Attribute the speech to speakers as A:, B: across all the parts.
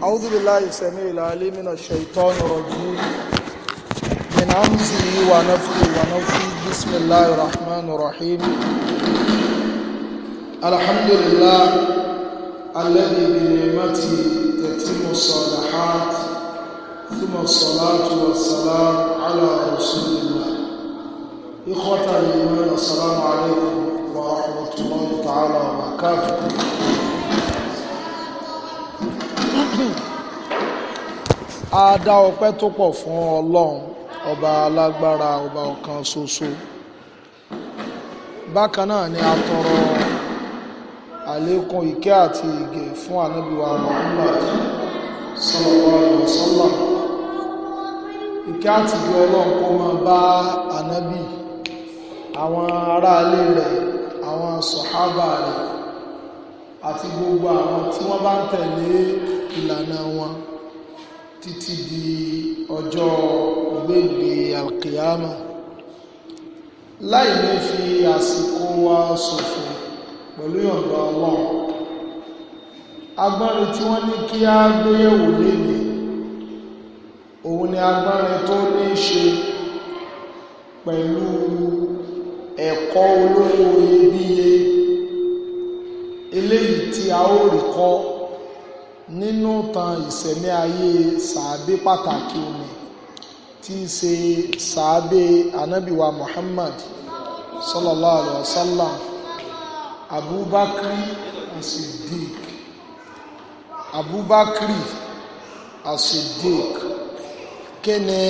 A: أعوذ بالله السميع العليم من الشيطان الرجيم من همزه ونفخه ونفخه بسم الله الرحمن الرحيم الحمد لله الذي بنعمته تتم الصالحات ثم الصلاة والسلام على رسول الله إخوة الإيمان السلام عليكم ورحمة الله تعالى وبركاته a dá ọpẹ́ tó pọ̀ fún ọlọ́run ọba alágbára ọba ọ̀kan ṣoṣo bákan náà ni a tọrọ àlékún ìkẹ́ àti ìgẹ̀ fún ànábìwà Muhammad sallallahu alaihi wasallam ìkẹ́ àti ìgẹ̀ ọlọ́run kó máa bá ànábì àwọn aráalé rẹ̀ àwọn sọ̀hábà rẹ̀ àti gbogbo àwọn tí wọ́n bá ń tẹ̀lé ìlànà wọn títí di ọjọ́ ògbéǹde alkiyama láì lè fi àsìkò wa ṣòfò pẹ̀lú yọ̀ǹda ọlọ́run agbárin tí wọ́n ní kí á gbéyẹ̀wò lénìí òun ni agbárin tó ní ṣe pẹ̀lú ẹ̀kọ́ olówó iyebíye eléyìí tí a ó rí kọ́ nínú tan ìsẹ̀mí ayé sàábé pàtàkì ni tí í ṣe sàábé anábìwa Muhammad sallallahu alayhi wa sallam Abubakar As-Siddiq Abubakar As-Siddiq kí ni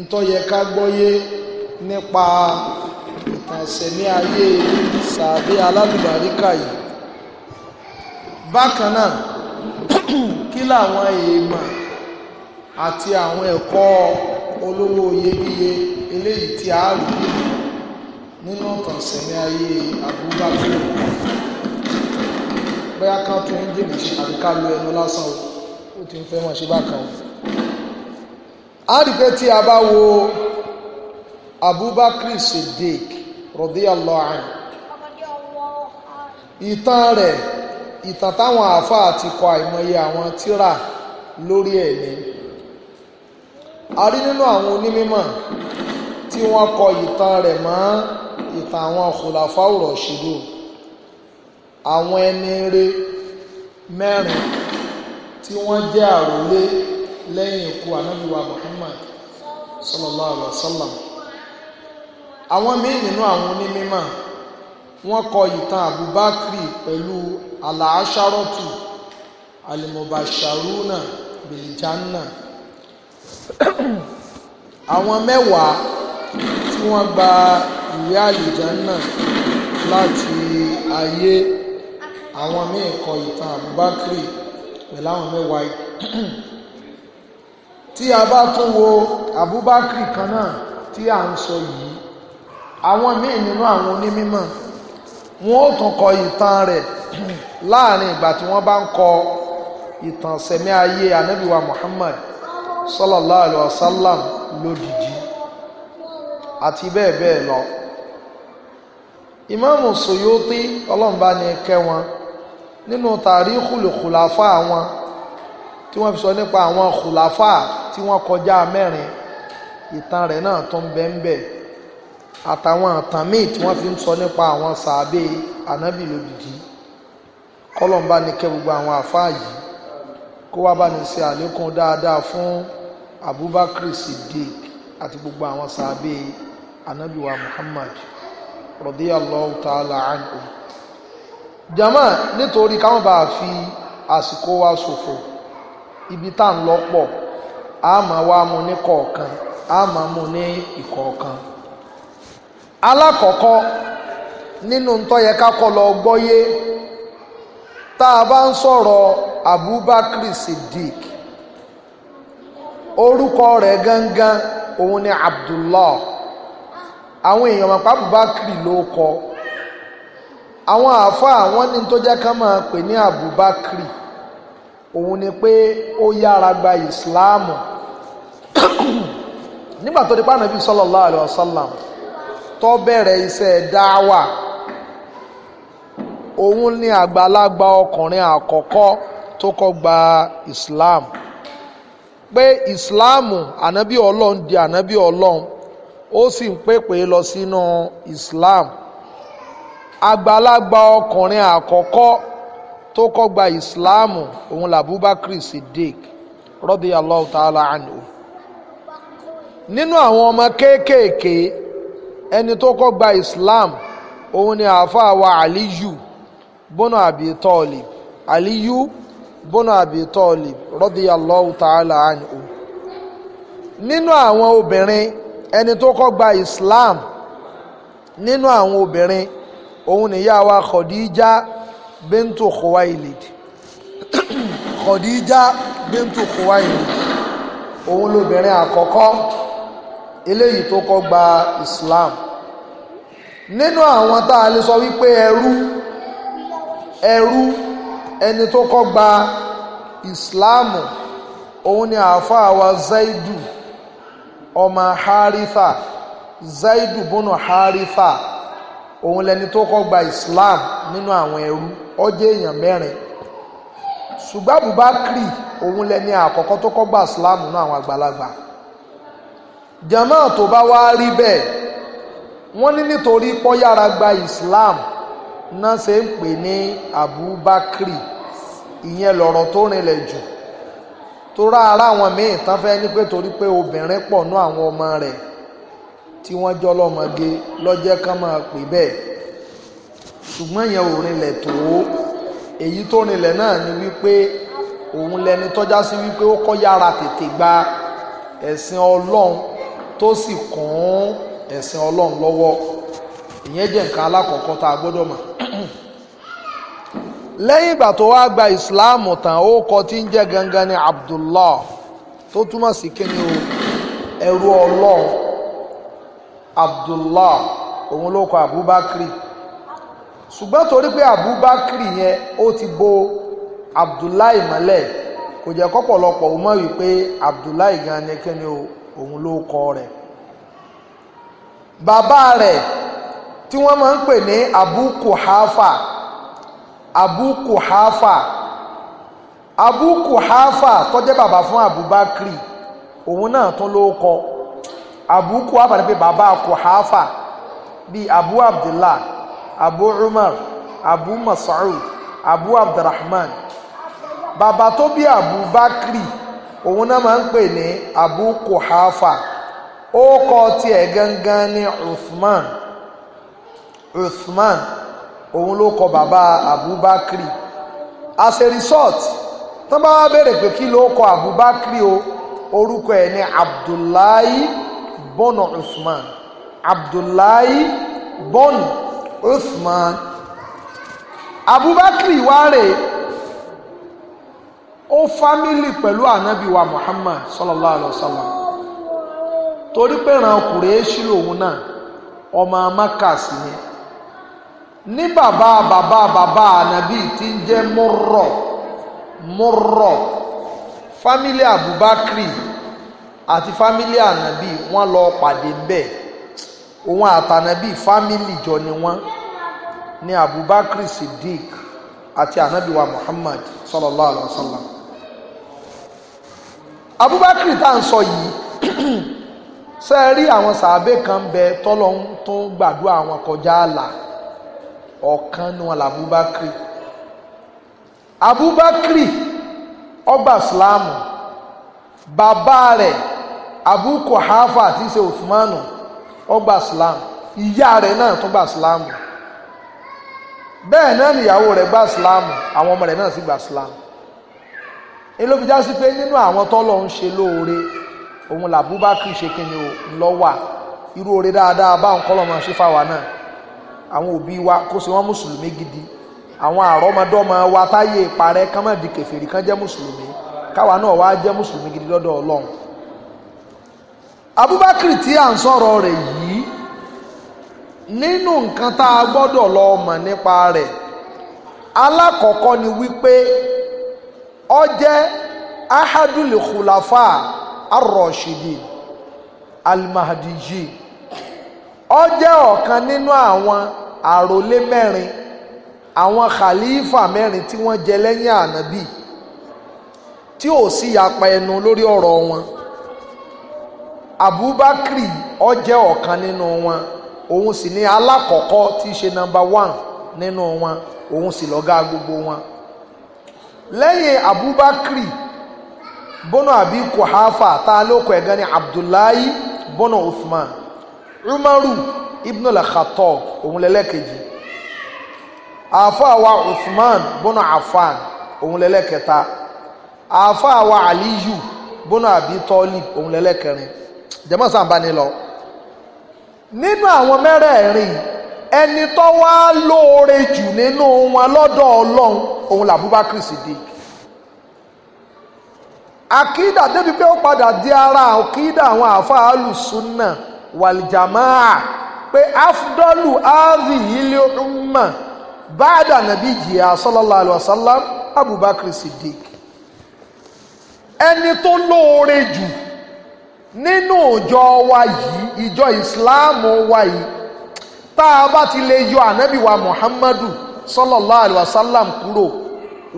A: ntọ́yẹ ká gbọ́yé nípa ìtànsẹ̀mí ayé sàábé alábìbáríkà yìí bákan náà kí làwọn èèmọ̀ àti àwọn ẹ̀kọ́ olówó iyebíye eléyìí tí a rí nínú kànsẹ̀mí ayé Abubakar bóyá kan tó ń jìnnà ṣe àbí ká lo ẹnu lásán ó ti ń fẹ́ mọ̀ ṣe bákan o a rí pé tí a bá wo Abubakar Siddiq radiyallahu anhu ìtàn rẹ̀ ìtàn táwọn àáfàá ti kọ àìmọye àwọn tírà lórí ẹ̀ ni a rí nínú àwọn onímọ̀ tí wọ́n kọ ìtàn rẹ̀ mọ́ ìtàn àwọn khulafau rashidu àwọn ẹni rere mẹ́rin tí wọ́n jẹ́ àròlé lẹ́yìn ikú ànábì wa Muhammad sallallahu alaihi wa sallam àwọn míì nínú àwọn onímọ̀ wọ́n kọ ìtàn Abubakar pẹ̀lú àlàáṣárọ́tù àlìmọ̀bàṣàrúnà bìlìjánà àwọn mẹ́wàá tí wọ́n gba ìwé àlìjánà láti ayé àwọn míì kọ ìtàn àbúbákírì pẹ̀lú àwọn mẹ́wàá yìí tí a bá tún wo àbúbákírì kan náà tí à ń sọ yìí àwọn míì nínú àwọn onímọ̀ wọn ó tún kọ ìtàn rẹ̀ láàrin ìgbà tí wọ́n bá ń kọ ìtàn sẹ̀mí ayé anábìwa Muhammad sallallahu alayhi wa sallam lódìdí àti bẹ́ẹ̀ bẹ́ẹ̀ lọ ìmáàmù Suyuti ọlọ́mbà ni kẹ́ wọn nínú tàríkùlù khulafa wọn tí wọ́n fi sọ nípa àwọn khulafa tí wọ́n kọjá mẹ́rin ìtàn rẹ̀ náà tó ń bẹ́ẹ̀ bẹ́ẹ̀ àtàwọn àtàn míì tí wọ́n fi ń sọ nípa àwọn sàábé ànábì lódìdí kọ́lọ̀mbá ní kẹ́ gbogbo àwọn àfáà yìí kó wá bá ní ṣe àlékún dáadáa fún Abubakar Siddiq àti gbogbo àwọn sàábé ànábì wa Muhammad radiyallahu ta'ala anhu jama nítorí káwọn bá fi àsìkò wa ṣòfò ibi tá à ń lọ pọ̀ a máa wá ní kọ̀ọ̀kan a máa ní ìkọ̀ọ̀kan. alákọ̀ọ́kọ́ nínú ntọ́ yẹ ká kọ́ lọ gbọ́yé tá a bá ń sọ̀rọ̀ Abubakar Siddiq orúkọ rẹ̀ gangan òun ni Abdullah àwọn èèyàn mọ̀ pa Abubakar ló kọ àwọn àáfàá wọn ní tó jẹ́ ká máa pè ní Abubakar òun ni pé ó yára gba Islam nígbà tó di pa Ànábì sallallahu tó bẹ̀rẹ̀ iṣẹ́ dáwà òun ni àgbàlagbà ọkùnrin àkọ́kọ́ tó kọ́ gba Islam pé islam ànábì ọlọ́run di ànábì ọlọ́run ó sì ń pèpè lọ sínú islam àgbàlagbà ọkùnrin àkọ́kọ́ tó kọ́ gba islam òun làbúbákírì Siddiq radiyallahu ta'ala anhu nínú àwọn ọmọ kéékèèké ẹni tó kọ́ gba islam òun ni àáfàá wa aliyu bọ́nà àbí tọ́ọ̀lì aliyu bọ́nà àbí tọ́ọ̀lì radiyallahu ta'ala anhu. nínú àwọn obìnrin ẹni tó kọ́ gba islam nínú àwọn obìnrin òun ya wa khadija bintu khuwailid khadija bintu khuwailid òun lobìnrin àkọ́kọ́. eléyìí tó kọ́ gba Islam nínú àwọn tá a lè sọ wípé ẹrú ẹrú ẹni tó kọ́ gba Islam òun ni àáfàá wa Zaidu ọmọ Haritha Zaidu bùnú Haritha òun lẹni tó kọ́ gba Islam nínú àwọn ẹrú ó jẹ́ èèyàn mẹ́rin ṣùgbọ́n Abubakar òun lẹni àkọ́kọ́ tó kọ́ gba Islam nínú àwọn àgbàlagbà. jama tó bá wá rí bẹ́ẹ̀ wọ́n ní nítorí pọ́yára gba Islam náà ṣe ń pè ní Abubakri ìyẹn lọ̀rọ̀ tó rinlẹ̀ jù tó rá ara àwọn míì tán fẹ́ ní pé torí pé obìnrin pọ̀ nú àwọn ọmọ rẹ̀ tí wọ́n jọ lọ́mọge lọ́jẹ́ kán máa pè bẹ́ẹ̀ ṣùgbọ́n yẹn ò rinlẹ̀ tó èyí tó rinlẹ̀ náà ni wípé òun lẹni tọ́já sí wípé ó kọ́ yára tètè gba ẹ̀sìn Ọlọ́run tó sì kún ẹ̀sìn ọlọ́run lọ́wọ́ ìyẹn jẹ́ nǹkan alákọ̀ọ́kọ́ tá a gbọ́dọ̀ mọ̀ lẹ́yìn ìgbà tó wá gba ìsìláàmù tán ó kọ tí ń jẹ́ gangan ní Abdullah tó túmọ̀ sí kíni o ẹrú ọlọ́run Abdullah òun ló kọ Abubakar ṣùgbọ́n torí pé Abubakar yẹn ó ti bo Abdullahi mọ́lẹ̀ kò jẹ́ kọ́pọ̀lọpọ̀ ó mọ̀ wípé Abdullahi gan ni kíni o òun ló kọ rẹ̀ bàbá rẹ̀ tí wọ́n máa ń pè ní Abu Kuhafa Abu Kuhafa Abu Kuhafa tó jẹ́ bàbá fún Abubakri òun náà tún ló kọ Abu Kuhafa ni pé bàbá Kuhafa bíi Abu Abdullah Abu Umar Abu Mas'ud Abu Abdurrahman bàbá tó bí Abubakri òun náà máa ń pè ní Abu Kuhafa ó kọ tiẹ̀ gangan ní Uthman Uthman òun ló kọ bàbá Abubakri as a result tó bá wá béèrè pé kí ló kọ Abubakri o orúkọ ẹ̀ ní Abdullahi bono Uthman Abdullahi bono Uthman Abubakri wá rèé. ó fámílì pẹ̀lú ànábì wa Muhammad sallallahu alaihi wasallam torí pé ràn kùrẹ́ẹ́sì lòun náà ọmọ amákàsí ni ní bàbá bàbá bàbá ànábì tí ń jẹ́ mọ́rọ̀ mọ́rọ̀ fámílì Abubakri àti fámílì ànábì wọ́n lọ pàdé ńbẹ̀ òun àtànábì fámílì jọ ni wọ́n ní Abubakri Siddiq àti ànábì wa Muhammad sallallahu alaihi wasallam. abubakar tá à ń sọ yìí ṣe é rí àwọn sàábé kan bẹ tọ́lọ́ ń tó gbàdúrà àwọn kọjá àlà ọ̀kan ni wọn làbúbákìrì abubakar ọgbà sílámù bàbá rẹ̀ abu kohafa tí í ṣe usmanu ọgbà sílámù ìyá rẹ̀ náà tó gbà sílámù bẹ́ẹ̀ náà nìyàwó rẹ̀ gbà sílámù àwọn ọmọ rẹ̀ náà sì gbà sílámù èló fi já sí pé nínú àwọn tọ́lọ̀ ń ṣe lóore òun làbúbákìrì ṣe kí ni ò lọ́wà irú oore dáadáa bá ń kọ́lọ̀ máa ṣe fáwa náà àwọn òbí wa kó ṣe wọ́n mùsùlùmí gidi àwọn àrọ́mọdọ́mọ wa táyé parẹ́ kán má di kèfèrí kán jẹ́ mùsùlùmí káwa náà wá jẹ́ mùsùlùmí gidi lọ́dọ̀ ọlọ́run abubakar tí à ń sọ̀rọ̀ rẹ̀ yìí nínú nǹkan tá a gbọ́dọ̀ lọ mọ̀ nípa rẹ̀ alákọ̀ọ́kọ́ ni wípé ó jẹ́ ahadul khulafa arọ̀ṣìdì almahadiji ó jẹ́ ọ̀kan nínú àwọn àròlé mẹ́rin àwọn khalifa mẹ́rin tí wọ́n jẹ lẹ́yìn ànábì tí ò sí yapa ẹnu lórí ọ̀rọ̀ wọn abubakri ó jẹ́ ọ̀kan nínú wọn òun sì ni alákọ̀ọ́kọ́ tí í ṣe nọ́mbà one nínú wọn òun sì lọ́gá gbogbo wọn lẹ́yìn abubakri bọ́nà àbí kòháfà tá a lóko ẹ̀gán ni abdullahi bọ́nà uthman umaru ibn al-khattab òun lẹ́lẹ́kejì àfáàwà uthman bọ́nà afan òun lẹ́lẹ́kẹta àfáàwà aliyu bọ́nà àbí talib òun lẹ́lẹ́kẹrin jẹ́mọ́sán bá ní lọ nínú àwọn mẹ́rẹ̀ẹ̀rin yìí ẹni tó wá lóore jù nínú wọn lọ́dọ̀ ọlọ́run òun làbúbákírì Sìdíkì akida débi pé ó padà di ara akídà àwọn àáfàá alùsùnà wàlìjàmáà pé afdọ́lù áàzì ilé ọmọ báàdà nàbí jìyà abubakar si ẹni tó lóore jù nínú ìjọ wa yìí ìjọ ìsìláàmù wa yìí tá a bá ti lè yọ ànábì wa muhammadu sallallahu alaihi wasallam kúrò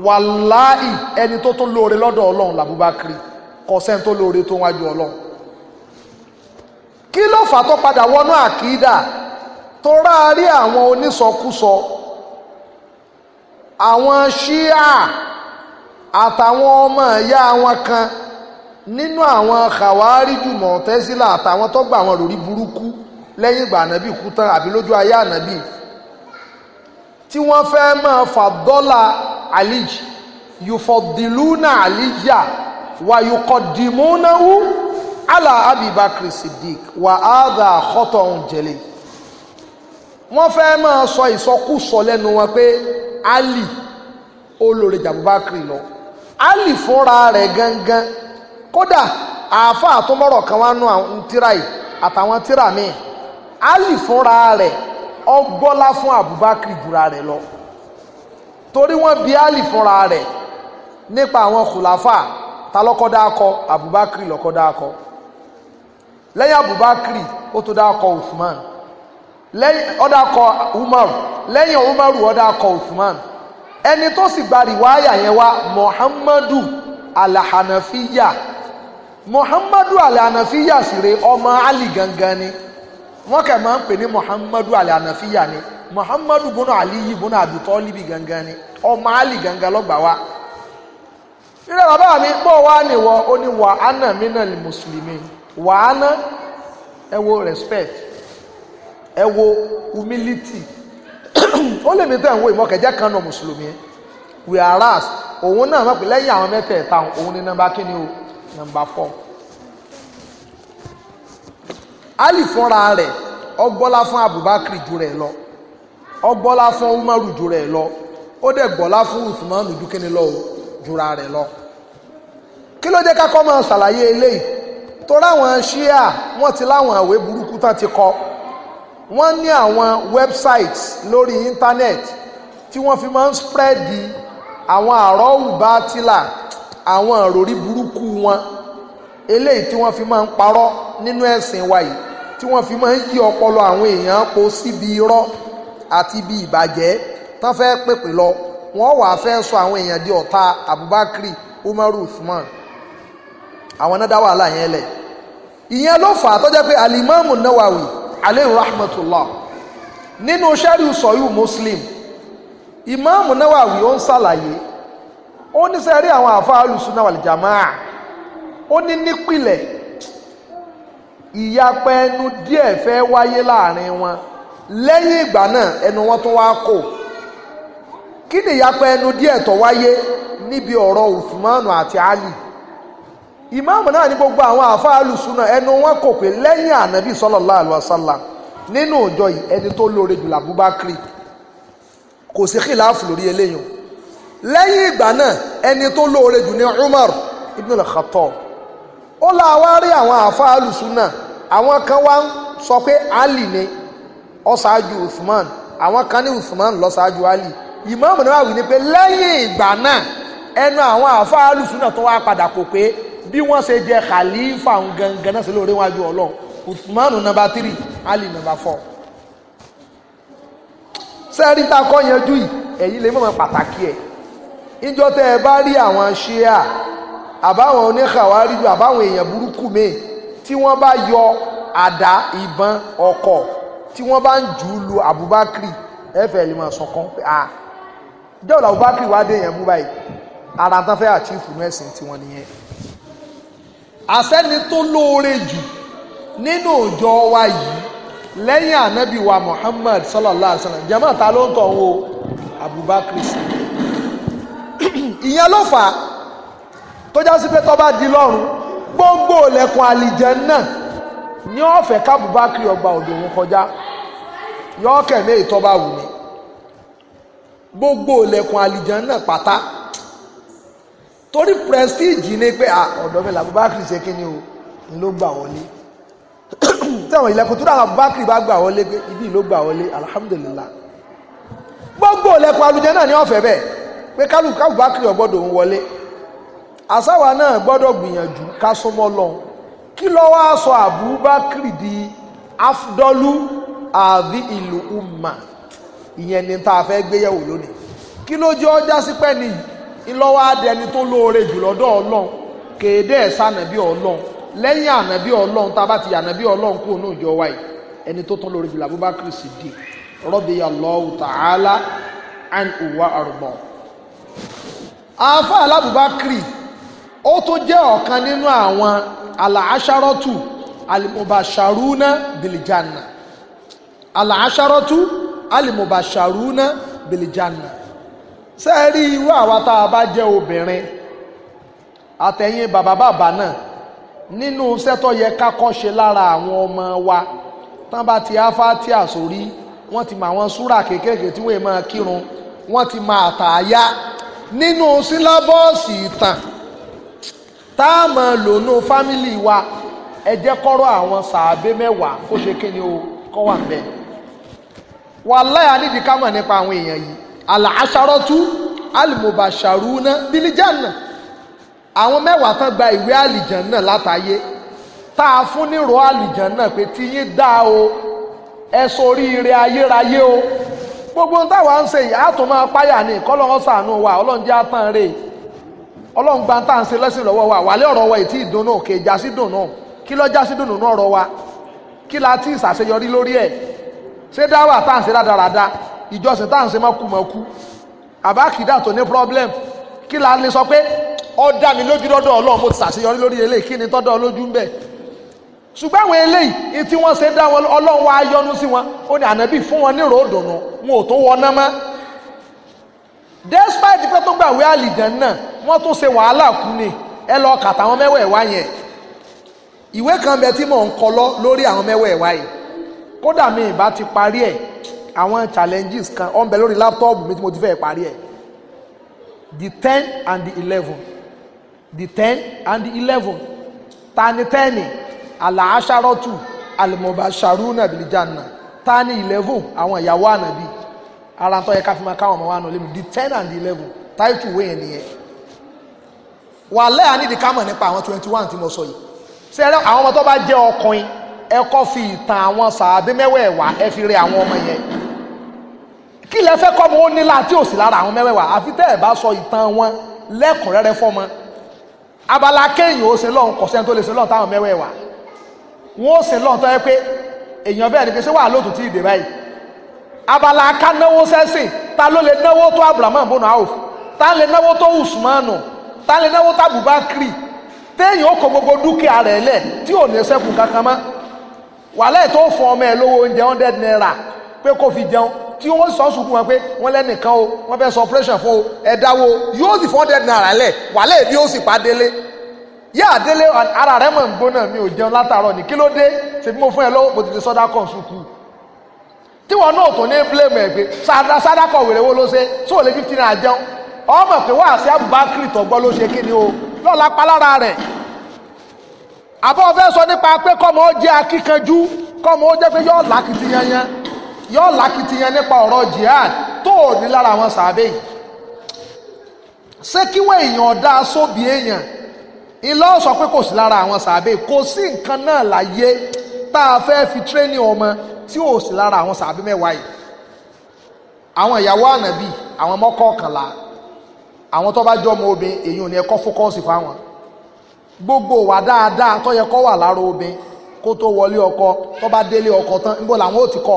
A: wàláì ẹni tó tó lóore lọ́dọ̀ ọlọ́run làbúbákiri kò sẹ́ni tó lóore tó wájú ọlọ́run kí ló fà tó padà wọnú àkídà tó ráárí àwọn onísọkúsọ àwọn ṣíà àtàwọn ọmọ ìyá wọn kan nínú àwọn kàwárí jùmọ̀ tẹ́sílà àtàwọn tó gbà wọn lórí burúkú lẹ́yìn ìgbà ànábì kú tán àbí lójú ayé ànábì tí wọ́n fẹ́ máa fà dọ́là àlíjì yufọ̀dìlúnà àlíjà wà yukọ̀dìmúnáwú àlà abibakri sidik wà áàdà àkọ́tọ̀ òǹjẹ̀lẹ̀ wọ́n fẹ́ máa sọ ìsọkúsọ lẹ́nu wọn pé ali olórí jàbúbákiri lọ ali fúnra rẹ̀ gangan kódà àáfàá tó mọ̀rọ̀ kan wá nú àwọn tíra yìí àtàwọn tíra míì ali fúnra rẹ̀ ọgbọ́lá fún abubakar jura rẹ̀ lọ torí wọn bi ali fúnra rẹ̀ nípa àwọn kùláfà ta lọ́kọ́ dákọ abubakar lọ́kọ́ dákọ lẹ́yìn abubakar ó tó dákọ usman lẹ́yìn ó dákọ umar lẹ́yìn umar ó dákọ usman ẹni tó sì gba rìwáyà yẹn wá muhammadu alahanafiya muhammadu alahanafiya sì re ọmọ ali gangan ni. wọ́n ma máa ń ní muhammadu ali anafiya ni muhammadu bunu aliyu bunu abitọ́libi gangan ni ọmọ ali gangan lọ́gbà wa nílẹ̀ bàbá mi pọ̀ wá níwọ ó ní wà á nà mí náà lè mùsùlùmí wà ana ewo respect ewo wo humility ó lè mi tẹ́ ń wo ìmọ̀kẹ́jẹ́ kan náà mùsùlùmí whereas òun náà mọ̀ pé lẹ́yìn àwọn mẹ́tẹ̀ẹ̀ta òun ni nọ́mbà kíni o nọmba four. ali fúnra rẹ̀ ọgbọ́lá fún abubakar ju rẹ̀ lọ ọgbọ́lá fún umaru ju rẹ̀ lọ ó dẹ̀ gbọ́lá fún usman dúkìní lọ o jura rẹ̀ lọ kí ló jẹ́ kákọ́ máa ṣàlàyé eléyìí tó ráwọn ṣíà wọ́n ti láwọn àwé burúkú tán ti kọ wọ́n ní àwọn websites lórí internet tí wọ́n fi máa ń spread àwọn àrọ́wù bá tìlà àwọn àròrí burúkú wọn eléyìí tí wọ́n fi máa ń parọ́ nínú ẹ̀sìn wa yìí tí wọ́n fi máa ń yí ọpọlọ àwọn èèyàn po síbi irọ́ àti ibi ìbàjẹ́ tán fẹ́ pèpè lọ wọ́n wà á fẹ́ sọ àwọn èèyàn di ọ̀tá Abubakar Umaru Usman àwọn náà dá wàhálà yẹn lẹ̀ ìyẹn ló fà á tó jẹ́ pé alimami Nawawi aleyhi rahmatulah nínú sẹ́rí sọ̀yù Muslim Imam Nawawi ó ń ṣàlàyé ó ní sẹ́rí àwọn àfa alùsùn náà wàlìjàmáà ó ní nípìlẹ̀ ìyapẹ́ ẹnu díẹ̀ fẹ́ wáyé láàrin wọn lẹ́yìn ìgbà náà ẹnu wọn tó wá kò kí ni ìyapẹ́ ẹnu díẹ̀ tó wáyé níbi ọ̀rọ̀ Usmanu àti Ali ìmáàmù náà ní gbogbo àwọn àáfàá alùsùnà ẹnu wọn kò pé lẹ́yìn ànábì sallallahu alaihi wasallam nínú ìjọ yìí ẹni tó lóore jùlọ Abubakar kò sí khilaf lórí eléyìí lẹ́yìn ìgbà náà ẹni tó lóore jù ní Umar ibn al-Khattab ó láwa rí àwọn àfa alùsùnà àwọn kan wá ń sọ pé ali ni ó ṣáájú Uthman àwọn kan ní Uthman ló ṣáájú ali Imam Nawawi ní pé lẹ́yìn ìgbà náà ẹnu àwọn àfa alùsùnà tó wá padà kò pé bí wọ́n ṣe jẹ khalifa gangan náà sí lóore wájú ọlọ́run Uthman nọmba tírì ali nọmba fọ́ sẹ́ẹ̀rí tá a kọ́ yanjú yìí ẹ̀yin lè mọ̀ pàtàkì ẹ̀ ìjọ tẹ́ ẹ bá rí àwọn ṣíà àbáwọn oníkàwárí ju àbáwọn èèyàn burúkú mi tí wọ́n bá yọ àdá ìbọn ọkọ̀ tí wọ́n bá ń jù ú lu Abubakar ẹ̀fẹ̀ lè máa pé a ah, jọ́ọ̀lù Abubakar wá dé èèyàn mú báyìí ara tán fẹ́ àchífù mẹ́sìn tiwọn nìyẹn àsẹ́ni tó lóore jù nínú ìjọ wa yìí lẹ́yìn ànábì wa Muhammad sallallahu alaihi wa sallam jama ta ló ń tọ̀ wo Abubakar sí ìyẹn ló fà á tó já sí pé tó bá di lọ́rùn gbogbo ìlẹ̀kùn àlìjànnà ní ọ̀fẹ́ kábùbákiri ọgbà òdò òun kọjá yọ kẹ̀mí ètò bá wù mí gbogbo ìlẹ̀kùn àlìjànnà pátá torí prestige ni pé ọ̀dọ̀ mi làbúbákiri ṣe kíni o ni ló gbà wọlé táwọn ìlẹ̀kùn tó dáhà bákìrì bá gbà wọlé pé ibi ló gbà wọlé alhamdulillah gbogbo ìlẹ̀kùn àlìjànnà ní ọ̀fẹ́ bẹ́ẹ̀ pé kálukú bákìrì ọgbọ́dọ̀ ń wọlé àsáwà náà gbọ́dọ̀ gbìyànjú ká súnmọ́ lọ́hùn kí ló wá sọ àbúbákìrì di afdọ́lú àbí ìlú umma ìyẹn ni tá a fẹ́ gbéyẹ̀wò lónìí kí ló jẹ́ ọjà sípẹ́ ni ńlọ́wọ́ adẹni tó lóore jù lọ́dọ̀ ọlọ́run kéde ẹ̀ sànàbí ọlọ́run lẹ́yìn ànàbí ọlọ́run tá a bá ti ànàbí ọlọ́run kúrò ní òjò wáyé ẹni tó tán lórí jùlọ abubakar siddiq radiyallahu ta'ala an uwa arba afa alabubakar ó tún jẹ́ ọ̀kan nínú àwọn àlàáṣárọ́tù alimobasharuna bilijanna àlàáṣárọ́tù alimobasharuna bilijanna sẹ́ẹ̀rí irú àwa tá a bá jẹ́ obìnrin àtẹ̀yìn bàbá bàbá náà nínú iṣẹ́ tó yẹ kákọ́ ṣe lára àwọn ọmọ wa tán bá ti áfátíà sórí wọ́n ti mọ àwọn súrà kéékèèké tí wọ́n máa kírun wọ́n ti máa tààyà nínú sílábọ́ọ̀sì ìtàn tá a máa lò nú fámìlì wa ẹ jẹ́ kọ́rọ̀ àwọn sàábé mẹ́wàá kó ṣe kí ni o kọ́ wà bẹ́ẹ̀ wàláyà nídìí ká mọ̀ nípa àwọn èèyàn yìí àlàáṣárọ́tú alìmọ̀bàṣàrúná bílíjànà àwọn mẹ́wàá tán gba ìwé àlìjànà látàyé tá a fún nírò àlìjànà pé tí yín dá o ẹ sórí ire ayérayé o gbogbo táwa ń ṣe yìí á tún máa páyà ní kọ́lọ́rọ́ ṣàánú wa ọlọ́run jẹ́ àtàn rèé ọlọ́run gba tá à ń ṣe lẹ́sìn lọ́wọ́ wa wàlẹ́ ọ̀rọ̀ wa ètí ìdùnnú kè já sí dùnnú kí lọ́ọ́ já sí dùnnú náà ọ̀rọ̀ wa kí la ti ìsàṣeyọrí lórí ẹ̀ ṣé dáwà tá à ń ṣe rádaràda ìjọsìn tá à ń ṣe mọ́kùmọ́kù àbákìdá tó ní problem kí la lè sọ pé ó dá mi lójú lọ́dọ̀ ọlọ́run mo ti ṣàṣeyọrí lórí eléyìí kí ni tọ́dọ̀ lójú ń bẹ̀ ṣùgbọ́n àwọn eléyìí tí wọ́n ṣe dá ọlọ́run wa yọ́nú sí wọn ó ní ànábì fún wọn nírò òdùnnú wọn ò tó wọná mọ́ despite pé tó gbàwé àlìdán náà wọ́n tún ṣe wàhálà kú ni ẹ lọ kà táwọn mẹ́wẹ̀ẹ̀wá yẹn ìwé kan bẹ tí mò ń kọ lọ lórí àwọn mẹ́wẹ̀ẹ̀wá yìí kódà mi ìbá ti parí ẹ̀ àwọn challenges kan ó ń bẹ lórí láptọ́ọ̀bù mi tí mo ti fẹ́ parí ẹ̀ the ten and the eleven the ten and the eleven tani ten alaasharotu alimobasharu nabilijanna tani eleven àwọn ìyàwó ànàbí ara tó yẹ ká fi máa káwọn ọmọ wa nù the ten and the eleven táìtù wé yẹn nìyẹn wà lẹ́yà nídìí ká mọ̀ nípa àwọn twenty one tí mo sọ yìí ṣe ẹ̀rọ àwọn ọmọ tó bá jẹ́ ọkùnrin ẹ kọ́ fi ìtàn àwọn sàábé mẹ́wẹ̀ẹ̀wá ẹ fi rẹ àwọn ọmọ yẹn kí lẹ fẹ́ kọ́ mọ ó nílà tí ò sí lára àwọn mẹ́wẹ̀ẹ̀wá àfi tẹ́ ẹ̀ bá sọ ìtàn wọn lẹ́kùnrẹ́rẹ́ fọ́mọ abala kéèyàn ó ṣe lọ́hùn kọ̀ṣẹ́ tó lè ṣe lọ́hùn táwọn mẹ́wẹ̀ẹ̀wá wọn ó ṣe lọ́hùn tó yẹ pé èèyàn bẹ́ẹ̀ ni pé ṣé wàá lóòtú tí ì dé báyìí abala ká náwó sẹ́sìn ta ló lè náwó tó abrahamu bùnà áwò ta lè náwó tó usmanu ta lè náwó tó abubakri téèyàn ó kó gbogbo dúkìá rẹ̀ lẹ̀ tí ò ní ṣẹ́kù kankan mọ́ wàhálà tó fún ọmọ ẹ̀ lówó oúnjẹ hundred naira pé kó fi jẹun tí wọ́n sọ sùkú wọn pé wọ́n lẹ́nìkan o wọ́n fẹ́ sọ operation fún o ẹ̀dáwó yóò sì fún hundred naira lẹ̀ wàhálà èbí ó sì pa délé yá àdélé ara rẹ̀ mọ̀ ń gbóná mi ò jẹun látàárọ̀ ní kí ló dé ṣèbí mo fún ẹ lọ́wọ́ mo ti fi sọ́dá kan sùkú tí wọn náà tó ní blame ẹ pé sada sada kọ wèrè wo ló ṣe tó lè fifteen náà jẹun ọmọ pé wá sí Abubakar tọgbọ ló ṣe kíni o lọlá palára rẹ àbọ̀ fẹ́ sọ nípa pé kọ́mọ ó jẹ́ akíkanjú kọ́mọ ó jẹ́ pé yọ làkìtìyanyan yọ làkìtìyan nípa ọ̀rọ̀ jihad tó ò ní lára àwọn sàbẹ̀ yìí ṣé kíwé èèyàn dá sóbì èèyàn ilé ọ̀sọ̀ pé kò sí lára àwọn sàbẹ̀ kò sí nǹkan náà láyé. tá a fẹ́ fi tírénì ọmọ tí ò sí lára àwọn sàbí mẹ́wàá yìí àwọn ìyàwó ànàbì àwọn mọ́kọ̀ọ̀kànlá àwọn tó bá jọ ọmọ obìnrin èyí ò ní ẹkọ́ fáwọn gbogbo wà dáadáa tó yẹ kó wà lára obìnrin kó tó wọlé ọkọ tó bá délé ọkọ tán níbo làwọn ò ti kọ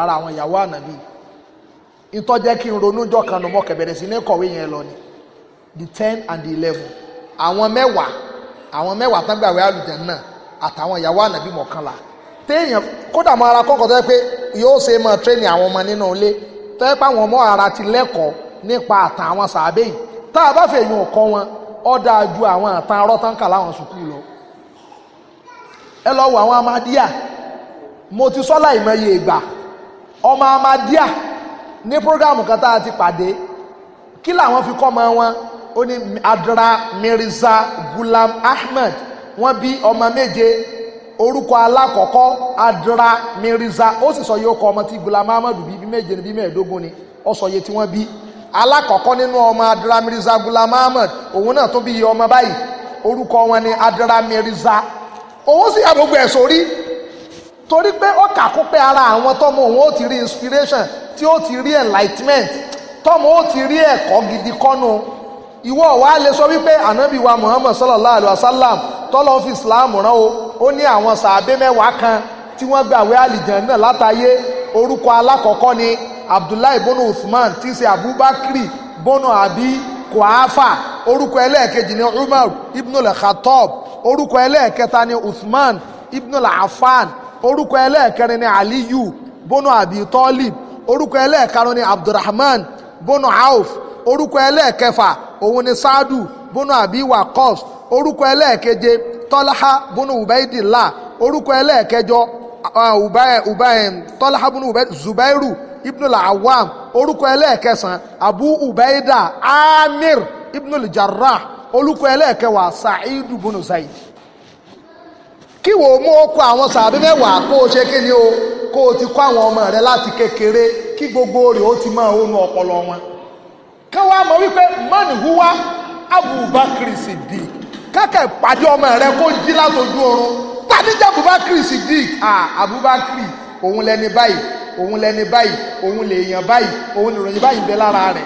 A: ara àwọn ìyàwó ànàbì ìtọ́jẹ́ kí n ronú kan mọ́ téèyàn kódà mọ ara kọ́kọ́ tó yẹ pé yóò ṣe mọ tírénì àwọn ọmọ nínú ilé tó yẹ pé àwọn ọmọ ara ti lẹ́kọ̀ọ́ nípa àtàn àwọn sàábẹ́ yìí tá a bá fẹ́ yàn wọn ó dáa ju àwọn àtàn arọ́ tán kà láwọn sùkúù lọ ẹ lọ wo àwọn amadíà mo ti sọ́lá ìmọye ìgbà ọmọ amadíà ní prógámù kan tá a ti pàdé kí làwọn fi kọ́ ọmọ wọn ó ní adra mirza gulam ahmed wọ́n bí ọmọ méje orúkọ alákọ̀ọ́kọ́ adra mirza ó sì sọ yìí ó kọ ọmọ tí Ghulam Ahmadu bíi bí méje ni bíi mẹ́ẹ̀ẹ́dógún ni ó sọ yìí tí wọ́n bí alákọ̀ọ́kọ́ nínú ọmọ adra mirza gula Ahmad òun náà tó bí iye ọmọ báyìí orúkọ wọn ni adra mirza òun sì yà gbogbo ẹ̀ sórí torí pé ó kàkó pé ara àwọn tọmọ òun ó ti rí inspiration tí ó ti rí enlightenment tọmọ ó ti rí ẹ̀kọ́ gidi kọ́nu ìwọ wa lè sọ wípé ànábì wa Muhammad sallallahu alaihi wa sallam tọ́lọ́ fi Islam rán o ó ní àwọn sàábé mẹ́wàá kan tí wọ́n gbàwé àlìjàn náà látàyé orúkọ alákọ̀ọ́kọ́ ni abdullahi bono usman tí í ṣe abubakri bono abi kuhafa orúkọ ẹlẹ́ẹ̀kejì ni umar ibn al-khattab orúkọ ẹlẹ́ẹ̀kẹta ni usman ibn al-affan orúkọ ẹlẹ́ẹ̀kẹrin ni aliyu bono abi Tolib orúkọ ẹlẹ́ẹ̀karùn ni abdulrahman bono auf orúkọ ẹlẹ́ẹ̀kẹfà òun ni saadu bono abi wakos orúkọ ẹlẹ́ẹ̀keje tọ́láhá búnú ubaidillah orúkọ ẹlẹ́ẹ̀kẹjọ tọ́láhá búnú zubairu ibnul awam orúkọ ẹlẹ́ẹ̀kẹsàn abu ubaida amir ibnul jarrah orúkọ ẹlẹ́ẹ̀kẹwàá sa'idu búnú zaid kí wo mú ó àwọn sàbí mẹ́wàá kó o ṣe kí ni o kó o ti kọ àwọn ọmọ rẹ láti kékeré kí gbogbo ó ti máa hónú ọpọlọ wọn káwá mọ̀ wípé mọ́nì húwá abubakar kákẹ́ pàdé ọmọ rẹ kó jí látọjú oorun tàdíjà Abubakar Siddiq ah Abubakar òun lẹni báyìí òun lẹni báyìí òun lèèyàn báyìí òun lèròyìn báyìí ń bẹ lára rẹ̀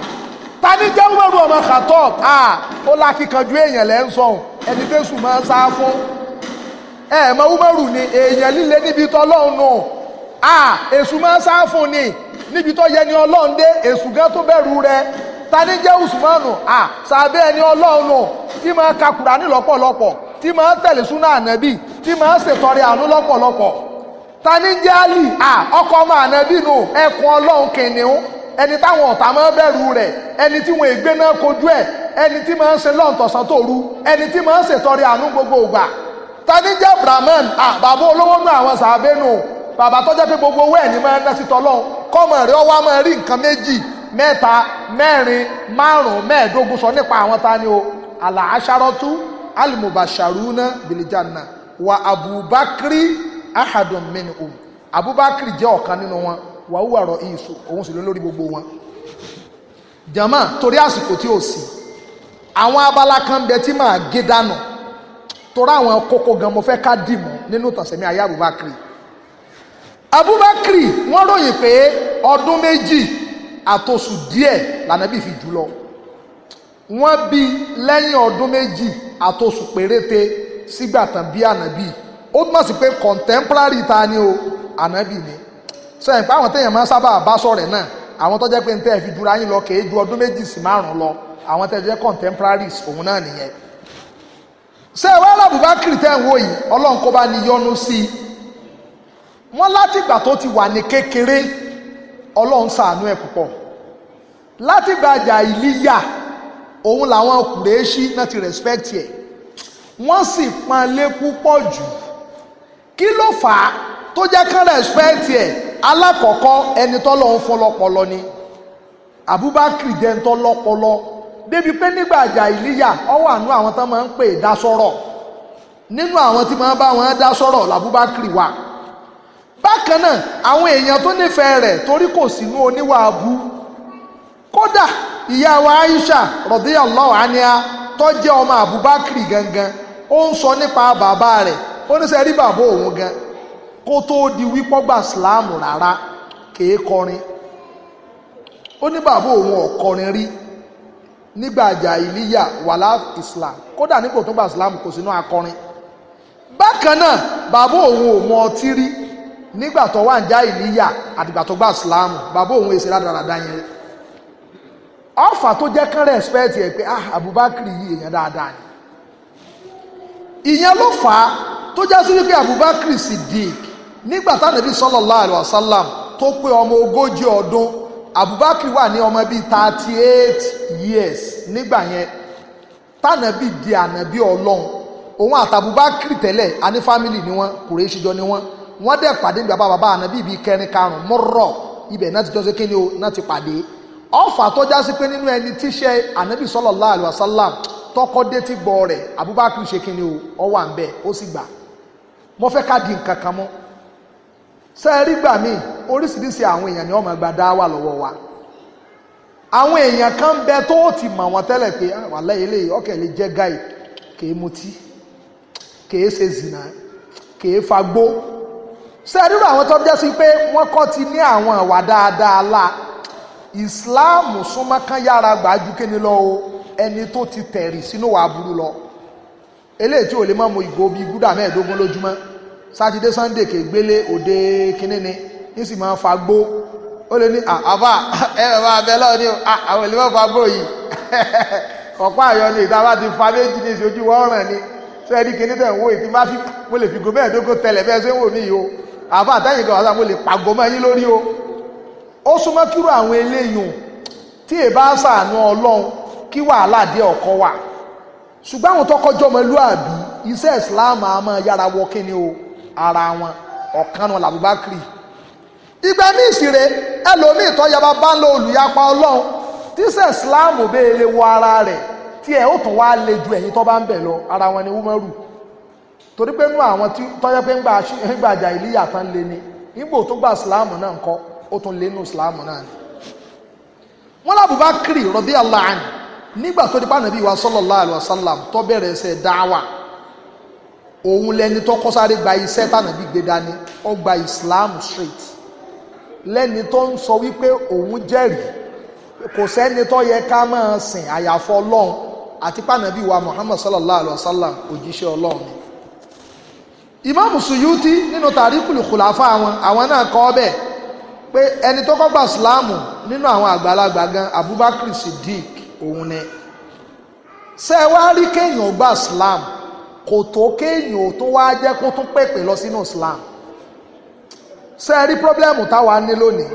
A: tàdíjà Umaru ọmọ Khattab ah ó lákìkanjú èèyàn lẹ́ ń sọ̀hún ẹni tẹ́sùn máa ń sá fún ẹ̀ mọ Umaru ni èèyàn líle níbi tọ́lọ́run nù ah èṣù máa ń sá fún ni níbi tó yẹ ni Ọlọ́run dé èṣù gan tó bẹ̀rù rẹ̀ tani jẹ́ usmanu à sàbẹ́ ẹni ọlọ́run tí máa ka kùránì lọ́pọ̀lọpọ̀ tí máa tẹ̀lé súnà ànábì tí máa ṣètọrẹ àánú lọ́pọ̀lọpọ̀ tani jẹ́ àlì à ọkọ ọmọ ànábì nù ẹkùn ọlọ́run kìnìún ẹni táwọn ọ̀tá máa bẹ̀rù rẹ̀ ẹni tí wọn ègbé náà kojú ẹ̀ ẹni tí máa ń ṣe lọ́ǹtọ̀sán tòru ẹni tí máa ń àánú gbogbo ìgbà tani jẹ́ brahman ah bàbá olówó nù àwọn sàbẹ́ nù bàbá tó jẹ́ pé gbogbo owó ẹ̀ ní máa ń mẹ́ta mẹ́rin márùn-ún mẹ́ẹ̀ẹ́dógún sọ nípa àwọn ta ni o àlàáṣárọ́tú alimobasharuna bilijanna wa abubakri ahadun minhum abubakri jẹ́ ọ̀kan nínú wọn wà ó wàrọ̀ ìṣù òun sì lórí gbogbo wọn jama torí àsìkò tí ò sí àwọn abala kan bẹ tí màá gé dànù torí àwọn kókó gan mo fẹ́ ká dì mọ́ nínú tọ̀sẹ̀mí ayé abubakri abubakri wọ́n ròyìn pé ọdún méjì àtòsù díẹ̀ lànàbí fi jù lọ wọ́n bí lẹ́yìn ọdún méjì àtòsù péréte sígbà tán bí ànàbí ó túmọ̀ sí pé contemporary ta ni o ànàbí ni sẹ́yìn pé àwọn téèyàn máa ń sábà bá sọ̀rẹ̀ náà àwọn tó jẹ́ pé ntẹ́ fi dúra yín lọ kèé ju ọdún méjì sí márùn-ún lọ àwọn tẹ́ jẹ́ contemporaries òun náà nìyẹn ṣé ẹ wá tẹ́ ń wò yìí ọlọ́run kó bá ní yọ́nú sí i wọ́n látìgbà tó ti wà ní kékeré ọlọ́run ṣàánú ẹ̀ púpọ̀ látìgbàjà ìlíyà òun làwọn kùrẹ́ẹ́sì náà ti respect ẹ̀ wọ́n sì panlé púpọ̀ jù kí ló fà á tó jẹ́ kán respect ẹ̀ alákọ̀ọ́kọ́ ẹni tọ́lọ́ ń fún lọ́pọlọ ni Abubakar dẹ́ntọ́ lọ́pọlọ débi pé nígbàjà ìlíyà ọwọ́ àánú àwọn tán máa ń pè dá sọ́rọ̀ nínú àwọn tí máa bá wọn dá sọ́rọ̀ làbúbákiri wà. bákan náà àwọn èèyàn tó nífẹ̀ẹ́ rẹ̀ torí kò sínú oníwà abú kódà ìyá wa Aisha radiyallahu anha tó jẹ́ ọmọ Abubakar gangan ó ń sọ nípa bàbá rẹ̀ ó ní sẹ́rí bàbá òun gan kó tó di wípọ́ gbà síláàmù rárá kèé kọrin ó ní bàbá òun ọ̀kọrin rí nígbà jàhílíyà wàlá Islam kódà nípò tó gbà síláàmù kò sínú akọrin bákan náà bàbá òun ò mọ ọtí rí nígbà tó wà ń já ìníyà àtìgbà tó gbà síláàmù bàbá òun èsì rádaràdá yẹn ọfà tó jẹ́ kán rẹ́spẹ́ẹ̀tì ẹ̀ pé ah Abubakar yìí èèyàn dáadáa ni ìyẹn ló fà á tó já sí wípé Abubakar Siddiq nígbà tánàbí sallallahu alaihi wasallam tó pé ọmọ ogójì ọdún Abubakar wà ní ọmọ bíi thirty eight years nígbà yẹn tánàbí di ànàbí Ọlọ́run òun àtàbùbákìrì tẹ́lẹ̀ a ní fámìlì ni wọ́n kùrẹ́ṣíjọ ni wọ́n wọ́n dẹ̀ pàdé ní bàbá bàbá àná bíbí kẹrin karùn mọ́rọ̀ ibẹ̀ náà ti sí kíni o náà ti pàdé ọ̀fà tó já sí pé nínú ẹni tíṣẹ́ ànábì sallallahu alaihi wasallam tọkọ dé tí gbọ́ rẹ̀ Abubakar ṣe kíni o ó wà ń bẹ̀ ó sì gbà mo fẹ́ ká di nǹkan kan gbà mí oríṣiríṣi àwọn èèyàn ni máa gba dá wà wa àwọn èèyàn kan bẹ tó ti mọ̀ wọ́n tẹ́lẹ̀ pé ah, wàlẹ́ eléyìí ọ̀kẹ́ lè gáì kèé mutí kèé ṣe zìnà kèé fagbó ṣé ẹ rírọ àwọn tó jẹ́ sí pé wọ́n kọ́ ti ní àwọn ìwà dáadáa la ìsìláàmù súnmọ́ kan yára gbà ju kíni lọ o ẹni tó ti tẹ̀rì sínú wàá burú lọ eléyìí tí ò lè mọ́ mo ìgò bíi gúdà mẹ́ẹ̀ẹ́dógún lójúmọ́ sátidé sànńdè kè gbélé òde kínní ni ń sì máa fa gbó ó lè ní àbá ẹ bàbá abẹ lọ́wọ́ ni àwọn èlé máa fa gbó yìí ọ̀pá àyọ ni ìta bá ti fa méjì ní ìṣojú wọ́n ràn ni sẹ́ẹ̀dí kínní tẹ̀ ń wo ìtì má fi mo lè fi gò mẹ́ẹ̀ẹ́dógún tẹ̀lẹ̀ bẹ́ẹ̀ sẹ́wọ̀n mi yìí o àbá àtẹ́yìn kan àtàwọn olè pàgọ́ mọ́ ẹyin lórí o ó súnmọ́ kírú àwọn eléyìí tí èbá sàánú ọlọ́run kí wàhálà dé ọkọ wà ṣùgbọ́n àwọn tọkọjọ́ ọmọlúàbí iṣẹ́ Islam àmọ́ yára wọ kíni o ara wọn ọ̀kan náà làbúbákiri ìgbà míì ṣìrè ẹlòmíì tó yaba bá ń lo olùyapa ọlọ́run tíṣẹ́ Islam bẹ́ẹ̀ lè wọ ara rẹ̀ tí ẹ̀ ó tún wá le ju ẹ̀yìn tó bá ń bẹ̀ lọ ara wọn ni wúmọ́rù torí pé nú àwọn tọ́jọ́ pé ńgbà àjà ìlíyà tán lé ní nígbò tó gba ìsìláàmù náà ń kọ́ ó tún lé nú ìsìláàmù náà ni. wọ́n lábùbá kiri rọ̀bí aláàánì nígbà tó di pàànàbí wa sallallahu alaihi wasallam tó bẹ̀rẹ̀ ẹsẹ̀ dáwà òun lẹni tó kọ́ sáré gba iṣẹ́ tànàbí gbé dání ó gba ìsìláàmù straight lẹ́ni tó ń sọ wípé òun jẹ́rìí ìmáàmù Suyuti nínú tàríkùlù kùlàfà wọn àwọn náà kọ́ ọ bẹ́ẹ̀ pé ẹni tó kọ́ gba ìsìláàmù nínú àwọn àgbàlagbà gan Abubakar Siddiq òun ni ṣé ẹ wá rí kéèyàn gba ìsìláàmù kò tó kéèyàn ò tún wáá kó tún pèpè lọ sínú Islam ṣé ẹ rí pírọ́blẹ́mù táwa ní lónìí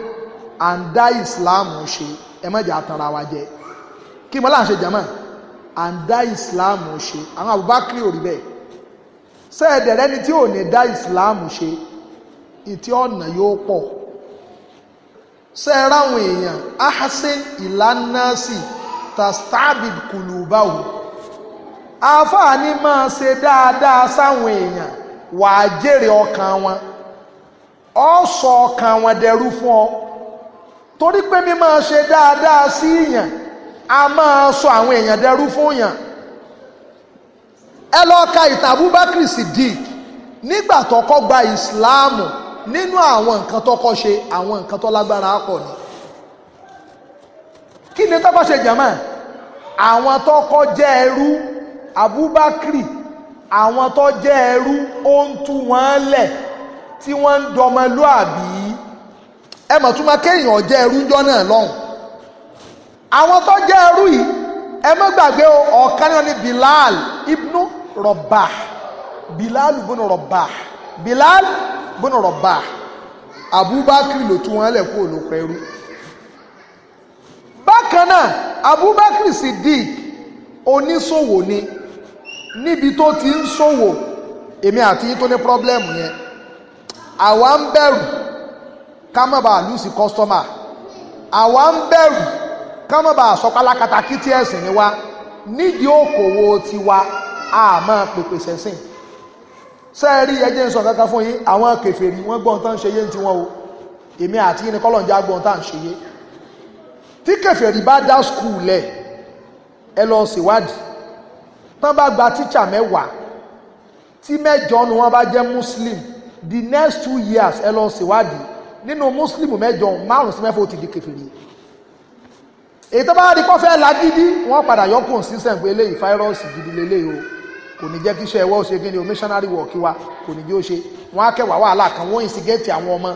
A: à ń dá Islam ṣe ẹ mọ̀jà àtàrà wa jẹ kí mo láǹṣe jẹ́mọ̀ à ń dá Islam ṣe àwọn Abubakar ò rí bẹ́ẹ̀ sẹ́ẹ̀dẹ̀rẹ́ ni tí ò ní dá ìsìláàmù ṣe ìtí ọ̀nà yóò pọ̀ sẹ́ẹ̀rẹ́ àwọn èèyàn ahasin ìlànàsì tastabid kùlùbáwò àfààní máa ṣe dáadáa sáwọn èèyàn wàá jèrè ọkàn wọn ọ sọ ọkàn wọn dẹrú fún ọ torí pé mímọ̀ ṣe dáadáa sí èèyàn a máa sọ àwọn èèyàn dẹrú fún yàn ẹ lọ ka ìtàn Abubakar Siddiq nígbà tọkọ gba ìsìláàmù nínú àwọn nǹkan tọkọ ṣe àwọn nǹkan tó lágbára pọ̀ ni kí ni tọkọ ṣe jàmá àwọn tọkọ jẹ́ ẹrú Abubakar àwọn tó jẹ́ ẹrú ó ń tú wọn lẹ̀ tí wọ́n ń dọmọlúàbí ẹ mọ̀ tún máa kéèyàn jẹ́ ẹrú ńjọ́ náà lọ́hùn àwọn tó jẹ́ ẹrú yìí ẹ má gbàgbé ọ̀kan náà ni Bilal ibnu Rabah Bilal bùnú Rabah Bilal bùnú Rabah Abubakar ló tú wọn lẹ̀ kó ló pẹ̀rú bákan náà Abubakar Siddiq oníṣòwò ni níbi tó ti ń ṣòwò èmi àti yín tó ní pọ́blẹ́mù yẹn àwa ń bẹ̀rù ká má bàa lùsì kọ́sítọ́mà àwa ń bẹ̀rù ká má kí tí ẹ̀sìn ni wa nídìí òkòwò tiwa a máa pèpè sẹ́sìn sẹ́ẹ̀rí ẹjẹ́ ń sọ kankan fún yín àwọn kèfèrí wọ́n gbọ́n tán ṣe yé ti wọn o èmi àti yín ni kọ́lọ̀ ń já gbọ́n tán ṣe yé tí kèfèrí bá dá skul lẹ̀ ẹ lọ ṣèwádìí tán bá gba tíṣà mẹ́wàá tí mẹ́jọ ni wọ́n bá jẹ́ muslim the next two years ẹ lọ ṣèwádìí nínú muslim mẹ́jọ márùn sí mẹ́fà ó ti di kèfèrí èyí tó bá rí pọ́fẹ́ lagídí wọ́n padà yọkùn sí sẹ́ǹpé eléyìí fáírọ́ọ̀sì gidi lélẹ́yìí o kò ní jẹ́ kí iṣẹ́ ẹwọ́ ṣe gíní o missionary work wa kò ní jẹ́ ó ṣe wọ́n á kẹwàá wàhálà kan wọ́n instigate àwọn ọmọ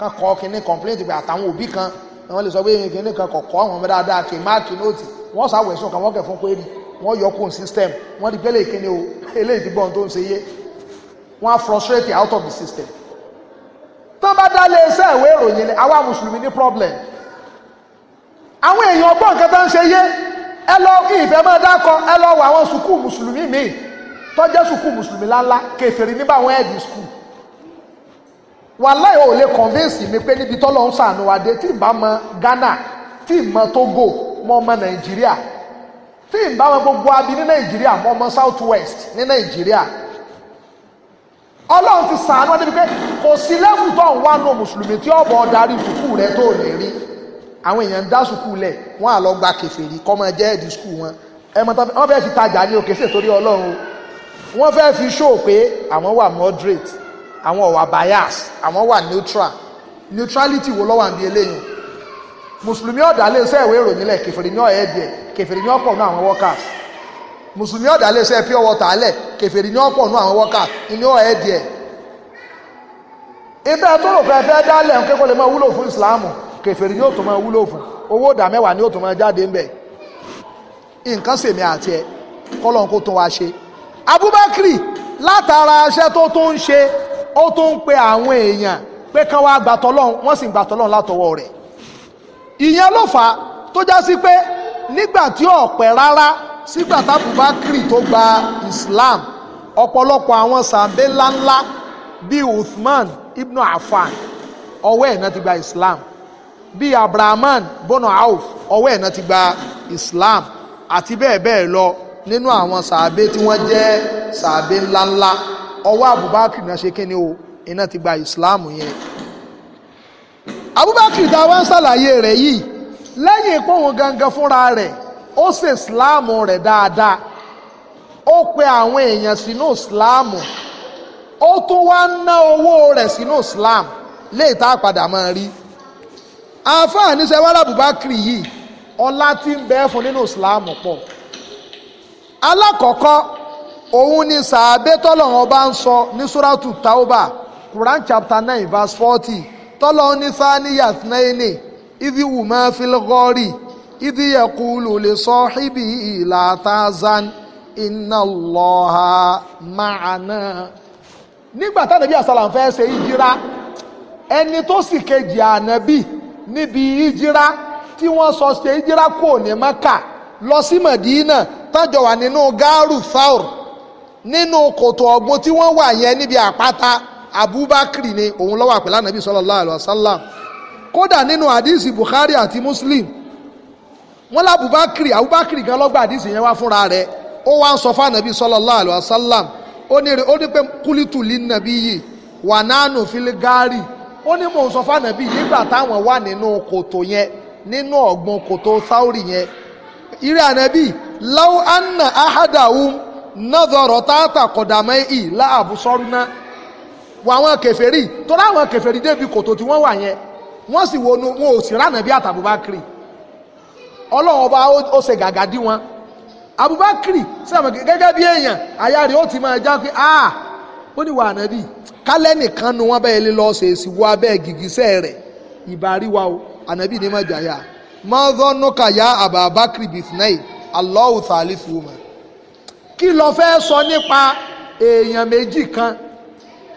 A: kan kọ́ kínní complaint pé àtàwọn òbí kan wọ́n lè sọ pé kínní kan kọ̀ kọ́ àwọn ọmọ dáadáa kì í máàkì nóòtì wọ́n sá wẹ̀sùn kan wọ́n kẹ̀ fún query wọ́n yọ kún system wọ́n di pélé kínní o eléyìí ti gbọ́n tó ń ṣe yé wọ́n á frustrate out of the system tó bá dá lé iṣẹ́ ìwé ìròyìn ni àwa mùsùlùmí ní problem àwọn èèyàn ọgbọ́n nǹkan tó ń ṣe yé ẹ lọ ìfẹ́ mọ́ dákọ ẹ lọ wọ àwọn sùkúù mùsùlùmí míì tọ́jẹ́ sùkúù mùsùlùmí láńlá kèfèrí nígbà wọn ẹ̀dì sùkúù wàláì ò lè convince mi pé níbi tọ́lọ́ ń sàánú wa dé tí n bá mọ Ghana tí n mọ Togo mọ mọ Nàìjíríà tí n bá mọ gbogbo abi ní Nàìjíríà mọ mọ South West ní Nàìjíríà Ọlọ́run ti sàánú wa débi pé kò sí lẹ́fù tó ń wá nù mùsùlùmí tí ọ̀bọ̀ darí sùkúù rẹ tó lè rí àwọn èèyàn ń dá sùkúù lẹ̀ wọ́n á lọ gba kèfèrí kọ́ máa jẹ́ ẹ̀dì sùkúù wọn ẹ̀ mọ̀ wọ́n fẹ́ẹ́ fi tajà ní òkè sètorí Ọlọ́run o wọ́n fẹ́ fi show pé àwọn wà moderate àwọn wà bias àwọn wà neutral neutrality wo lọ́wọ́ àbí eléyìí mùsùlùmí ọ̀dà lè sẹ́ ìwé ìròyìn lẹ̀ kẹfìrì ní ọ̀ẹ́ díẹ̀ kẹfìrì ní ọ̀pọ̀ náà àwọn workers mùsùlùmí ọ̀dà lè sẹ́ pure water lẹ̀ kẹfìrì ní ọ̀pọ̀ náà àwọn workers ní ọ̀ẹ́ díẹ̀ ibẹ̀ tó rò pé fẹ́ dálẹ̀ ń kékọ́ lè máa wúlò fún ìsìláàmù kẹfìrì ní ó tó máa wúlò fún owó ìdá mẹ́wàá ní ó tó máa jáde ńbẹ̀ nǹkan sèmi àti ẹ kọ́lọ́n kó tún wá ṣe abubakar látara aṣẹ́ tó tún ń ṣe ó tún ń pe àwọn èèyàn pé kán wá gbàtọ́lọ́hún wọ́n sì ń gbàtọ́lọ́hún látọwọ́ rẹ̀ ìyẹn ló fà á tó já sí pé nígbà tí ó pẹ́ rárá sígbà tábùbákìrì tó gba Islam ọ̀pọ̀lọpọ̀ àwọn sàbẹ̀ ńláńlá bíi Uthman ibn Affan ọwọ́ ẹ̀ náà ti gba Islam bíi Abrahman bono Auf ọwọ́ ẹ̀ náà ti gba Islam àti bẹ́ẹ̀ bẹ́ẹ̀ lọ nínú àwọn sàábé tí wọ́n jẹ́ sàábé ńláńlá ọwọ́ Abubakar náà ṣe kíni o iná ti gba ìsìláàmù yẹn Abubakar tá a wá ń ṣàlàyé rẹ̀ yìí lẹ́yìn ìpòhùn gangan fúnra rẹ̀ ó ṣe ìsìláàmù rẹ̀ dáadáa ó pe àwọn èèyàn sínú ìsìláàmù ó tún wá ná owó rẹ̀ sínú ìsìláàmù léè tá a padà máa rí àáfàá níṣẹ́ wàrà Abubakar yìí ọlá tí ń bẹ fún nínú ìsìláàmù pọ̀ alákọ̀ọ́kọ́ òun ni sàábé tọ́lọ́run ọba ń sọ ní suratu tauba quran chapter nine verse forty tọ́lọ́run ní sáníyà sinaini ibi wùmọ́ filgọ́rì ibi yẹkulu lè sọ ibi ìlà tazan iná lọ́ha máàna. nígbà tánàbí àsàlàm fẹ́ ṣe ìjírá ẹni tó sì kejì ànábì níbi ìjírá tí wọ́n sọ ṣe ìjírá kò ní mẹ́kà lọ sí Mẹ̀dínà tájọ wà nínú gáàrú Thawr nínú kòtò ọ̀gbun tí wọ́n wà yẹn níbi àpáta Abubakar ni òun ló wà pẹ̀lú Ànábì sallallahu alaihi wasallam kódà nínú àdìsí Bukhari àti Muslim wọ́n lábùbákiri àbúbákiri gan lọ́gbà àdìsí yẹn wá fúnra rẹ̀ ó wá ń sọ fún Ànábì sallallahu alaihi wasallam ó ní ó ní pé kúlítù lí nàbí yìí wà nánú fílgárì ó ní mò ń sọ fún Ànábì nígbà táwọn wà nínú kòtò yẹn nínú ọ̀gbun kòtò sáórì yẹn iri anabi láwọn anna ahadawu nọdọrọ tààtà kọdàmẹ ì láàbùsọrù náà wà àwọn keferi tó láwọn keferi débi koto ti wọ́n wa yẹn wọn ò sì rànà anabi àtàbùbákiri ọlọ́wọ́ bá ó di wọn abubakar sàmì gẹ́gẹ́ bí èèyàn àyà rẹ̀ ti máa ja pé a ó ní wà ànábì nu be wa o mọ́ńdọ́nùkà yá àbàbákìrì bìtìnáì Allahu thalithuhuma kí ló fẹ́ sọ nípa èèyàn méjì kan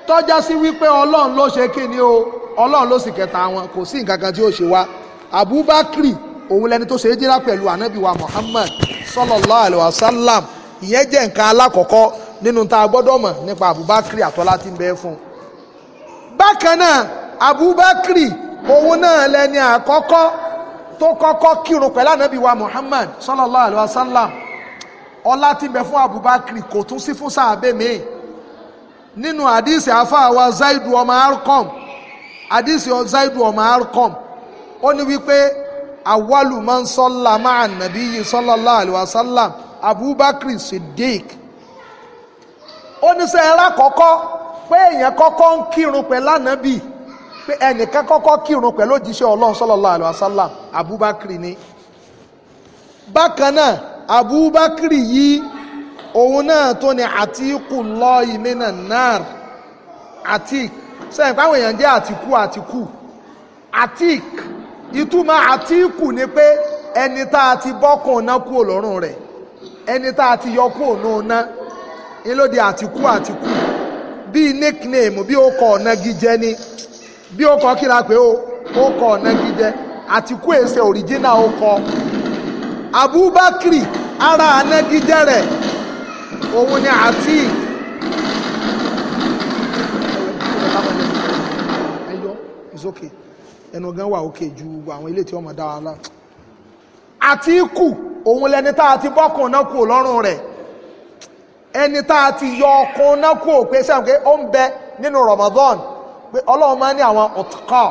A: tọ́já sí wípé ọlọ́run ló ṣe kíni o ọlọ́run ló sì kẹta wọn kò sí nǹkan kan tí ó ṣe wá abubakri òun lẹni tó ṣe é jìrà pẹ̀lú anabi muhammad sallallahu alayhi wa sallam ìyẹn jẹ́ nǹkan alákọ̀ọ́kọ́ nínú tá a gbọ́dọ̀ mọ̀ nípa abubakri àtọ́lá tí ń bẹ fún un. bákan náà abubakri òun náà lẹni àkọ́kọ́ tó kọ́kọ́ kírun pẹ̀lú ànábì wa Muhammad sallallahu alayhi wa sallam ọlá tí ń bẹ fún Abubakar kò tún sí fún sàábé mi nínú àdìsí àfàwà Zaidu ọmọ Arqam àdìsí Zaidu ọmọ Arqam ó ní wípé awalu man salla ma'a nabiyyi sallallahu alaihi wa sallam abubakar siddiq ó ní sẹ́yìn lákọ̀ọ́kọ́ pé èèyàn kọ́kọ́ ń kírun pẹ̀lú ànábì pé ẹnìkan kọ́kọ́ kírun pẹ̀lú òjíṣẹ́ ọlọ́run sallallahu alaihi wasallam abubakar ni bákan náà abubakar yìí òun náà tó ni àtìkù lọ́ọ̀yì mínà náà àtìk sẹ́yìn atiku atiku èèyàn jẹ́ àtìkù àtìkù àtìk ìtumọ̀ àtìkù ni pé ẹni tá a ti bọ́kùn náà kúrò lọ́rùn rẹ̀ ẹni tá a ti yọ bíi nickname bíi ó kọ ọ̀nà gíjẹ ni. bí ó kọ kíra pé ó ó kọ nagijẹ àti kó èsè òrìjínà ó kọ abubakri ara nagijẹ rẹ òun ni àti ẹyọ ìsókè ẹnu gan wà òkè ju àwọn ilé tí wọn mọ dá wa lá àti ikú òun lẹni tá a ti bọkàn náà kú lọ́rùn rẹ̀ ẹni tá a ti yọ ọkùn náà kú sẹ́wọ̀n pé ó ń bẹ nínú Ramadan pé ọlọ́run máa ń ní àwọn ọ̀tọ̀kọ̀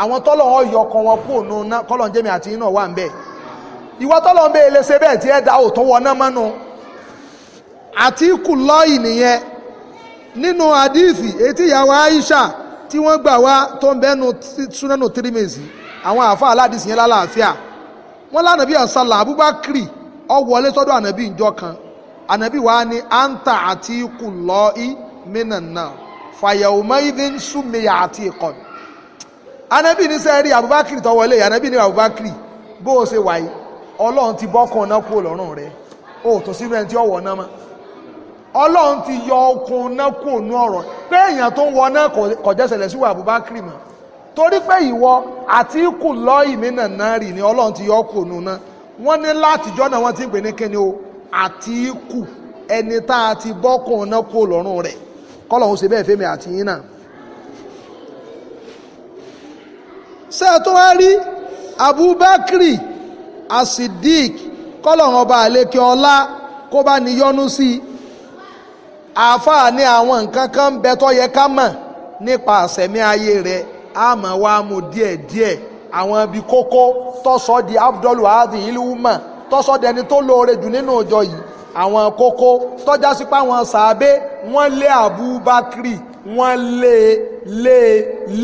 A: àwọn tọ́lọ́run yọ ọkọ̀ wọn kú òun náà kọ́lọ́run jẹ́mi àti iná wà ń bẹ̀ ìwọ tọ́lọ́run bẹ́ẹ̀ lè ṣe bẹ́ẹ̀ tí ẹ da òótọ́ wọn náà mọ́nu àti ikú lọ́ọ̀yì nìyẹn nínú àdìsí etí ìyàwó Aisha tí wọ́n gbà wá tó ń bẹ́nu súnánù tírímèsì àwọn àfa aládìsí yẹn lálàáfíà wọ́n lánàbí ọ̀sálà Abubakar ó sọ́dọ̀ ànàbí fàyàwòmáyídín súnmiyà àti ìkọ̀ anábì ní abubakar tó wọlé anábì abubakar bó o ṣe wáyé ti bọ́kàn náà kúrò lọ́rùn rẹ̀ o tó sínú ẹni tí ó náà ti yọ okun náà ọrọ pé èèyàn tó ń wọ abubakar torí ìwọ àti ikú nà náà ni ti yọ náà wọn ní látijọ́ náà wọ́n ti ń pè o àti ikú ti náà kọ́lọ̀hún ṣe bẹ́ẹ̀ fẹ́mi àti yín náà ṣé wá rí abubakri asidik kọ́lọ̀hún ọba àlekè ọlá kó bá ní yọ́nú sí i àáfàá ní àwọn nǹkan kan bẹ tó yẹ ká mọ̀ nípa àṣẹmí ayé rẹ̀ àmọ́ wá mú díẹ̀díẹ̀ àwọn ibi kókó tó di abdul wahadi ilúmọ̀ tó sọ dẹni tó lóore jù nínú ọjọ́ yìí àwọn kókó tọ́já sí pa wọn sàábé wọ́n lé Abubakri wọ́n lé lé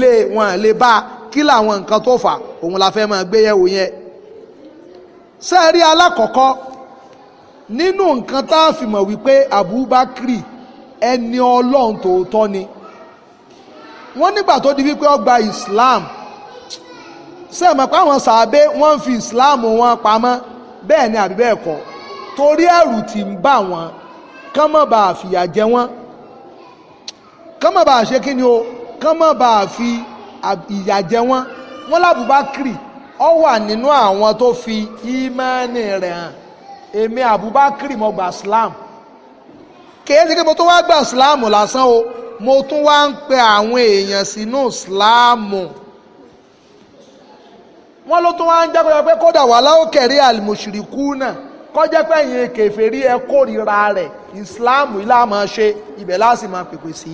A: lé wọn lè bá kí làwọn nǹkan tó fà òun la fẹ́ máa gbé yẹ̀wò yẹn sẹ́ẹ̀rí alákọ̀ọ́kọ́ nínú nǹkan tá a fi mọ̀ wípé Abubakri ẹni ọlọ́run tòótọ́ ni wọ́n nígbà tó di wípé ó gba Islam sẹ́ẹ̀mọ̀ pé àwọn sàábé wọ́n ń fi Islam wọn pamọ́ bẹ́ẹ̀ ni àbí bẹ́ẹ̀ kọ́ torí ẹ̀rù tí ń bà wọ́n kán má bàa fìyà jẹ wọ́n kán má bàa ṣe kí ni o kán má bàa fi ìyà jẹ wọ́n wọ́n lábùbákìrì ọ wà nínú àwọn tó fi ìmánì rẹ̀ hàn èmi àbúbákìrì mo gbà Islam kèé ṣe kí mo tó wá gbà Islam lásán o mo tún wá ń pe àwọn èèyàn sínú Islam wọ́n ló tún wá ń jẹ́ pé kódà wà láòkèrè àlùmọ̀ṣìrìkú náà kọjá pé ẹ̀yin kèfèrí ẹ kórìíra rẹ̀ ìsìláàmù ìlàmọ̀ ṣe ibẹ̀ láti máa pèpè sí.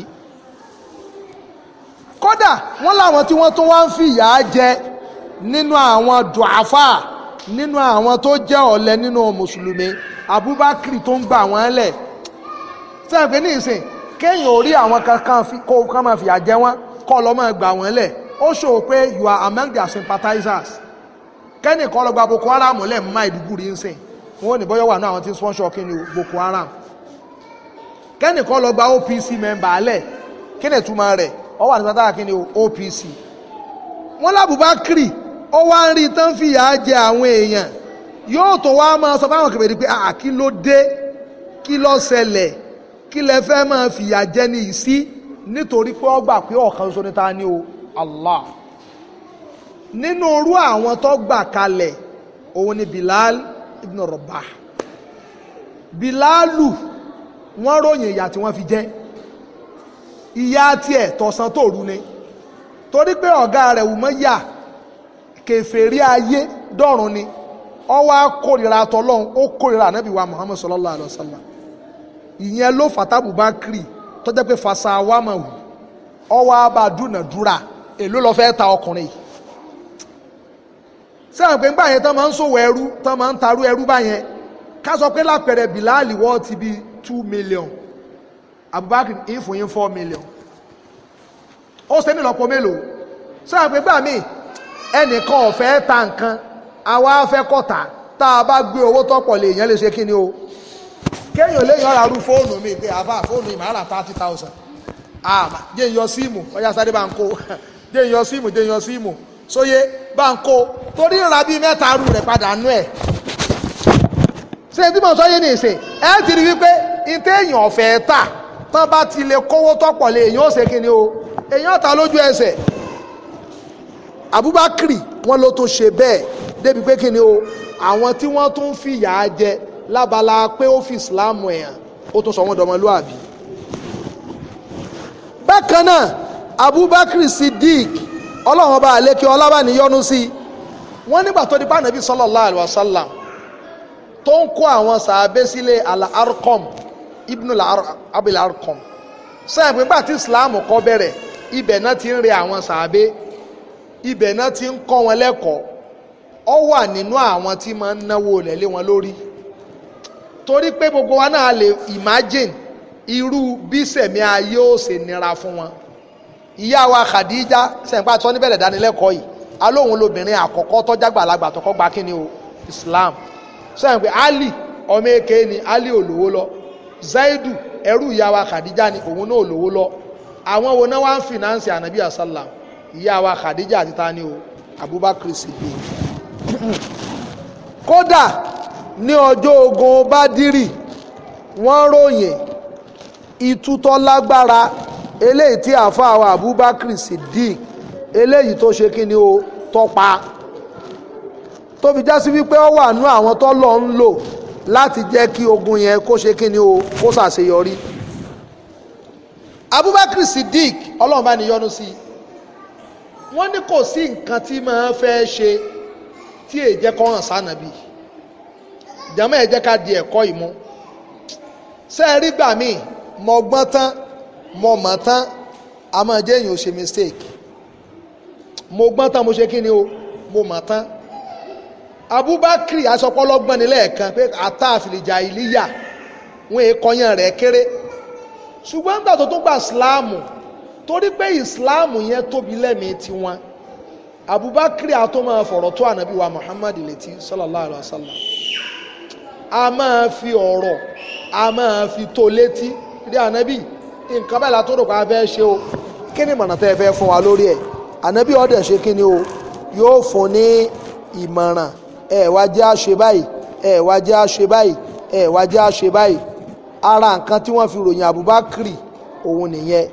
A: kódà wọ́n láwọn tí wọ́n tún wá ń fìyà jẹ nínú àwọn dùáfà nínú àwọn tó jẹ́ ọ̀lẹ nínú mùsùlùmí Abubakar tó ń gbà wọ́n lẹ̀ sẹ́yìn pé ní ìsìn kéèyàn ò rí àwọn kankan kó kán máa fìyà jẹ wọ́n kọ́ ọ máa gbà wọ́n lẹ̀ ó ṣòwò pé you are among their sympathizers kẹ́nìkan lọ gba Boko Haram lẹ̀ mọ́ Maiduguri ń sìn wọ́n ní bọ́yọ̀ wà ní àwọn tí ń sponsor kí ni Boko Haram kẹ́nìkan lọ gba OPC member alẹ̀ kí ni ìtumọ̀ rẹ̀ ọ wà ní sátá kí ni OPC wọ́n lábùbákìrì ó wá ń rí tán fìyà jẹ àwọn èèyàn yóò tó wá máa sọ fáwọn kèbèrè pé à kí ló dé kí ló ṣẹlẹ̀ kí lẹ fẹ́ máa fìyà jẹ ní ìsí nítorí pé ó pé ọ̀kan ṣoṣo ní ni o Allah nínú orú àwọn tó gbà kalẹ̀ òun ni Bilal ibn Rabah bilalu wọ́n ròyìn ìyà tí wọ́n fi jẹ ìyà tiẹ̀ tọ̀sán tòru ni torí pé ọ̀gá rẹ̀ Umayya kèfèrí ayé dọ̀run ni ó wá kórìíra tọlọ́hun ó kórìíra ànábì wa Muhammad sallallahu alayhi wa sallam ìyẹn fatabu bá kiri tọ́jà pé fasa wa mọ̀ wù ó wá bá dúnàdúrà èló ló fẹ́ ta ọkùnrin yìí sẹ́wọ̀n pé ńgbà yẹn tán máa ń ṣòwò ẹrú tán máa ń tarú ẹrú báyẹn ká sọ pé lápẹ̀rẹ̀ bìláàlì wọ́n ti bí two million Abubakar ìfún yín four million ó ṣe nílọ́pọ̀ mélòó sẹ́wọ̀n pé gbà míì ẹnìkan ọ̀fẹ́ ta nǹkan àwa afẹ́ kọ̀tà tá a bá gbé owó tọ́pọ̀ lè yẹn lè ṣe kí ni o kéèyàn léyìn ọ̀rà rú fóònù mi pé àbá fóònù ìmọ̀ràn thirty thousand àmà jẹ́ ìyọ síìmù ọjà sáré bá ń kó jẹ́ ìyọ síìmù jẹ́ ìyọ síìmù sóyè bá ń kó torí ń ra bíi mẹ́ta arú rẹ̀ padà nú ẹ̀ ṣé tí mo sọ yé ní ìsìn ẹ ti rí wípé ìtẹ́ èèyàn ọ̀fẹ́ tà tán bá ti lè kówó tọ́pọ̀ lé èèyàn ó ṣe kí ni o èèyàn ta lójú ẹsẹ̀ Abubakar wọn ló tún ṣe bẹ́ẹ̀ débi pé kí ni o àwọn tí wọ́n tún fìyà jẹ lábala pé ó fi Islam ẹ̀yàn ó tún sọ wọ́n dọmọlúàbí bákan náà Abubakar Siddiq ọlọ́run ọba àlékè ọlábà níyọnu sí i wọ́n nígbà tó di bá nàbí sallallahu alaihi wasallam tó ń kó àwọn sàábé sílé al-Arqam ibnu abil arkom. sẹ́yìn pé gbàtí islam kọ́ bẹ̀rẹ̀ ibẹ̀ náà ti ń re àwọn sàábé ibẹ̀ náà ti ń kọ́ wọn lẹ́kọ̀ọ́ ọ wà nínú àwọn tí máa ń náwó lẹ́lé wọn lórí torí pé gbogbo wa náà lè imagine irú bí sẹ̀mí ayé ó ṣe nira fún wọn ìyá wa Khadija sẹ̀ǹpá tí wọ́n níbẹ̀rẹ̀ dánilẹ́kọ̀ọ́ yìí alóhùn lobìnrin àkọ́kọ́ tọ́jàgbàlagbà tọkọ́ gba kí ni o Islam sẹ̀ǹpé Ali ọmọ èké ni Ali olówó lọ Zaidu ẹrú ìyá wa Khadija ni òun náà olówó lọ àwọn wo náà wá ń fìnánsì ànàbí àsálàm ìyá wa Khadija àti ta ni o Abubakar Siddiq kódà ní ọjọ́ ogun Badiri wọ́n ròyìn ìtútọ́ lágbára eléyìí tí àáfàá wa Abubakar Siddiq eléyìí tó ṣe kí ni o tọpa tó fi já sí wípé ó wà nú àwọn tó lọ ń lò láti jẹ́ kí ogun yẹn kó ṣe kí ni o kó ṣàṣeyọrí Abubakar Siddiq ọlọ́run bá ní yọ́nú sí i wọ́n ní kò sí nǹkan tí màá fẹ́ ṣe tí èyí jẹ́ kọ́ hàn sànàbí jàmọ́ ẹ̀ jẹ́ ká di ẹ̀kọ́ ìmú sẹ́ẹ̀rí gbà míì mọ̀gbọ́n tán mo mọ̀ tán a máa jẹ́ èèyàn ò ṣe mistake mo gbọ́n tán mo ṣe kí ni o mo mọ̀ tán Abubakar asọpọlọgbọn ni lẹ́ẹ̀kan pé àtàfìlìjà ìlíyà wọn èè kọyàn rẹ̀ kéré ṣùgbọ́n nígbà tó tún gba ìsìláàmù torí pé ìsìláàmù yẹn tóbi lẹ́mìí tiwọn Abubakar a máa fọ̀rọ̀ tó ànábì wa Muhammad létí sallallahu alayhi wa sallam a máa fi ọ̀rọ̀ a máa fi tó létí rí ànábì nǹkan la látó rò pé a fẹ́ ṣe o kí ni ìmọ̀ràn tẹ́ ẹ fẹ́ fún wa lórí ẹ̀ ànábì ọ̀dẹ̀ ṣe kí ni o yóò fún ní ìmọ̀ràn ẹ wá jẹ́ a báyìí ẹ wá jẹ́ a báyìí ẹ wá jẹ́ a báyìí ara nǹkan tí wọ́n fi ròyìn Abubakri òun nìyẹn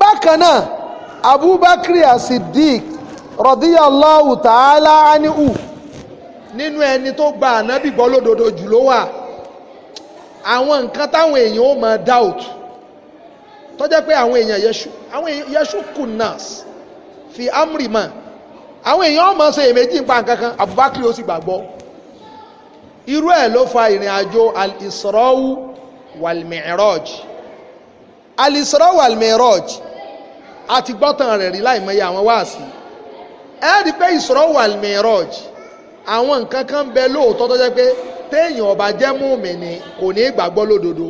A: bákan náà Abubakri asidik radiyallahu ta'ala anihu nínú ẹni tó gba ànábì gbọ́ lódodo jù ló wà àwọn nǹkan táwọn èèyàn ó máa doubt tó jẹ́ pé àwọn èèyàn yẹsù àwọn èèyàn yẹsù kùnàs fi amri mọ̀ àwọn èèyàn ó máa ṣe èméjì nípa nǹkan kan Abubakar ó sì gbàgbọ́ irú ẹ̀ ló fa ìrìn àjò al-isra'u wal-mi'raj àti gbọ́tàn rẹ̀ rí láìmọye àwọn wáàsí ẹ̀ẹ́dì pé isra'u wal àwọn nǹkan kan bẹ lóòótọ́ tó jẹ́ pé téèyàn ọba jẹ́ mùmìnì kò ní gbàgbọ́ lódodo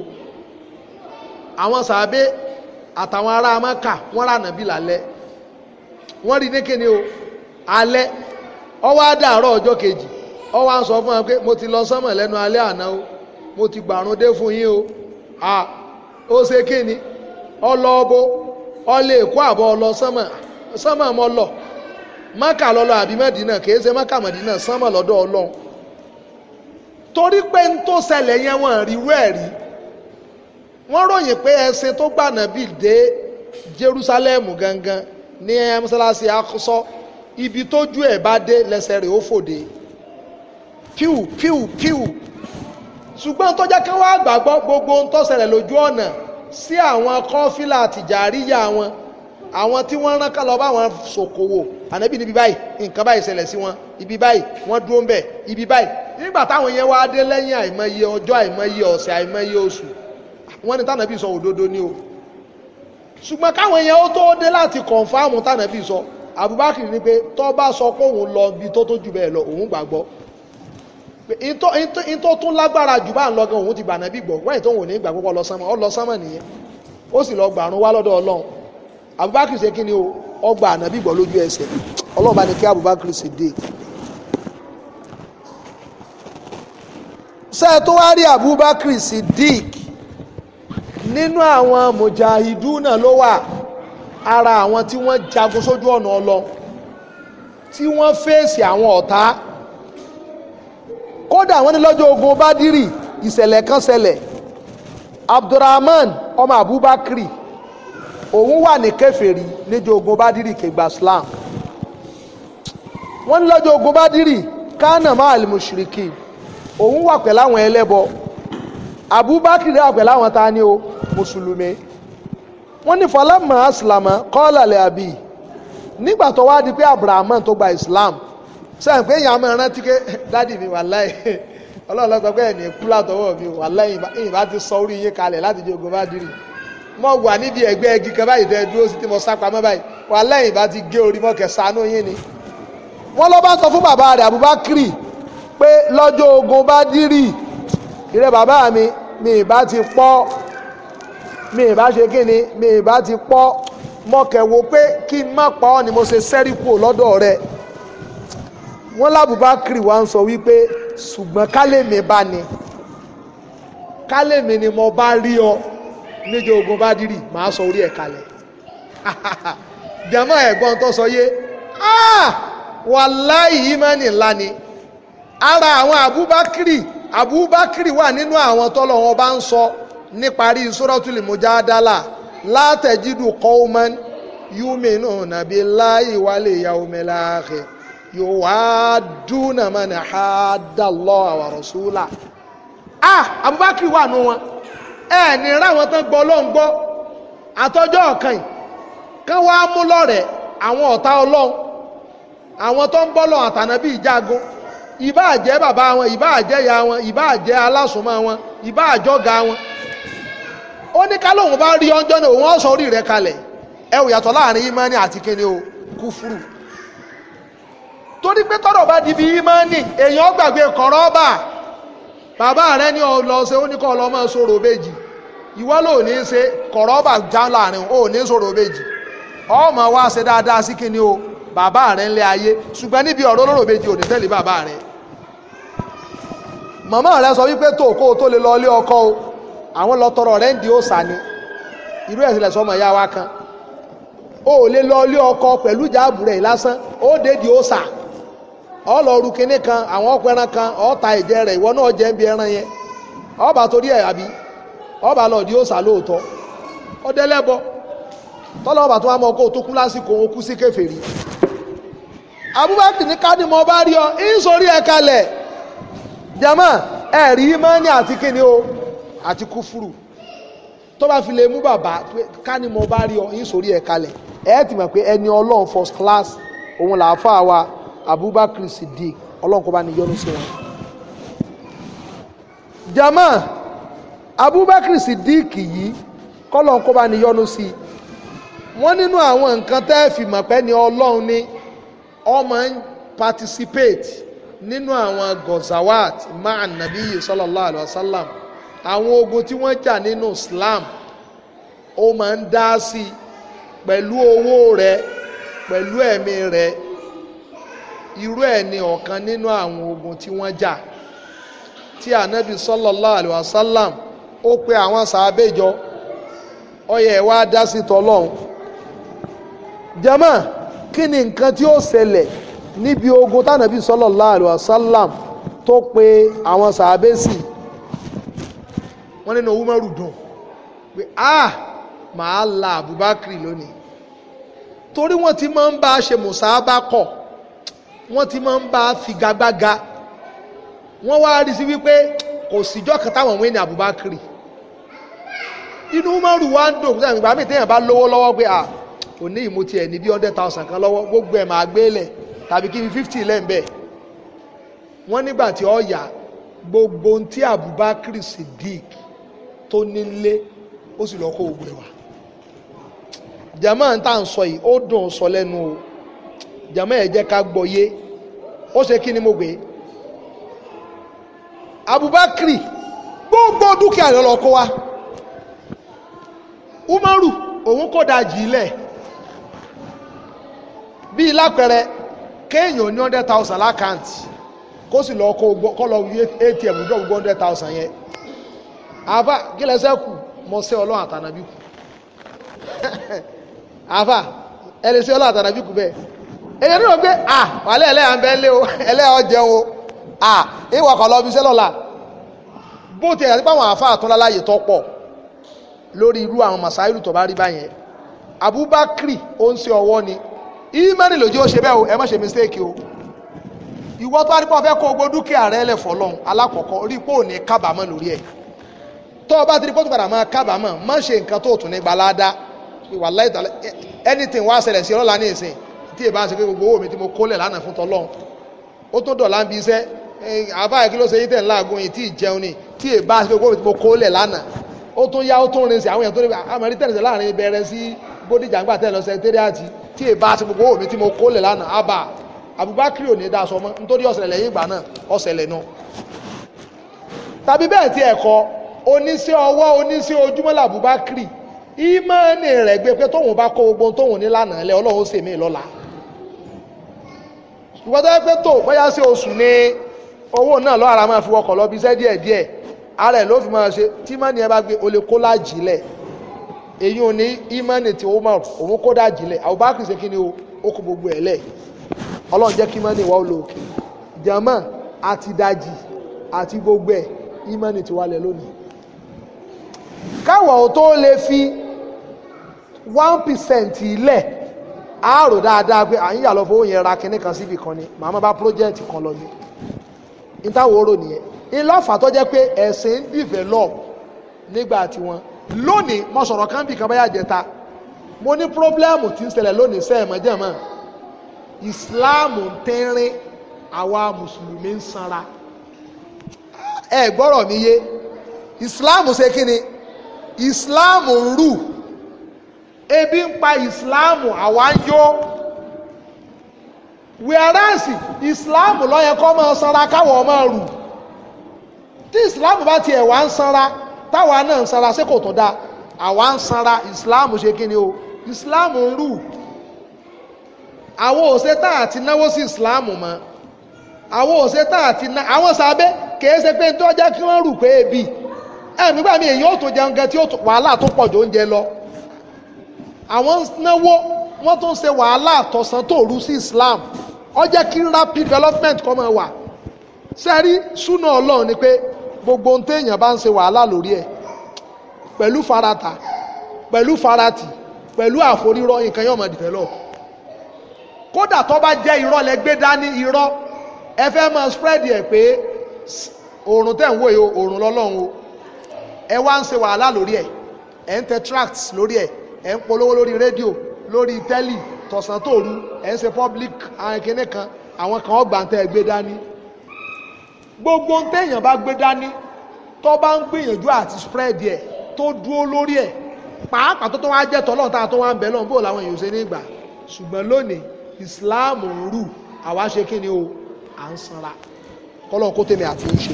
A: àwọn sàbẹ àtàwọn ará amáka wọ́n rà nàbí lálẹ́ wọ́n rí ní kíni o alẹ́ ọwọ́ àdàárọ̀ ọjọ́ kejì ọwọ́ à sọ fún wa pé mo ti lọ sọ́mọ̀ lẹnu alẹ́ àná o mo ti gbàrún dé fún yín o à ó ṣe kíni ọlọ́ọ̀bọ ọlẹ́ èkó àbọ̀ ọlọ sọ́mọ̀ sọ́mọ̀ mọ́ lọ. mọ́kà lọ́lọ́ àbí mẹ́dínà kì í ṣe mọ́kà mẹ́dínà sánmọ̀ lọ́dọ̀ ọlọ́run torí pé ń tó ṣẹlẹ̀ yẹn wọ́n rí wẹ́ẹ̀rí wọ́n ròyìn pé ẹṣin tó gbà nàbì dé Jerúsálẹ́mù gangan ní mọ́sálásí akọ́sọ́ ibi tójú ẹ̀ bá dé lẹ́sẹ̀ rẹ̀ ó fòde píù píù píù ṣùgbọ́n tó jẹ́ kí wọ́n àgbàgbọ́ gbogbo ń tó lójú ọ̀nà sí àwọn kọ́fílà àtìjàríyà wọn àwọn tí wọ́n rán ká lọ bá wọn ṣòkòwò ànábì níbi báyìí nǹkan báyìí ṣẹlẹ̀ sí wọn ibi báyìí wọ́n dúró ń bẹ̀ ibi báyìí nígbà táwọn yẹn wáá dé lẹ́yìn àìmọye ọjọ́ àìmọye ọ̀sẹ̀ àìmọye oṣù wọ́n ní tànàbí sọ òdodo ni o ṣùgbọ́n káwọn yẹn ó tó dé láti kọ̀ǹfàmù tànàbí sọ Abubakar ni pé tó bá sọ pé òun lọ ibi tó tó jù bẹ́ẹ̀ lọ òun gbàgbọ́ ìtò tún lágbára jù bá ń lọ gan òun ti bànàbí abubakar ṣe kí ni o ọgbà ànábì gbọ́ lójú ẹsẹ̀ ọlọ́run bá ní kí abubakar ṣe dé. ṣé ẹ tó wá rí abubakar siddiq nínú àwọn mujahiduna ló wà ara àwọn tí wọ́n jagun sójú ọ̀nà ọlọ́run tí wọ́n fèsì àwọn ọ̀tá kódà wọ́n ní lọ́jọ́ ogun bádìrì ìṣẹ̀lẹ̀ kan ṣẹlẹ̀ abdulrahman ọmọ abubakar òun wà ní kèfèrí níjọ́ ogun bádìrì kẹgbà Islam wọ́n ní lọ́jọ́ ogun bádìrì kánà máa lè mùṣìríkì òun wà pẹ̀lú àwọn ẹlẹ́bọ Abubakar wà pẹ̀lú àwọn ta ni o mùsùlùmí wọ́n ní falamma aslama qala li nígbà tó wá di pé Abraham tó gba Islam sẹ́yìn pé èèyàn máa rántí pé dádì mi wallahi ọlọ́ọ̀lọ́gbọ́gbẹ́ ẹ̀ ní kúlà tọwọ́ mi wallahi ìbá ti sọ orí yín kalẹ̀ láti jẹ́ ogun bádìrì mo wà níbi ẹ̀gbẹ́ igi kan báyìí tẹ́ dúró sí tí mo sá pamọ́ báyìí wà lẹ́yìn bá ti gé orí mọ́kẹ́ sànú yín ni. wọ́n lọ bá sọ fún bàbá rẹ̀ Abubakri pé lọ́jọ́ ogun bá dírì ìrẹ́ bàbá mi mi ì bá ti pọ́ mi ì bá ṣe kí mi ì bá ti pọ́ mọ́kẹ́ wo pé kí n má pa ọ́ ni mo ṣe sẹ́rí kúrò lọ́dọ̀ rẹ̀ wọ́n lábùbákiri wa ń sọ wípé ṣùgbọ́n kálẹ̀mí bá ní kálẹ̀mí ni mo bá rí ọ níjọ ogun bá dìrì màá sọ orí ẹ̀ kalẹ̀ jama ẹ̀gbọ́n tó sọ yé ah! wàláì ìmánì ńlá ni ara àwọn abubakiri abubakiri wà nínú àwọn tọ́lọ̀ wọn bá ń sọ níparí sórọ́tùlì mujadala látẹ̀jídù kọ́ọ́mọ́n yúmínú nàbí láì wálé ìyàwó mẹ́láàkẹ́ yóò wá dúnàmọ́nà àádọ́lọ́ àwàrọ̀súlà. ah wà nù wọn ẹ ní ráwọn tán gbọ́ ló ń gbọ́ àtọjọ́ ọ̀kan yìí kán wá mú lọ́rẹ̀ àwọn ọ̀tá ọlọ́run àwọn tó ń bọ́ lọ àtànàbí ìjagun ìbá àjẹ́ bàbá wọn ìbá àjẹ́ ìyá wọn ìbá àjẹ́ alásùnmọ́ wọn ìbá àjọga wọn ó ní ká lóun bá rí ọjọ́ náà òun ọ̀sán orí rẹ̀ kalẹ̀ ẹ ò yàtọ̀ láàrin ìmánì àti kíni o kúfúrù torí pé tọ́rọ̀ bá di bí ìmánì èèyàn gbàgbé kọ̀rọ̀ bà bàbá rẹ̀ ní ọlọ́ọ̀sẹ̀ ó ní kọ́ ọlọ́mọ sọ̀rọ̀ méjì ìwọ ló ní ṣe kọ̀rọ̀bà já láàrin o ní sọ̀rọ̀ méjì ọmọ wa ṣe dáadáa sí kíni o bàbá rẹ ń lé ayé ṣùgbọ́n níbi ọ̀rọ̀ lọ́rọ̀ méjì ò ní tẹ̀lé bàbá rẹ̀ màmá rẹ̀ sọ wípé tó kó o tó lè lọ ilé ọkọ o àwọn lọ tọrọ rẹ̀ ń di òòsà ni irú ẹ̀sìn lẹ̀sọ́ ọmọ ìyá wa kan o ò lè lọ ilé ọkọ pẹ̀lú ìjáàbù rẹ̀ lásán ó dé di òòsà ọlọ́ọ̀rù kinní kan àwọn ọ̀pẹ̀ran kan ọ̀ọ́ta ìjẹ rẹ ìwọ náà jẹ́ ń bi ẹran yẹn ọba torí àbí ọba lọ di òòsà lóòótọ́ ọdẹlẹ́bọ tọ́lọ́ ọba tó wà mọ́ kó tó kú lásìkò òun kú sí kèfèrí abubakar ní ká ní mo bá rí ọ ìsorí ẹ kalẹ̀ jama ẹ̀rí mọ́ni àti kíni o àti kúfúrú tó bá fi lè mú bàbá ká ní mo bá rí ọ ìsorí ẹ kalẹ̀ ẹ ti mọ̀ pé ẹni ọlọ́run first class òun làáfà wa abubakar Siddiq ọlọ́run kó bá ní yọ́nú sí wọn jama. Abubakar Siddiq yìí kọ́lọ́n kó bá ní yọ́nú sí i wọ́n nínú àwọn nǹkan tẹ́ fi mọ̀ pé ní ọlọ́run ni ọmọ ń participate nínú àwọn gozawat máa nàbí yìí sallallahu alayhi wa sallam àwọn ogun tí wọ́n jà nínú Islam ó máa ń dá sí i pẹ̀lú owó rẹ̀ pẹ̀lú ẹ̀mí rẹ̀ irú ẹ̀ ni ọ̀kan nínú àwọn ogun tí wọ́n jà tí ànábì sallallahu alayhi wa ó pe àwọn sàábéjọ ọyẹ ẹ̀ wá dá sí tọlọ́hún jama kí ni nǹkan tí ó ṣẹlẹ̀ níbi ogun tánàbí sallallahu alaihi wasallam tó pe àwọn sàábésì wọ́n nínú owó mẹ́rù dùn pé ah màá la Abubakar lónìí torí wọ́n ti máa ń bá a ṣe mùsàábàkọ̀ wọ́n ti máa ń bá a figagbága wọ́n wá rí sí wípé kò síjọ́ kan táwọn wọ́n ní Abubakar inú mọ́rù wá ń dùn sẹ́yìn ìgbà míì téèyàn bá lówó lọ́wọ́ pé à ò ní ìmú tiẹ̀ ní bí hundred thousand kan lọ́wọ́ gbogbo ẹ̀ máa gbé lẹ̀ tàbí kí n fifty lẹ́ẹ̀ bẹ́ẹ̀ wọ́n nígbà tí ó yà gbogbo ohun tí Abubakar Siddiq tó nílé ó sì lọ́ọ́ kó gbogbo ẹ̀ wá jama n ta n sọ yìí ó dùn sọ lẹ́nu o jama ẹ̀ jẹ́ ká gbọ́ yé ó ṣe kí ni mo gbé Abubakar gbogbo dúkìá lọ́lọ́ kó wa umaru òun kò dajì ilẹ̀ bíi lápẹẹrẹ kéèyàn ní hundred thousand lákàntì kó sì lọ kó lọ atm jọ gbogbo hundred thousand yẹn àáfà gílẹ̀sẹ̀ kù mọ̀ sí ọlọ́run àtànàbí kù àáfà ẹni sí ọlọ́run àtànàbí kù bẹ́ẹ̀ èyí ni wọ́n gbé à wàlẹ́ ẹlẹ́yà ń bẹ́ lé o ẹlẹ́yà ọ̀jẹ̀ o à ìwà kọ̀ lọ́ọ́ bó tiẹ̀ àti báwọn àáfà àtúnláláyè tọ́ pọ̀ lórí irú àwọn masáìlù tó bá rí báyẹn Abubakar ó ń ṣe ọwọ́ ni ìmánì lòdì ó ṣe bẹ́ẹ̀ o ẹ má ṣe mistake o ìwọ tó bá rí pé o fẹ́ kó gbogbo dúkìá rẹ lẹ̀ fọlọ́n alákọ̀ọ́kọ́ rí pé ò ní kábàámọ̀ lórí ẹ̀ tó o bá ti rí pé padà máa kábàámọ̀ má ṣe nǹkan tó tún ní gbalada ìwà láì tàlẹ́ anything wá ṣẹlẹ̀ sí ọlọ́lá ní ìsìn tí ì bá ṣe pé gbogbo owó mi tí mo kólẹ̀ lánàá fún tọ́lọ́run ó tó dọ̀la ń bi iṣẹ́ àbáyé kí ló ṣe yín tẹ̀ ńlá àgùn yìí tí ì jẹun ni tí ì bá ṣe pé gbogbo owó mi tí mo kólẹ̀ lánàá ó tún yá ó tún rin àwọn èèyàn tó níbi àmọ́rí tẹ̀lẹ̀sẹ̀ láàrin ìbẹ̀rẹ̀ sí bódìjà ńgbà sẹ̀tẹ́rìàtì tí èèbá ti gbogbo omi tí mo kó lè lánàá àbà Abubakar ò ní dá aṣọ mọ́ nítorí ọ̀sẹ̀lẹ̀ lẹ́yìn ìgbà náà tàbí bẹ́ẹ̀ ti ẹ̀kọ́ oníṣẹ́ ọwọ́ oníṣẹ́ ojúmọ́ ìmọ̀ọ́nì rẹ̀ gbé pé tóun bá kó gbogbo tóun ní lánàá ara ẹ̀ ló fi máa ṣe tí mọ́ni ẹ bá gbé o lè kó láàjì lẹ̀ èyí ò ní ìmọ̀nì tí Umar òun kó dáàjì lẹ̀ Abubakar ṣe kí ni o ó kó gbogbo ẹ̀ lẹ̀ Ọlọ́run jẹ́ kí ìmọ̀nì wa ó lo òkè jama àti dájì àti gbogbo ẹ̀ ìmọ̀nì tí wà lẹ̀ lónìí káwọ̀ ò tó lè fi one percent ilẹ̀ àárò dáadáa pé à ń yà lọ fowó yẹn ra kinní kan síbi kan ni màmá bá project kan lọ ni ní táwọn orò nìyẹn ńlọ́fà tó jẹ́ pé ẹ̀sìn ń develop nígbà tiwọn lónìí mo sọ̀rọ̀ kan bí kan bá yà jẹta mo ní pírọ́blẹ́mù tí ń ṣẹlẹ̀ lónìí sẹ́ẹ̀mọ́ jẹ̀mọ́ ìsìláàmù ń tẹ́rín àwa mùsùlùmí ń sanra ẹ gbọ́rọ̀ mi yé ìsìláàmù ṣe kí ni ìsìláàmù ń rù ebi ń pa ìsìláàmù àwa ń yó wíárẹ́sì ìsìláàmù ló yẹ kó máa sanra káwọn máa rù. tí islam bá tiẹ̀ wá ń sanra táwa náà ń sanra ṣé kò tó dáa àwa ń sanra ṣe kí ni o ìsìláàmù ń rù àwọn òṣè tá náwó sí ìsìláàmù mọ́ àwọn òṣè tá ti ná àwọn sábẹ́ kìí ṣe pé tó kí rù pé ebi ẹ̀mí gbàmí èyí ó tó jẹun gan tí lọ àwọn náwó tún ṣe wàhálà àtọ̀sán tó rú sí Islam kí rapid development kọ́ máa wà gbogbo ohun téèyàn bá ń ṣe wàhálà lórí ẹ̀ pẹ̀lú farata pẹ̀lú farati pẹ̀lú àforírọ́ nǹkan yóò máa develop kódà tó bá jẹ́ irọ́ lẹ gbé dání irọ́ ẹ fẹ́ máa spread ẹ̀ pé òòrùn tẹ̀ ń wò yìí òòrùn lọ́lọ́run o ẹ wá ń ṣe wàhálà lórí ẹ̀ ẹ̀ ń tẹ tracts lórí ẹ̀ ẹ̀ ń polówó lórí rédíò lórí tẹ́lì tọ̀sán tòru ẹ̀ ń ṣe public akíní kan àwọn kan ọgbà ń tẹ́ ẹ dání gbogbo ń téèyàn bá gbé dání tó bá ń gbìyànjú àti spread ẹ̀ tó dúró lórí ẹ̀ pàápàá tó tó wá jẹ́ tọ́lọ́run tá a tó wá ń bẹ̀ lọ́n bó làwọn èèyàn ṣe ní ìgbà ṣùgbọ́n lónìí Islam ń rù àwa ṣe kí ni o à ń sanra kọ́lọ́n kó tèmi àti oṣù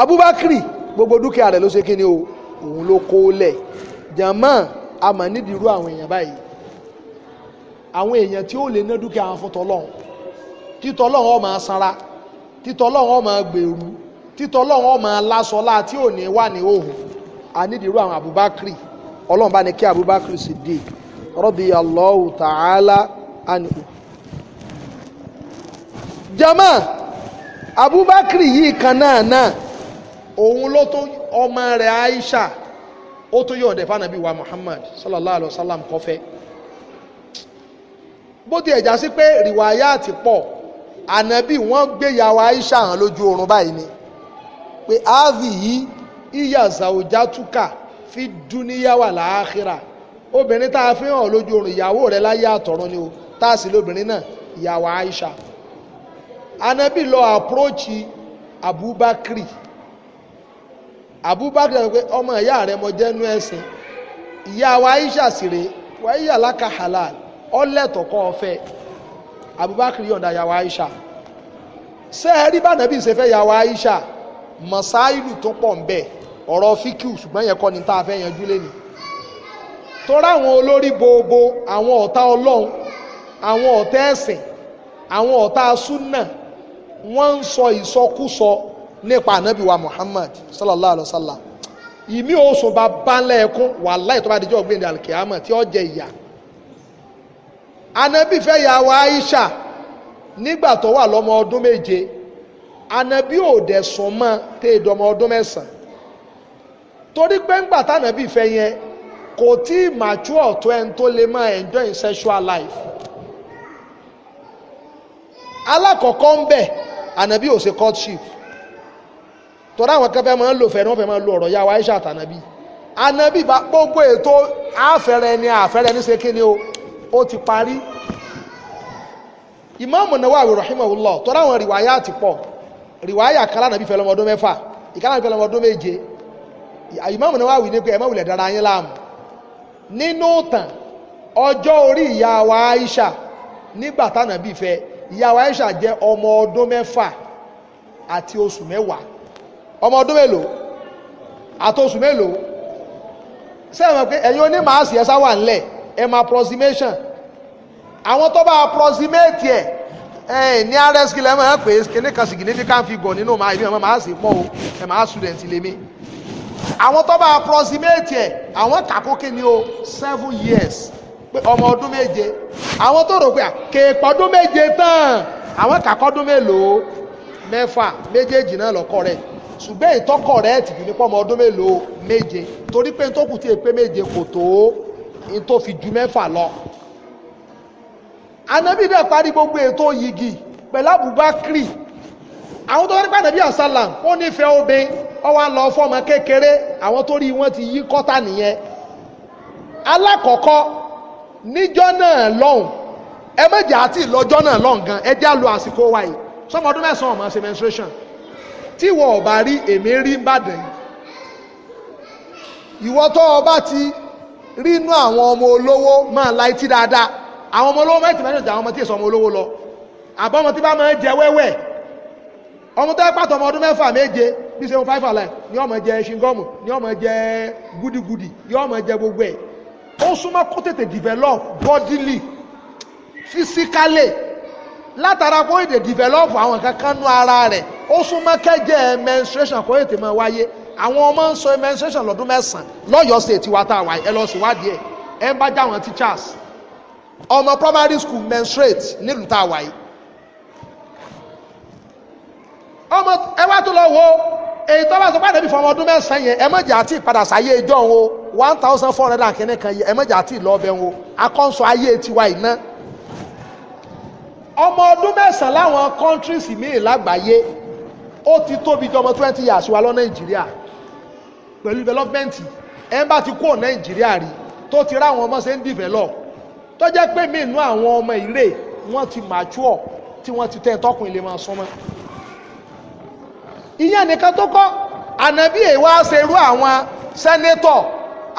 A: Abubakar gbogbo dúkìá rẹ̀ ló ṣe kí ni o òun ló kó lẹ̀ jàmá a mà nídìí irú àwọn èèyàn báyìí àwọn èèyàn tí ó lè ná dúkìá wọn fún tọ́lọ́run kí títọ́ ọlọ́run ọmọ gbèrú títọ́ ọlọ́run ọmọ lásọlá tí ò ní wà ní òhù ànídìrú àwọn Abubakar ọlọ́run bá ní kí Abubakar Siddiq radiyallahu ta'ala anhu. jama Abubakar yìí kan náà náà òun ló tó ọmọ rẹ̀ Aisha ó tó yọ̀ ọ̀dẹ̀ fánàbí wa Muhammad sallallahu alayhi wa sallam kọfẹ́ bó ti ẹ̀já sí pé rìwáyà ti pọ̀ ànábì wọ́n gbéyàwó Aisha hàn lójú oorun báyìí ni pé avi yìí ìyá zaujatuka fi dúníyàwó làákìrà obìnrin tá a fi hàn lójú oorun ìyàwó rẹ̀ láyé àtọ̀run ni o tá a sì lóbìnrin náà ìyàwó Aisha ànábì lọ àpúròchì Abubakri Abubakri sọ pé ọmọ ìyá rẹ̀ mọ jẹ́ nú ẹ̀sìn ìyàwó Aisha sì rèé wáyé yàrá ka halal ọlẹ́tọ̀kọ́ ọ̀fẹ́ Abubakar yọ̀ǹda yàwó Aisha ṣé ẹ rí bànàbí ṣe fẹ́ Aisha mọ̀sáìlù tó pọ̀ ń ọ̀rọ̀ fíkìú ṣùgbọ́n yẹn kọ́ ni tá a fẹ́ yanjú lé ni tọ́ra àwọn olórí gbogbo àwọn ọ̀tá ọlọ́run àwọn ọ̀tá ẹ̀sìn àwọn ọ̀tá súnà wọ́n ń sọ ìsọkúsọ nípa ànábì wa Muhammad sallallahu alayhi wa sallam ìmí oṣù bá bá ńlẹ̀ ẹ̀kún wàhálà ìtọ́ba àdìjọ́ ọ̀gbìn ìdàlùkẹ́ àmọ̀ tí ó jẹ ìyá anabi fẹ́ ya wa aisha nígbà tó wà lọ́mọ ọdún méje anabi ò dẹ̀ sùn mọ́ tẹ́ ẹ dọ́mọ ọdún mẹ́sàn-án torí pé ńgbà tànàbì fẹ́ yẹn kò tí ì mature tó ẹni tó lè máa enjoy sexual life alákọ̀ọ́kọ́ ń bẹ̀ anabi ò ṣe courtship tọ́ra àwọn kẹfẹ́ máa ń lò fẹ́ràn fẹ́ máa ń lo ọ̀rọ̀ ya wa aisha tànàbì anabi bá gbogbo ètò àfẹ́rẹ́ ni àfẹ́rẹ́ ní ṣe kí ni o ó ti parí ìmáàmù Nawawi rahimahullah tọ́lá àwọn rìwáyà àti pọ̀ rìwáyà kálá nàbí fẹ́ lọ́mọdún mẹ́fà ìkálá nàbí fẹ́ lọ́mọdún méje ìmáàmù Nawawi ní pé ẹ má wulẹ̀ dára yín láàmú nínú tàn ọjọ́ orí ìyá wa Aisha nígbà tánàbí fẹ́ ìyá wa Aisha jẹ́ ọmọ ọdún mẹ́fà àti oṣù mẹ́wàá ọmọ ọdún mélòó àti oṣù mélòó sẹ́wọ̀n pé ẹ̀yin onímọ̀ àṣì ẹ̀sá wà ńlẹ̀ ẹ máa approximation àwọn tó bá approximate ẹ ẹ ní rs kìlẹ̀ ẹ máa pè é kíní kan significant figure nínú màá ìbí ẹ máa sì pọ̀ o ẹ máa student lè mí àwọn tó bá approximate ẹ àwọn kàkókè ni o seven years pé ọmọ ọdún méje àwọn tó rò pé kéèpọ̀ ọdún méje tán àwọn kàkọ́dún mélòó mẹ́fà méjèèjì náà lọ́kọ́ rẹ̀ ṣùgbọ́n ìtọ́kọ̀ rẹ̀ ti fi ní pọ́ ọmọ ọdún mélòó méje torí pé ní tó èpè méje kò tó ní tó fi ju mẹ́fà lọ anabi dẹ̀ parí gbogbo ètò yìgì pẹ̀lú abubakri àwọn tó wá nípa anabi asalam ó nífẹ̀ẹ́ obìnrin ó wá lọ fọmọ kékeré àwọn tó rí wọn ti yí kọ́tà nìyẹn alákọ̀ọ́kọ́ níjọ́ náà lọ́hùn ẹ méjì àti ìlọ́jọ́ náà lọ́hùn gan ẹ já lo àsìkò wa yìí sọmọ ọdún mẹ́sàn-án ọmọ ṣe menstruation tí wọ́n ò bá rí èmi rí bàdàn yìí ìwọ ti rínú àwọn ọmọ olówó máa la etí dáadáa àwọn ọmọ olówó máa ń tìmọ́lẹ̀ àwọn ọmọ tí èso ọmọ olówó lọ àbọ̀ ọmọ tí bá máa ń jẹ wẹ́wẹ́ ọmọ tó yẹ pàtó ọmọ ọdún mẹ́fà méje bí ṣe ń fáìfà láì ní ọmọ jẹ ṣingọ́mù ní ọmọ jẹ gúdígúdí ní ọmọ jẹ gbogbo ẹ̀ ó súnmọ́ kó tètè develop bodily physically látara kó tètè develop àwọn kankan nú ara rẹ̀ ó súnmọ́ kẹ́jẹ́ menstruation kó tètè máa wáyé àwọn ọmọ ń sọ menstruation lọ́dún mẹ́sàn-án lọ́yọ̀ọ́ state wa tá a wà ẹ lọ síwádìí ẹ̀ ẹ ń bá já àwọn teachers ọmọ primary school menstruate nílùú tá a wà yìí ọmọ ẹ wá tó lọ wo èyí tó bá sọ pàdé bí fọmọ ọdún mẹ́sàn-án yẹn ẹ mọ̀jà àti ìpadà sáyé ìjọ wo one thousand four hundred and kìíní kan yẹn ẹ mọ̀jà àti ìlọ́ọ̀bẹ wo akọ́nso ayé ti yìí náà ọmọ ọdún mẹ́sàn-án láwọn countries míì lágbàáyé ó ti tóbi jọmọ twenty years wa lọ nàìjíríà pẹ̀lú development ẹ̀ bá ti kó nàìjíríà rí tó ti rá àwọn ọmọ ṣe ń develop tó jẹ́ pé mí inú àwọn ọmọ ìrè wọ́n ti mature tí wọ́n ti tẹ́ tọkùn ilé máa sọmọ. ìyẹn nìkan tó kọ́ ànábì èèwà ṣe irú àwọn sẹ́nétọ̀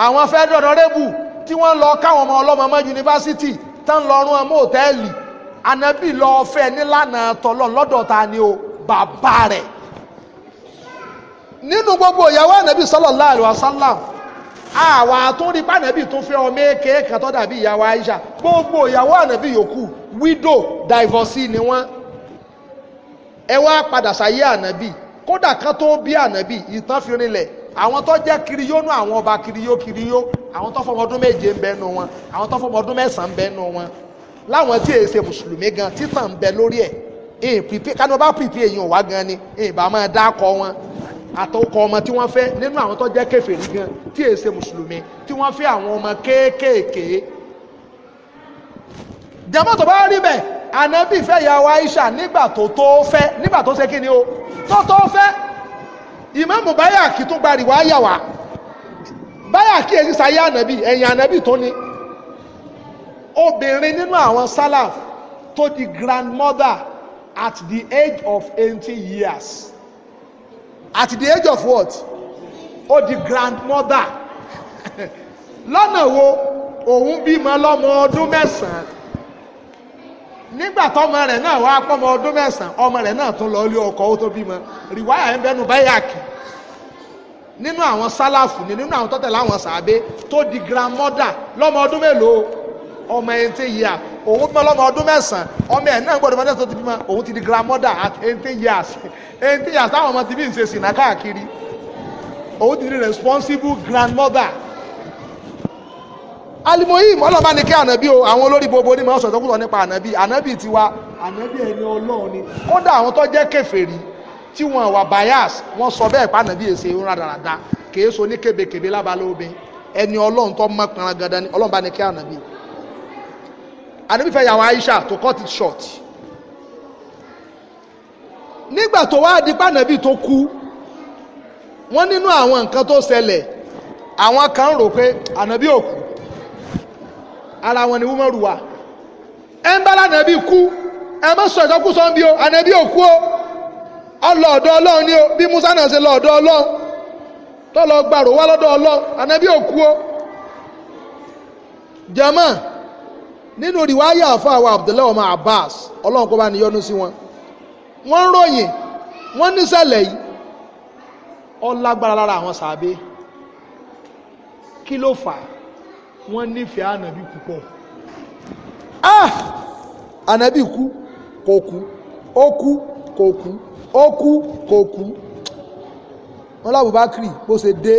A: àwọn federal honorable tí wọ́n lọ káwọn ọmọ ọlọ́mọ mọ́ yunifásitì tán lọ rún ọmọ òtẹ́ẹ̀lì ànábì lọ fẹ́ nílànà tọ́lọ́ lọ́dọ̀ ta ni o bàbá rẹ̀ nínú gbogbo ìyàwó ànábì sallallahu alaihi wasallam àwa àtúndì pànàbì tó fẹ́ ọmọ èké kan tó dàbí ìyàwó Aisha gbogbo ìyàwó ànábì yòókù widow divorcee ni wọ́n ẹ wá padà sáyé ànábì kódà kan tó bí ànábì ìtàn fi rinlẹ̀ àwọn tó jẹ́ kiriyó nú àwọn ọba kiriyó kiriyó àwọn tó fọmọ ọdún méje ń bẹ nú wọn àwọn tó fọmọ ọdún mẹ́sàn-án ń bẹ nú wọn láwọn tí èsè mùsùlùmí gan títàn ń bẹ lórí ẹ̀ èyí pípé kánú bá pípé èyí ò wá gan ni èyí bá máa dákọ wọn àtọkọ ọmọ tí wọ́n fẹ́ nínú àwọn tó jẹ́ kèfèrí gan tí èyí ṣe mùsùlùmí tí wọ́n fẹ́ àwọn ọmọ kéékèèké jẹmọ́ tó bá rí bẹ́ẹ̀ ànábì fẹ́ ìyàwó Aisha nígbà tó tó fẹ́ nígbà tó ṣe kí ni o tó tó fẹ́ ìmáàmù báyàkì tó gba rìwá yà wá báyàkì èyí sáyé ànábì ẹ̀yìn ànábì tó ní obìnrin nínú àwọn sálàf tó di grandmother at the age of eighty years at the age of what Oh, the grandmother lọ́nà wo òun bímọ lọ́mọ ọdún mẹ́sàn-án nígbà tọmọ rẹ̀ náà wá pọ́mọ ọdún mẹ́sàn-án ọmọ rẹ̀ náà tún lọ ilé ọkọ ó tó bímọ rìwáyà ẹ̀ ń bẹnu báyàkì nínú àwọn sálàfù ni nínú àwọn tọ́tẹ̀ láwọn sàábé tó di grandmother lọ́mọ ọdún mélòó ọmọ ẹni tí yìí à òun bímọ lọ́mọ ọdún mẹ́sàn-án ọmọ ẹ̀ náà gbọ́dọ̀ mọ́tẹ́sán ti bímọ òun ti di grandmother at eighteen years eighteen years táwọn ọmọ ti bí ìṣe sìnà káàkiri òun ti di responsible grandmother. alimoyi mọ́lọ́mọ́ ni kí ànábì o àwọn olórí gbogbo ni màá sọ̀tọ́ kúrò nípa anabi, ànábì tiwa anabi ẹni ọlọ́run ni kódà àwọn tó jẹ́ kèfèrí tí wọn wà bias wọn sọ bẹ́ẹ̀ pa anabi èsè ń rádaràda kèé so ní kébékèbé lábala obìnrin ẹni ọlọ́run tó mọ́ pẹ̀rẹ̀ gàdá ni ọlọ́run bá ní kí ànábì ànábì fẹ́ yàwó Aisha to cut it short nígbà tó wá di pànàbí tó kú wọ́n nínú àwọn nǹkan tó ṣẹlẹ̀ àwọn kan rò pé ànábì ò kú ara wọn ni wúmọ̀rù wa ẹ ń bá lànàbí kú ẹ má sọ ìsọkú sọ ń bí o ànábì ò kú o ọlọ́ọ̀dọ́ ọlọ́run ni o bí Musa náà ṣe lọ́ọ̀dọ́ ọlọ́run tó lọ gbàrò wá lọ́dọ̀ ọlọ́run ànábì ò kú o jẹ́mọ́ nínú rìwáyà awa abdullahi ọmọ abbas ọlọ́run kó bá ní yọ́nú sí wọn wọ́n ń ròyìn wọ́n níṣẹ̀lẹ̀ yìí ó lágbára lára àwọn ah ànábì kú kò kú ó kú kò kú ó kú kò kú bó ṣe dé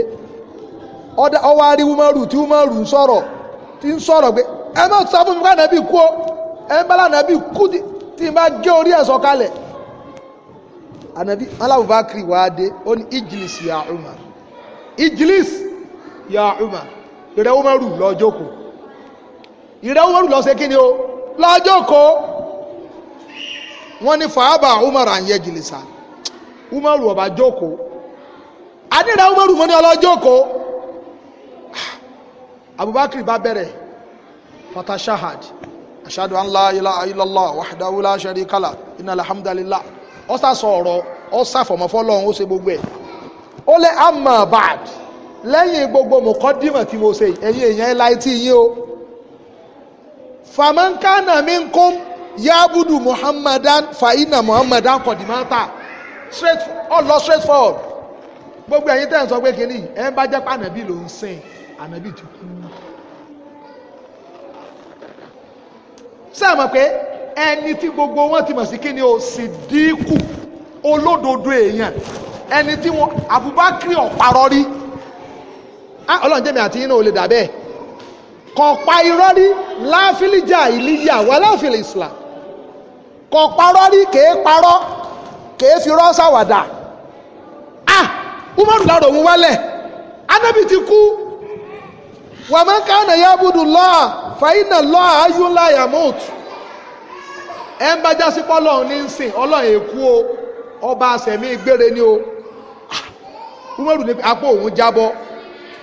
A: ọwọ́ arí umaru tí umaru ń sọ̀rọ̀ tí ń ẹ má sọ fún mi ká nàbí kú o ẹ má lànàbí kú tí n bá gé orí ẹ̀ sọ̀kalẹ̀ ànàbí aláwùbákiri wàá dé ó ní ìjìlìsì yà Umar ìjìlìsì yà Umar ìrẹ́ Umaru lọ jókòó ìrẹ́ Umaru lọ ṣe kí ni o lọ jókòó wọ́n ní fàábà Umaru à jìlìsà Umaru ọba jókòó àdìrẹ́ Umaru mọ́ ní ọlọ́jókòó Abubakar bá bẹ̀rẹ̀ fatashahad ashadu an la ilaha illallah wahdahu la sharika lah innal hamdalillah ó sàsọ ọ̀rọ̀ ó sàfọ̀mọ́fọ́ lọ́hún ó ṣe gbogbo ẹ̀ ó lẹ́ àmà bad lẹ́yìn gbogbo mọ̀kọ́dìmọ̀ tí mo ṣe ẹ̀yin èèyàn ẹ̀la etí yín o fàmọ́nkánà minkum yabudu muhammadan fàyínà muhammadan kọ̀dìmọ́ta straight all lọ straight forward gbogbo ẹ̀yin tẹ́ ń sọ pé kínní ẹ̀ ń bá jẹ́ pé ànábì ló ń sìn ti kú sẹ́ẹ̀mọ̀ pé ẹni tí gbogbo wọn ti mọ̀ sí kí ni o sídìkù olódodo èèyàn ẹni tí wọn Abubakar ọ̀parọ́ rí ọlọ́run jẹ́mi àti yín náà ò lè dà bẹ́ẹ̀ kò pa irọ́ rí láfílíjà ìlíyà wà láfílì Islam kò parọ́ rí kèé parọ́ kèé fi rọ́ sàwàdà ah Umaru láròhún wálẹ̀ Ànábì ti kú Wa kánà yá budu lọ́à fàyínà lọ́à ayúlá yamut ẹ ń bá jásí pọ́lọ́ọ̀ ní sìn ọlọ́ọ̀ èkú o ọba gbére ni o umaru ní apò òun jábọ́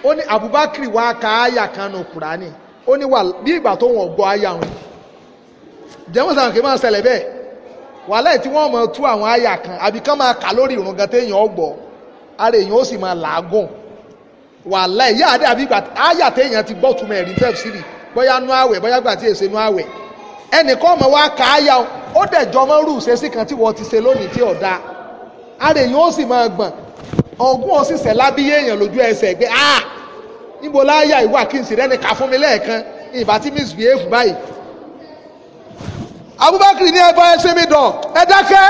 A: ó ní abubakar wá ka àyà kan nù kúránì ó ní wà bí ìgbà tó wọ́n gbọ́ àyà wọn sàn kí n máa tí kan àbí kán máa kà lórí ìrùngàn téèyàn ọgbọ ara èèyàn ó sì máa làágùn wàhálà ìyá àdé àbí ìgbà áyà téèyàn ti gbọ́ túmọ̀ ẹ̀rí tẹ́ẹ̀ sílì bóyá nú àwẹ̀ bóyá gbà tí èsè nú àwẹ̀ ẹnìkan ọmọ wa kà á yà ó dẹ̀ jọmọ́ rú ṣẹ́sí kan tí wọ́n ti ṣe lónìí tí ọ̀dà ara èèyàn ó sì máa gbọ̀n ọ̀gùn òṣìṣẹ́ lábíyé èèyàn lójú ẹsẹ̀ pé ah níbo láyà ìwà kí n sì rẹ́ni kà fún mi lẹ́ẹ̀kan ìbá tí miss behave báyìí Abubakar ní ẹbọ ẹsẹ mi dàn ẹ dákẹ́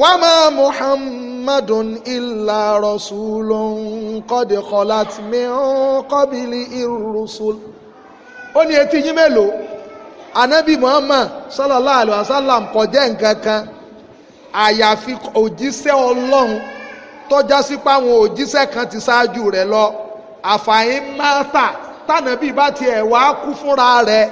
A: wàá máa Muhammad muhammadun illa rasulun qad khalat min qablihi rusul ó ní etí yín mélòó anabi muhammad sallallahu alayhi wa sallam kò jẹ́ nǹkan kan àyàfi òjíṣẹ́ ọlọ́run tọ́já sí páwọn òjíṣẹ́ kan ti ṣáájú rẹ̀ lọ àfààní mẹ́ta tànàbí bá tiẹ̀ wá kú fúnra rẹ̀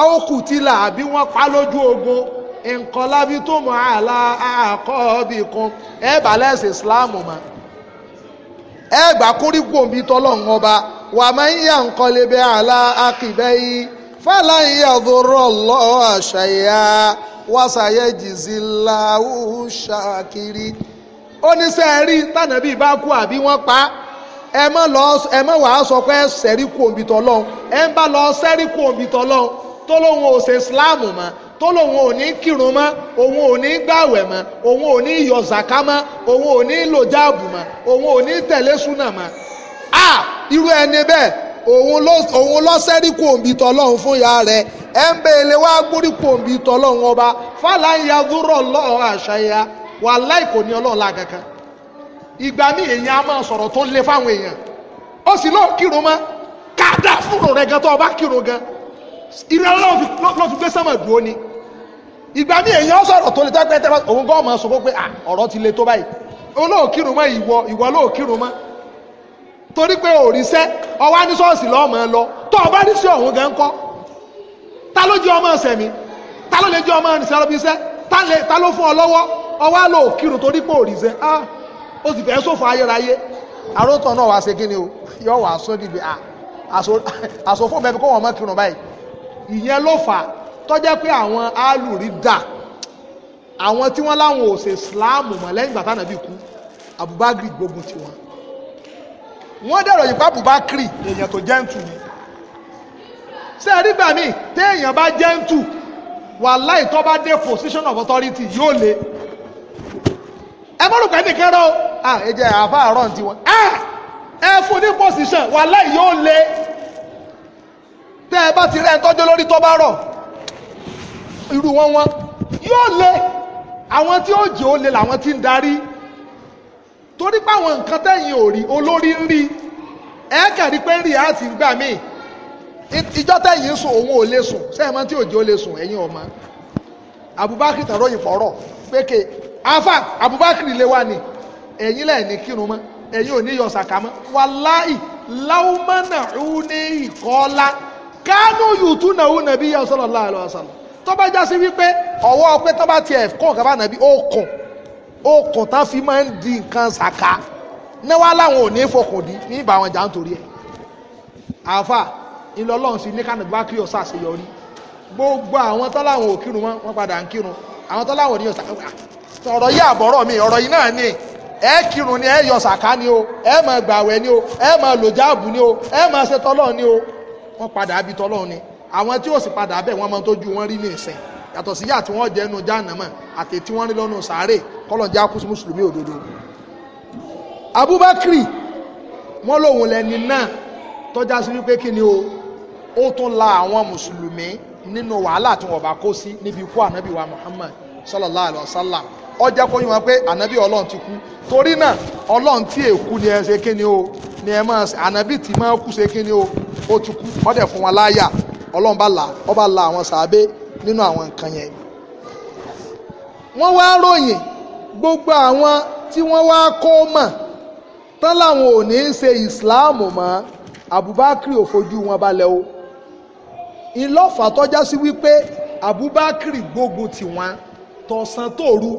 A: àókù tìlà àbí wọ́n pa lójú ogun nǹkan lábí tó mọ̀ àlà àkọ́bí kan ẹ bá lẹ́sìn islam mọ́ ẹ gbà kórí gbòǹbí tọ́lọ́run ọba wà máa ń yà nǹkan lè bẹ àlà akìbẹ́ yìí fàlà ìyàdúró lọ́wọ́ àṣàyà wàṣàyẹ jìzìlá ṣàkiri ó ní sẹ́ẹ̀rí tànàbí bá kú àbí wọ́n pa ẹ mọ lọ ẹ mọ wàá sọ pé sẹ́ríkù òǹbìtọ́ ẹ ń bá lọ sẹ́ríkù òǹbìtọ́ tó lóun ò ṣe islam mọ́ tó ò ní kírun mọ́ òun ò ní gbàwẹ̀ mọ́ òun ò ní mọ́ òun ò ní lò mọ́ òun ò ní tẹ̀lé súnà ẹni bẹ́ẹ̀ òun tọ́lọ́hún fún ya rẹ̀ ẹ̀ ń wá tọ́lọ́hún ọba fàlàyé lọ́ọ̀ àṣàyà wà ìgbà mi èèyàn á máa sọ̀rọ̀ fáwọn èèyàn ó sì lọ́ọ̀ kírun ìgbà míì èèyàn sọ̀rọ̀ tó lè tẹ́ pẹ́ tẹ́ bá òun gọ́ọ̀mọ̀ sọ pé ah, ọ̀rọ̀ ti le tó báyìí olóòkìrùn mọ́ ìwọ ìwọ olóòkìrùn mọ́ torí pé òrìṣẹ́ ọwá ní ṣọ́ọ̀ṣì lọ́ọ̀mọ lọ tó ọba ní sí ọ̀hún gan kọ́ ta ló jẹ́ ọmọ ọ̀sẹ̀ mi ta ló lè jẹ́ ọmọ ọ̀nìṣẹ́ lọ́bí iṣẹ́ ta ló fún ọ lọ́wọ́ ọwá lóòkìrùn torí pé òrìṣẹ́ ah ó sì fẹ́ sófò ayérayé àrótọ̀ náà wàá ṣe kí ni o yọ wàá sódìbì ah, àsòfò bẹ́ẹ̀ kó wọn mọ́ kírun báyìí ìyẹn ló fà á tọ́jẹ́ pé àwọn alùrídà àwọn tí wọ́n láwọn ò ṣe Islam mọ̀ lẹ́yìn bàtà nàbí kú Abubakar gbógun ti wọn wọ́n dẹ̀rọ̀ yìí pa Abubakar èèyàn tó jẹ́ǹtù ni ṣé ẹ nígbà míì téèyàn bá jẹ́ǹtù wàláì tó bá dé position of authority yóò le ẹ mọ̀ rò pé nìkan rọ ẹ jẹ́ àáfà àárọ̀ ní tiwọn ẹ fún ní position wàláì yóò le tẹ́ ẹ bá ti rẹ́ ẹ tọ́jú lórí tó bá rọ̀ irú wọn wọn yóò le àwọn tí ó o ó le làwọn tí ń darí torí pé àwọn nǹkan tẹ̀yìn ò rí olórí ń rí ẹ kẹ̀rí pé ń rí àti gbà míì ìjọ tẹ̀yìn sùn òun ò lè sùn sẹ́yìn mọ́ tí ò jẹ́ ó lè sùn ẹ̀yìn Abubakar fọ̀rọ̀ afa Abubakar lè wa ni ẹ̀yìn lẹ́yìn ní kírun mọ́ ẹ̀yìn ò ní yọ sàkà mọ́ wàláì láwùmọ́nà ní ìkọ́lá tó bá já sí wípé ọwọ́ pé tó bá tiẹ̀ kọ́ ọ̀gá bá nàbí okùn okùn tá fi máa ń di nǹkan ṣàkà níwá láwọn ò ní fọkùn dí ní ìbá àwọn ìjà ń torí ẹ̀ àáfà ńlọlọ́run sí ní kánàgbá kí ọ̀sà àṣeyọrí gbogbo àwọn tó láwọn ò kírun mọ́ wọ́n padà ń kírun àwọn tó láwọn ò ní ọ̀sà ọ̀rọ̀ yìí àbọ̀rọ̀ mi ọ̀rọ̀ yìí náà ni ẹ kírun ni ẹ yọ sàká ni o ẹ máa gbàwẹ̀ ni o ẹ máa lòjáàbù ni o ẹ máa ṣe tọlọ́run ni o wọ́n padà bí tọlọ́run ni àwọn tí ó sì padà bẹ̀ wọ́n máa tójú wọn rí ní ìsìn yàtọ̀ sí yà tí wọ́n jẹ́ inú jahannamọ̀ àti tí wọ́n rí lọ́nà sàárè kọ́lọ̀já kú mùsùlùmí òdodo. Abubakri wọ́n lòun lẹni náà tọ́já sí wípé kí ni o ó tún la àwọn mùsùlùmí nínú wàhálà tí wọ́n bá kó sí níbi ikú ànábì wa Muhammad sallallahu alayhi wa sallam ó jẹ́ kó yín wọn pé ànábì ọlọ́run ti kú torí náà ọlọ́run tí èkú ni ẹ ṣe kí ni o ni ẹ máa ànábì tí máa kú ṣe kí ni o ó ti kú ó fún wọn láyà ọlọ́run bá là ọba là àwọn sàábé nínú àwọn nǹkan yẹn wọ́n wá ròyìn gbogbo àwọn tí wọ́n wá kó mọ̀ tán làwọn ò ní í ṣe ìsìláàmù mọ́ Abubakar ò fojú wọn balẹ̀ o ìlọ́fà tọ́já sí wípé Abubakar gbógun tì wọ́n tọ̀sán tóru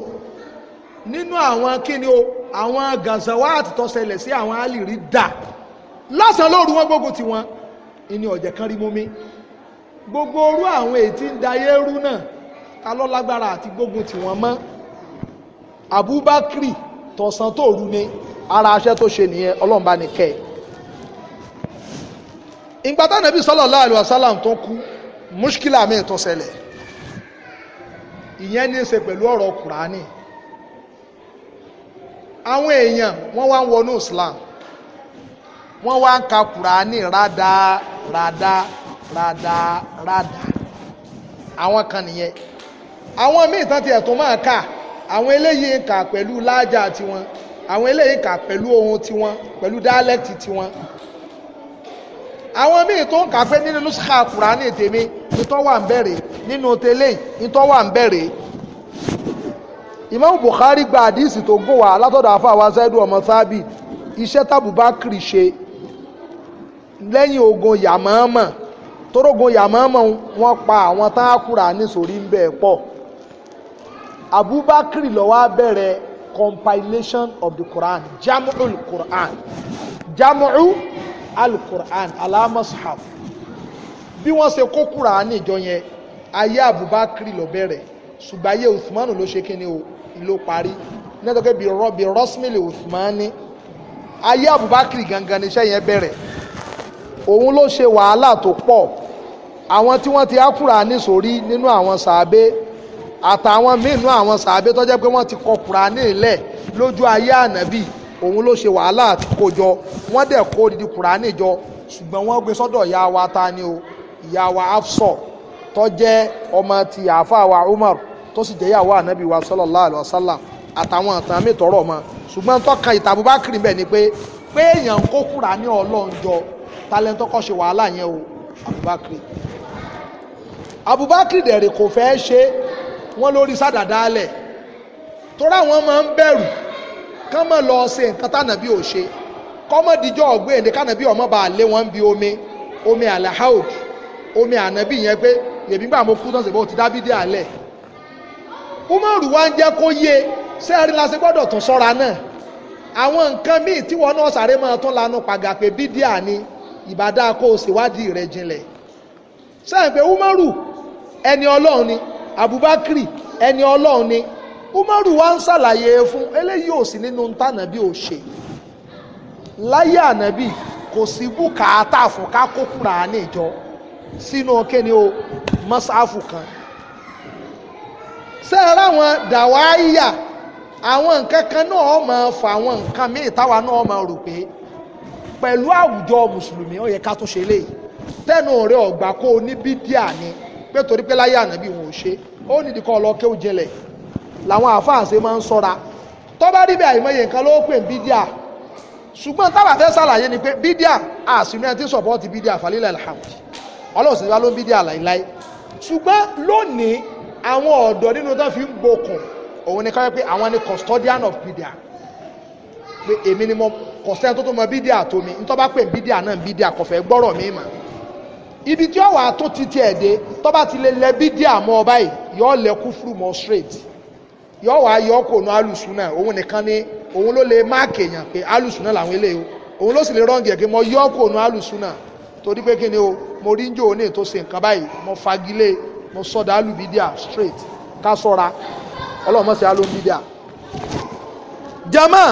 A: nínú àwọn kíni o àwọn gazawaati tó ṣẹlẹ̀ sí àwọn alìrí dà lọ́sàn-án lóru wọn gbógun tì wọ́n ìní ọ̀jẹ̀ kan rí mú mi gbogbo orú àwọn ètí ń dayé rú náà ta ló lágbára àti gbógun tì wọ́n mọ́ Abubakri tọ̀sán tóru ni ara aṣẹ́ tó ṣe nìyẹn Ọlọ́run bá ní kẹ́ ẹ̀ ìgbà táwọn ẹbí sallallahu alaihi wasallam tó kú mushkila mi tó ṣẹlẹ̀ ìyẹn ní í ṣe pẹ̀lú ọ̀rọ̀ Kùránì àwọn èèyàn wọ́n wá ń wọnú Islam wọ́n wá ń ka Kùránì rádá rádá rádaràdà àwọn kan nìyẹn àwọn míì tán ti ẹ̀tún máa kà àwọn eléyìí kà pẹ̀lú lájà tiwọn àwọn eléyìí kà pẹ̀lú ohun tiwọn pẹ̀lú dáálẹ́kìtì tiwọn àwọn míì tó ń kà pé nínú nuskha kùránì tèmi ìtọ́ wà ń bẹ̀rẹ̀ nínú tẹ́lẹ̀ ìtọ́ wà ń bẹ̀rẹ̀ Imam Bukhari gba àdíìsì tó gùn wá látọ̀dọ̀ àfàwà Zaidu ọmọ sábì iṣẹ́ tábùbá kiri ṣe lẹ́yìn ogun yàmọ́ọ́mọ́ torógun yàmọ́mọ́ wọn pa àwọn tán á kúrà nísorí ń bẹ́ẹ̀ pọ̀ abubakar ló wá compilation of the quran jamu'ul quran jamu al-quran alamashaf bí wọ́n ṣe kó kúrà níjọ yẹn ayé abubakar ló bẹ̀rẹ̀ ṣùgbọ́n ayé usman ló ṣe kí ni o ló parí nítorí bí rọ́bì rọ́smìlì usmani ayé abubakar gangan níṣẹ́ yẹn bẹ̀rẹ̀ òun ló ṣe wàhálà tó pọ̀ àwọn tí wọ́n ti há Kùránì sórí nínú àwọn sàábé àtàwọn míì nínú àwọn sàábé tó jẹ́ pé wọ́n ti kọ Kùránì lẹ̀ lójú ayé ànábì òun ló ṣe wàhálà àti kójọ wọ́n dẹ̀ kó odidi Kùránì jọ ṣùgbọ́n wọ́n gbé sọ́dọ̀ ìyá wa ta ni o ìyá wa Hafsọ tó ọmọ ti àáfàá wa Umar tó sì jẹ́ ìyàwó ànábì wa sallallahu alaihi wasallam àtàwọn àtàn mi tọrọ mọ ṣùgbọ́n tọ́ka ìta Abubakar bẹ́ẹ̀ ni pé pé èèyàn kó Kùránì Ọlọ́run jọ talẹ́ńtọ́kọ́ ṣe wàhálà yẹn o Abubakar Abubakar dẹ̀rẹ̀ kò fẹ́ ṣe wọ́n lórí sádàdálẹ̀ torí àwọn máa ń bẹ̀rù kán mọ̀ lọ ṣe nǹkan tánàbí ò ṣe kọ́mọ̀dìjọ́ ọ̀gbìn èdè kánàbí ọmọ bá lé wọn bí omi omi alahaud omi ànábì yẹn pé yèmí gbà mo kú tán ṣèbọ̀ ti dábídé àlẹ̀ Umaru wa ń jẹ́ kó yé sẹ́ẹ̀rí la ṣe gbọ́dọ̀ tún sọ́ra náà àwọn nǹkan míì tí wọn náà sáré máa tún lanu pàgà bídíà ni ìbádá kó o ṣèwádìí rẹ̀ jinlẹ̀ sẹ́yìn pé umaru ẹni ọlọ́run ni abubakri ẹni ọlọ́run ni umaru wa ń ṣàlàyé fún eléyìí ò sí nínú ntànàbí ò ṣe láyé ànábì kò sí bùkátà fún ká kó sínú kéde o mọ́sáfù kan sẹ́ẹ̀rẹ́ àwọn dàwáyà àwọn nǹkan kan náà máa fa àwọn nǹkan míì táwa náà máa rò pé pẹ̀lú àwùjọ mùsùlùmí ó yẹ ká tún ṣe léyìí tẹ́nu rẹ̀ ọ̀gbà kó o ní bídíà ni pé torí pé láyé ànábì wọn ò ṣe ó nídìí kọ́ lọ kéwù jẹlẹ̀ làwọn àáfàá ṣe máa ń sọ́ra tó bá rí bẹ́ẹ̀ àìmọye nǹkan ló pè ní bídíà ṣùgbọ́n táwa fẹ́ ṣàlàyé ni pé bídíà àṣìmíyàn ti sọ̀pọ̀tì bídíà falilẹ̀ alhamdi ọlọ́sìn wa ló ń bídíà láìláì ṣùgbọ́n lónìí àwọn ọ̀dọ́ nínú tó fi ń gbokùn òun ni káyọ̀ pé àwọn ni custodian of bídíà pé èmi ni mo kọ̀sẹ́ tó tó mọ bídíà tó mi nítorí bá pè bídíà náà bídíà kò fẹ́ gbọ́rọ̀ mi mà ibi tí ó wà tó ti tiẹ̀ dé tó bá ti lè lẹ bídíà mọ́ ọ báyìí yọ lẹ kúfúrú mọ́ straight yọ wà yọ kò nu alùsùnà òun nìkan ni òun ló lè máàkì èèyàn pé alùsùnà làwọn eléyìí o òun ló sì lè rọ́ǹgì ẹ̀kẹ́ mo yọ kò nu alùsùnà torí pé kí ni o mo rí njó ní ètò ṣe nǹkan báyìí mo fagilé mo sọdọ̀ alùbídíà straight ká sọ́ra ọlọ́mọ sí alùbídíà. jama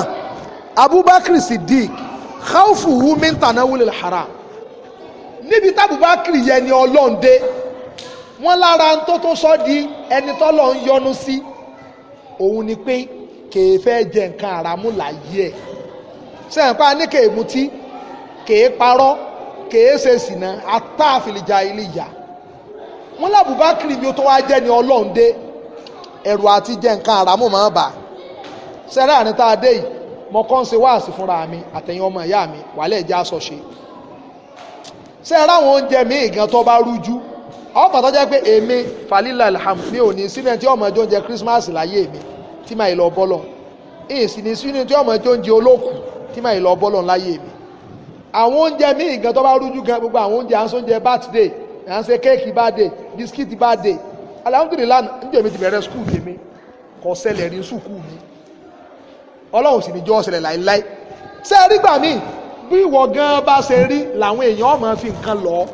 A: abubakar siddiq khawfuhu min tanawulil haram níbi tábùbákìrì yẹn ni ọlọ́run dé wọ́n lára tó tó sọ di ẹni tọ́lọ̀ ń yọ́nú sí òun ni pé kèé fẹ́ jẹ nǹkan àràmú láyé ẹ̀ sẹ́yìnpá ní kèé mutí kèé parọ́ kèé ṣe sìnà ata àfìlìjà ilé ìyá wọ́n lábùbákìrì ni ó tó wá jẹ́ ni ọlọ́run dé ẹ̀rù àti jẹ nǹkan àràmú máa bà sẹ́rẹ́ àrítà dé yìí mo kàn ń ṣe wáàsí fúnra mi àtẹ̀yìn ọmọ ìyá mi wàhálẹ̀ ìjà aṣọ ṣe. ṣé ẹ ráwọn oúnjẹ míì gan tó bá rújú àwọn pàtó pé èmi falila alham mi ò ní sílẹ̀ tí ọmọ ẹjọ́ oúnjẹ Christmas láyé mi tí màá lọ bọ́lọ̀ èsì ní sílẹ̀ tí ọmọ ẹjọ́ oúnjẹ olókùn tí màá lọ láyé mi àwọn oúnjẹ míì gan tó bá rújú gan gbogbo àwọn oúnjẹ à ń birthday à ń kéèkì birthday bisikíìtì birthday alhamdulilayi mi ti bẹ̀rẹ̀ skul mi sì ní bí ìwọ gan bá ṣe rí làwọn èèyàn máa fi nǹkan lọ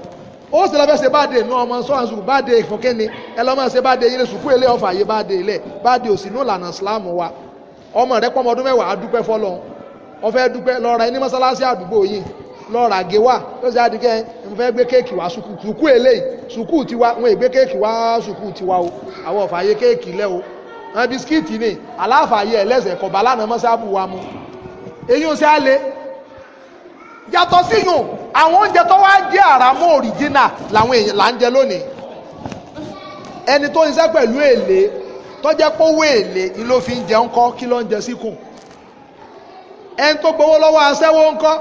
A: ó sì lọ fẹ́ ṣe báde nù ọmọ sọ́hàn sùkú báde ìfúnkẹ́ni ẹ lọ́ máa ṣe báde yìí lè sùkú ilé ọ̀fà yìí báde ilẹ̀ báde òsì ní ìlànà Islam wa ọmọ rẹ pọ́mọ ọdún mẹ́wàá adúpẹ́ fọlọ́ ọfẹ́ dúpẹ́ lọ́ra ẹni mọ́sálásí àdúgbò yìí lọ́ra àgé wà tó ṣe àdìgẹ́ mo fẹ́ gbé kéèkì wá sùkú sùkú eléyìí sùkú tiwa wọn ègbé kéèkì wá sùkú tiwa o àwọn ọ̀fààyè kéèkì lẹ́ o àwọn bisikíìtì ni aláfààyè ẹlẹ́sẹ̀ kọ̀bá lánàá mọ́sáàbù wa mu eyín ó ṣe á lé yàtọ̀ síyùn àwọn oúnjẹ tó wá jẹ́ àràmọ́ òrìjínà làwọn èèyàn là ń jẹ lónìí ẹni tó ń ṣe pẹ̀lú èlé tó jẹ́ pówó èlé ni ló fi ń jẹ ńkọ́ kí ló ń jẹ síkùn ẹni tó gbowó lọ́wọ́ aṣẹ́wó ńkọ́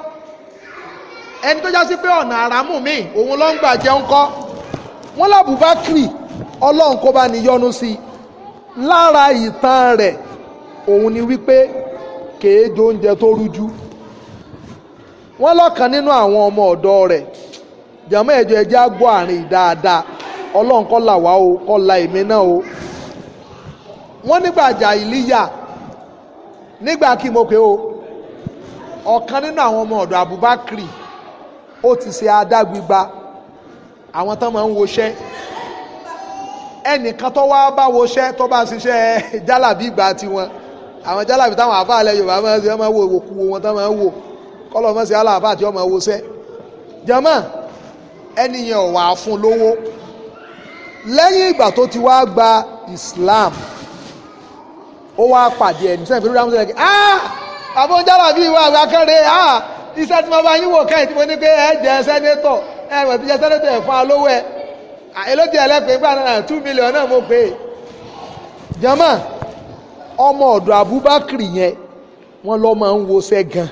A: ẹni tó já sí pé ọ̀nà àràmù mi òun ló ń gbà jẹ ńkọ́ wọn lábùbákìrì ọlọ́run kó bá ní yọ́nú sí i lára ìtàn rẹ̀ òun ni wípé kèé oúnjẹ tó rújú wọ́n lọ́kàn nínú àwọn ọmọ ọ̀dọ́ rẹ̀ jàmọ́ ẹ̀jọ̀ ẹ̀jẹ̀ á gbọ́ àárín dáadáa ọlọ́run kọ́ là wá o kọ́ la èmi náà o wọ́n nígbà jàìlíyà nígbà kí mo pé o ọ̀kan nínú àwọn ọmọ ọ̀dọ̀ Abubakri ó ti ṣe adágbígba àwọn tán máa ń woṣẹ́ ẹnìkan tó wá bá woṣẹ́ tó bá ṣiṣẹ́ jálàbí ìgbà tiwọn àwọn jálàbí táwọn àfáà Yorùbá máa ń ṣe wọ́n máa ń wo ìwòkuwo wọn tán máa ń wò kọ́lọ́ mọ́ sí aláàfáà àti ọmọ ewúsẹ́ jama ẹnìyẹn ò wá fún lówó lẹ́yìn ìgbà tó ti wá gba Islam ó wá pàdé ẹni sẹ́yìn fẹ́rẹ́ rámọ́sẹ̀ lẹ́kẹ́ ah àbójára bíi ìwà àgbàkẹ́rẹ́ ah iṣẹ́ tí mo bá yín wò káyìn tí mo ní pé ẹ jẹ́ sẹ́nẹ́tọ̀ ẹ mọ̀ tí jẹ́ sẹ́nẹ́tọ̀ ẹ̀ fún alówó ẹ elóde ẹlẹ́pẹ́ gbà náà two million náà mo pè é jama ọmọ ọ̀dọ̀ Abubakar yẹn wọ́n lọ́ máa ń wo sẹ́ gan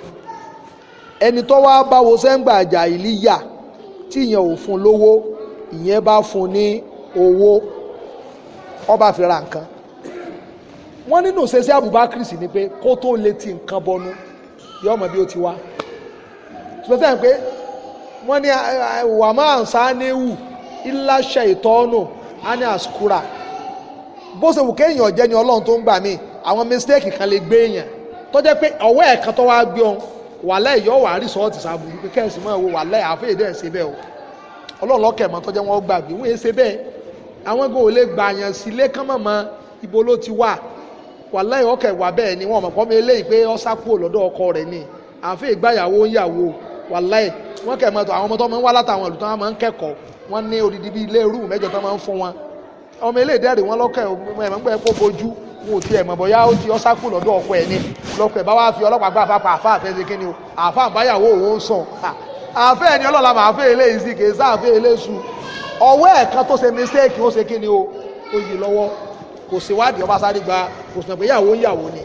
A: ẹni tó wá báwo sẹ́ńgbà àjà ìlíyà tí ìyẹn ò fún lówó ìyẹn bá fún ní owó ó bá fi ra nǹkan wọ́n nínú ṣẹṣẹ́ Abubakar sì ni pé kó tó lè ti nǹkan bọnu yóò mọ̀ bí ó ti wá ṣùgbọ́n sẹ́yìn pé wọ́n ní wà máa ń sáníwù ìláṣẹ ìtọ́nù á ní bó ṣe wù kéèyàn jẹ́ ni ọlọ́run tó ń gbà mí àwọn mistake kan lè gbé èèyàn tó jẹ́ pé ọwọ́ ẹ̀kan tó wá gbé òun wàhálà ìyọ́ wà rìsọ́ọ̀tì sàbùrù pé kẹ́sì máa wo wàhálà àfẹ́yẹ dẹ́ ṣe bẹ́ẹ̀ o ọlọ́run lọ́kẹ̀ mọ́ tọ́jọ́ wọn gbàgbé wọ́n ṣe bẹ́ẹ̀ àwọn gan ò lè gbà yàn sí ilé kán mọ̀mọ́ ibo ló ti wà wàhálà ìyọ́kẹ̀ wà bẹ́ẹ̀ ni wọn mọ̀ kọ́ mi eléyìí pé ó sá kúrò lọ́dọ̀ ọkọ rẹ̀ ni àfẹ́yẹ gbàyàwó ń yàwó wàhálà ẹ̀ wọ́n kẹ̀ mọ́tò àwọn ọmọ tó máa ń wá látàwọn wò tí ẹ̀ mọ̀ bọ́yá ó ti ọ́sákù lọ́dọ̀ ọkọ ẹ̀ ni lọ́kọ ẹ̀ bá wá fi ọlọ́pàá gbà fapá àfa àfẹ́ ṣe kíni o àfa àbáyàwó òun sàn àfẹ́ ẹni ọlọ́la mà àfẹ́ ilé ìsì kì í sá àfẹ́ ilé su ọwọ́ ẹ̀ kan tó ṣe mistake ó ṣe kíni o ó yí lọ́wọ́ kò síwádìí ọba sáré gba kò sàn pé ìyàwó ìyàwó ni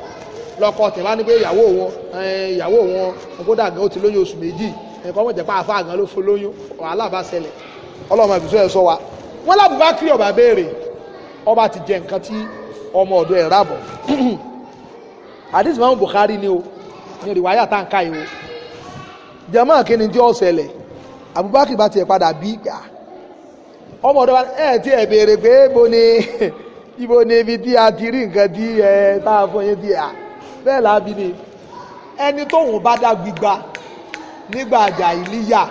A: lọ́kọ tẹ̀ wá ní pé ìyàwó wọn eh, ìyàwó wọn ọgọ́dà gan ó ti lóyún oṣù méjì ẹ̀kọ́ mọ̀ jẹ́ pé àfa àgàn ló fún lóyún wàhálà bá ṣẹlẹ̀ ọlọ́mọ ìbísọ̀ ẹ̀ sọ wa wọ́n lábùbá kiri ọba béèrè ọba ti jẹ nǹkan tí ọmọ ọ̀dọ̀ ẹ̀ rábọ̀ àdìsí máa ń Bukhari ni o ní ìrìwáyà tá n ká yìí o jama kí ni tí ó ṣẹlẹ̀ Abubakar bá tiẹ̀ padà bí gbà ah, ọmọ ọ̀dọ̀ ẹ̀ tí ẹ̀ béèrè pé ibo ni ibo ni ibi tí a ti rí ẹ tá a fún yín tí a ah, bẹ́ẹ̀ lábí ni ẹni tóun bá dá gbígba nígbà àjà ìlíyà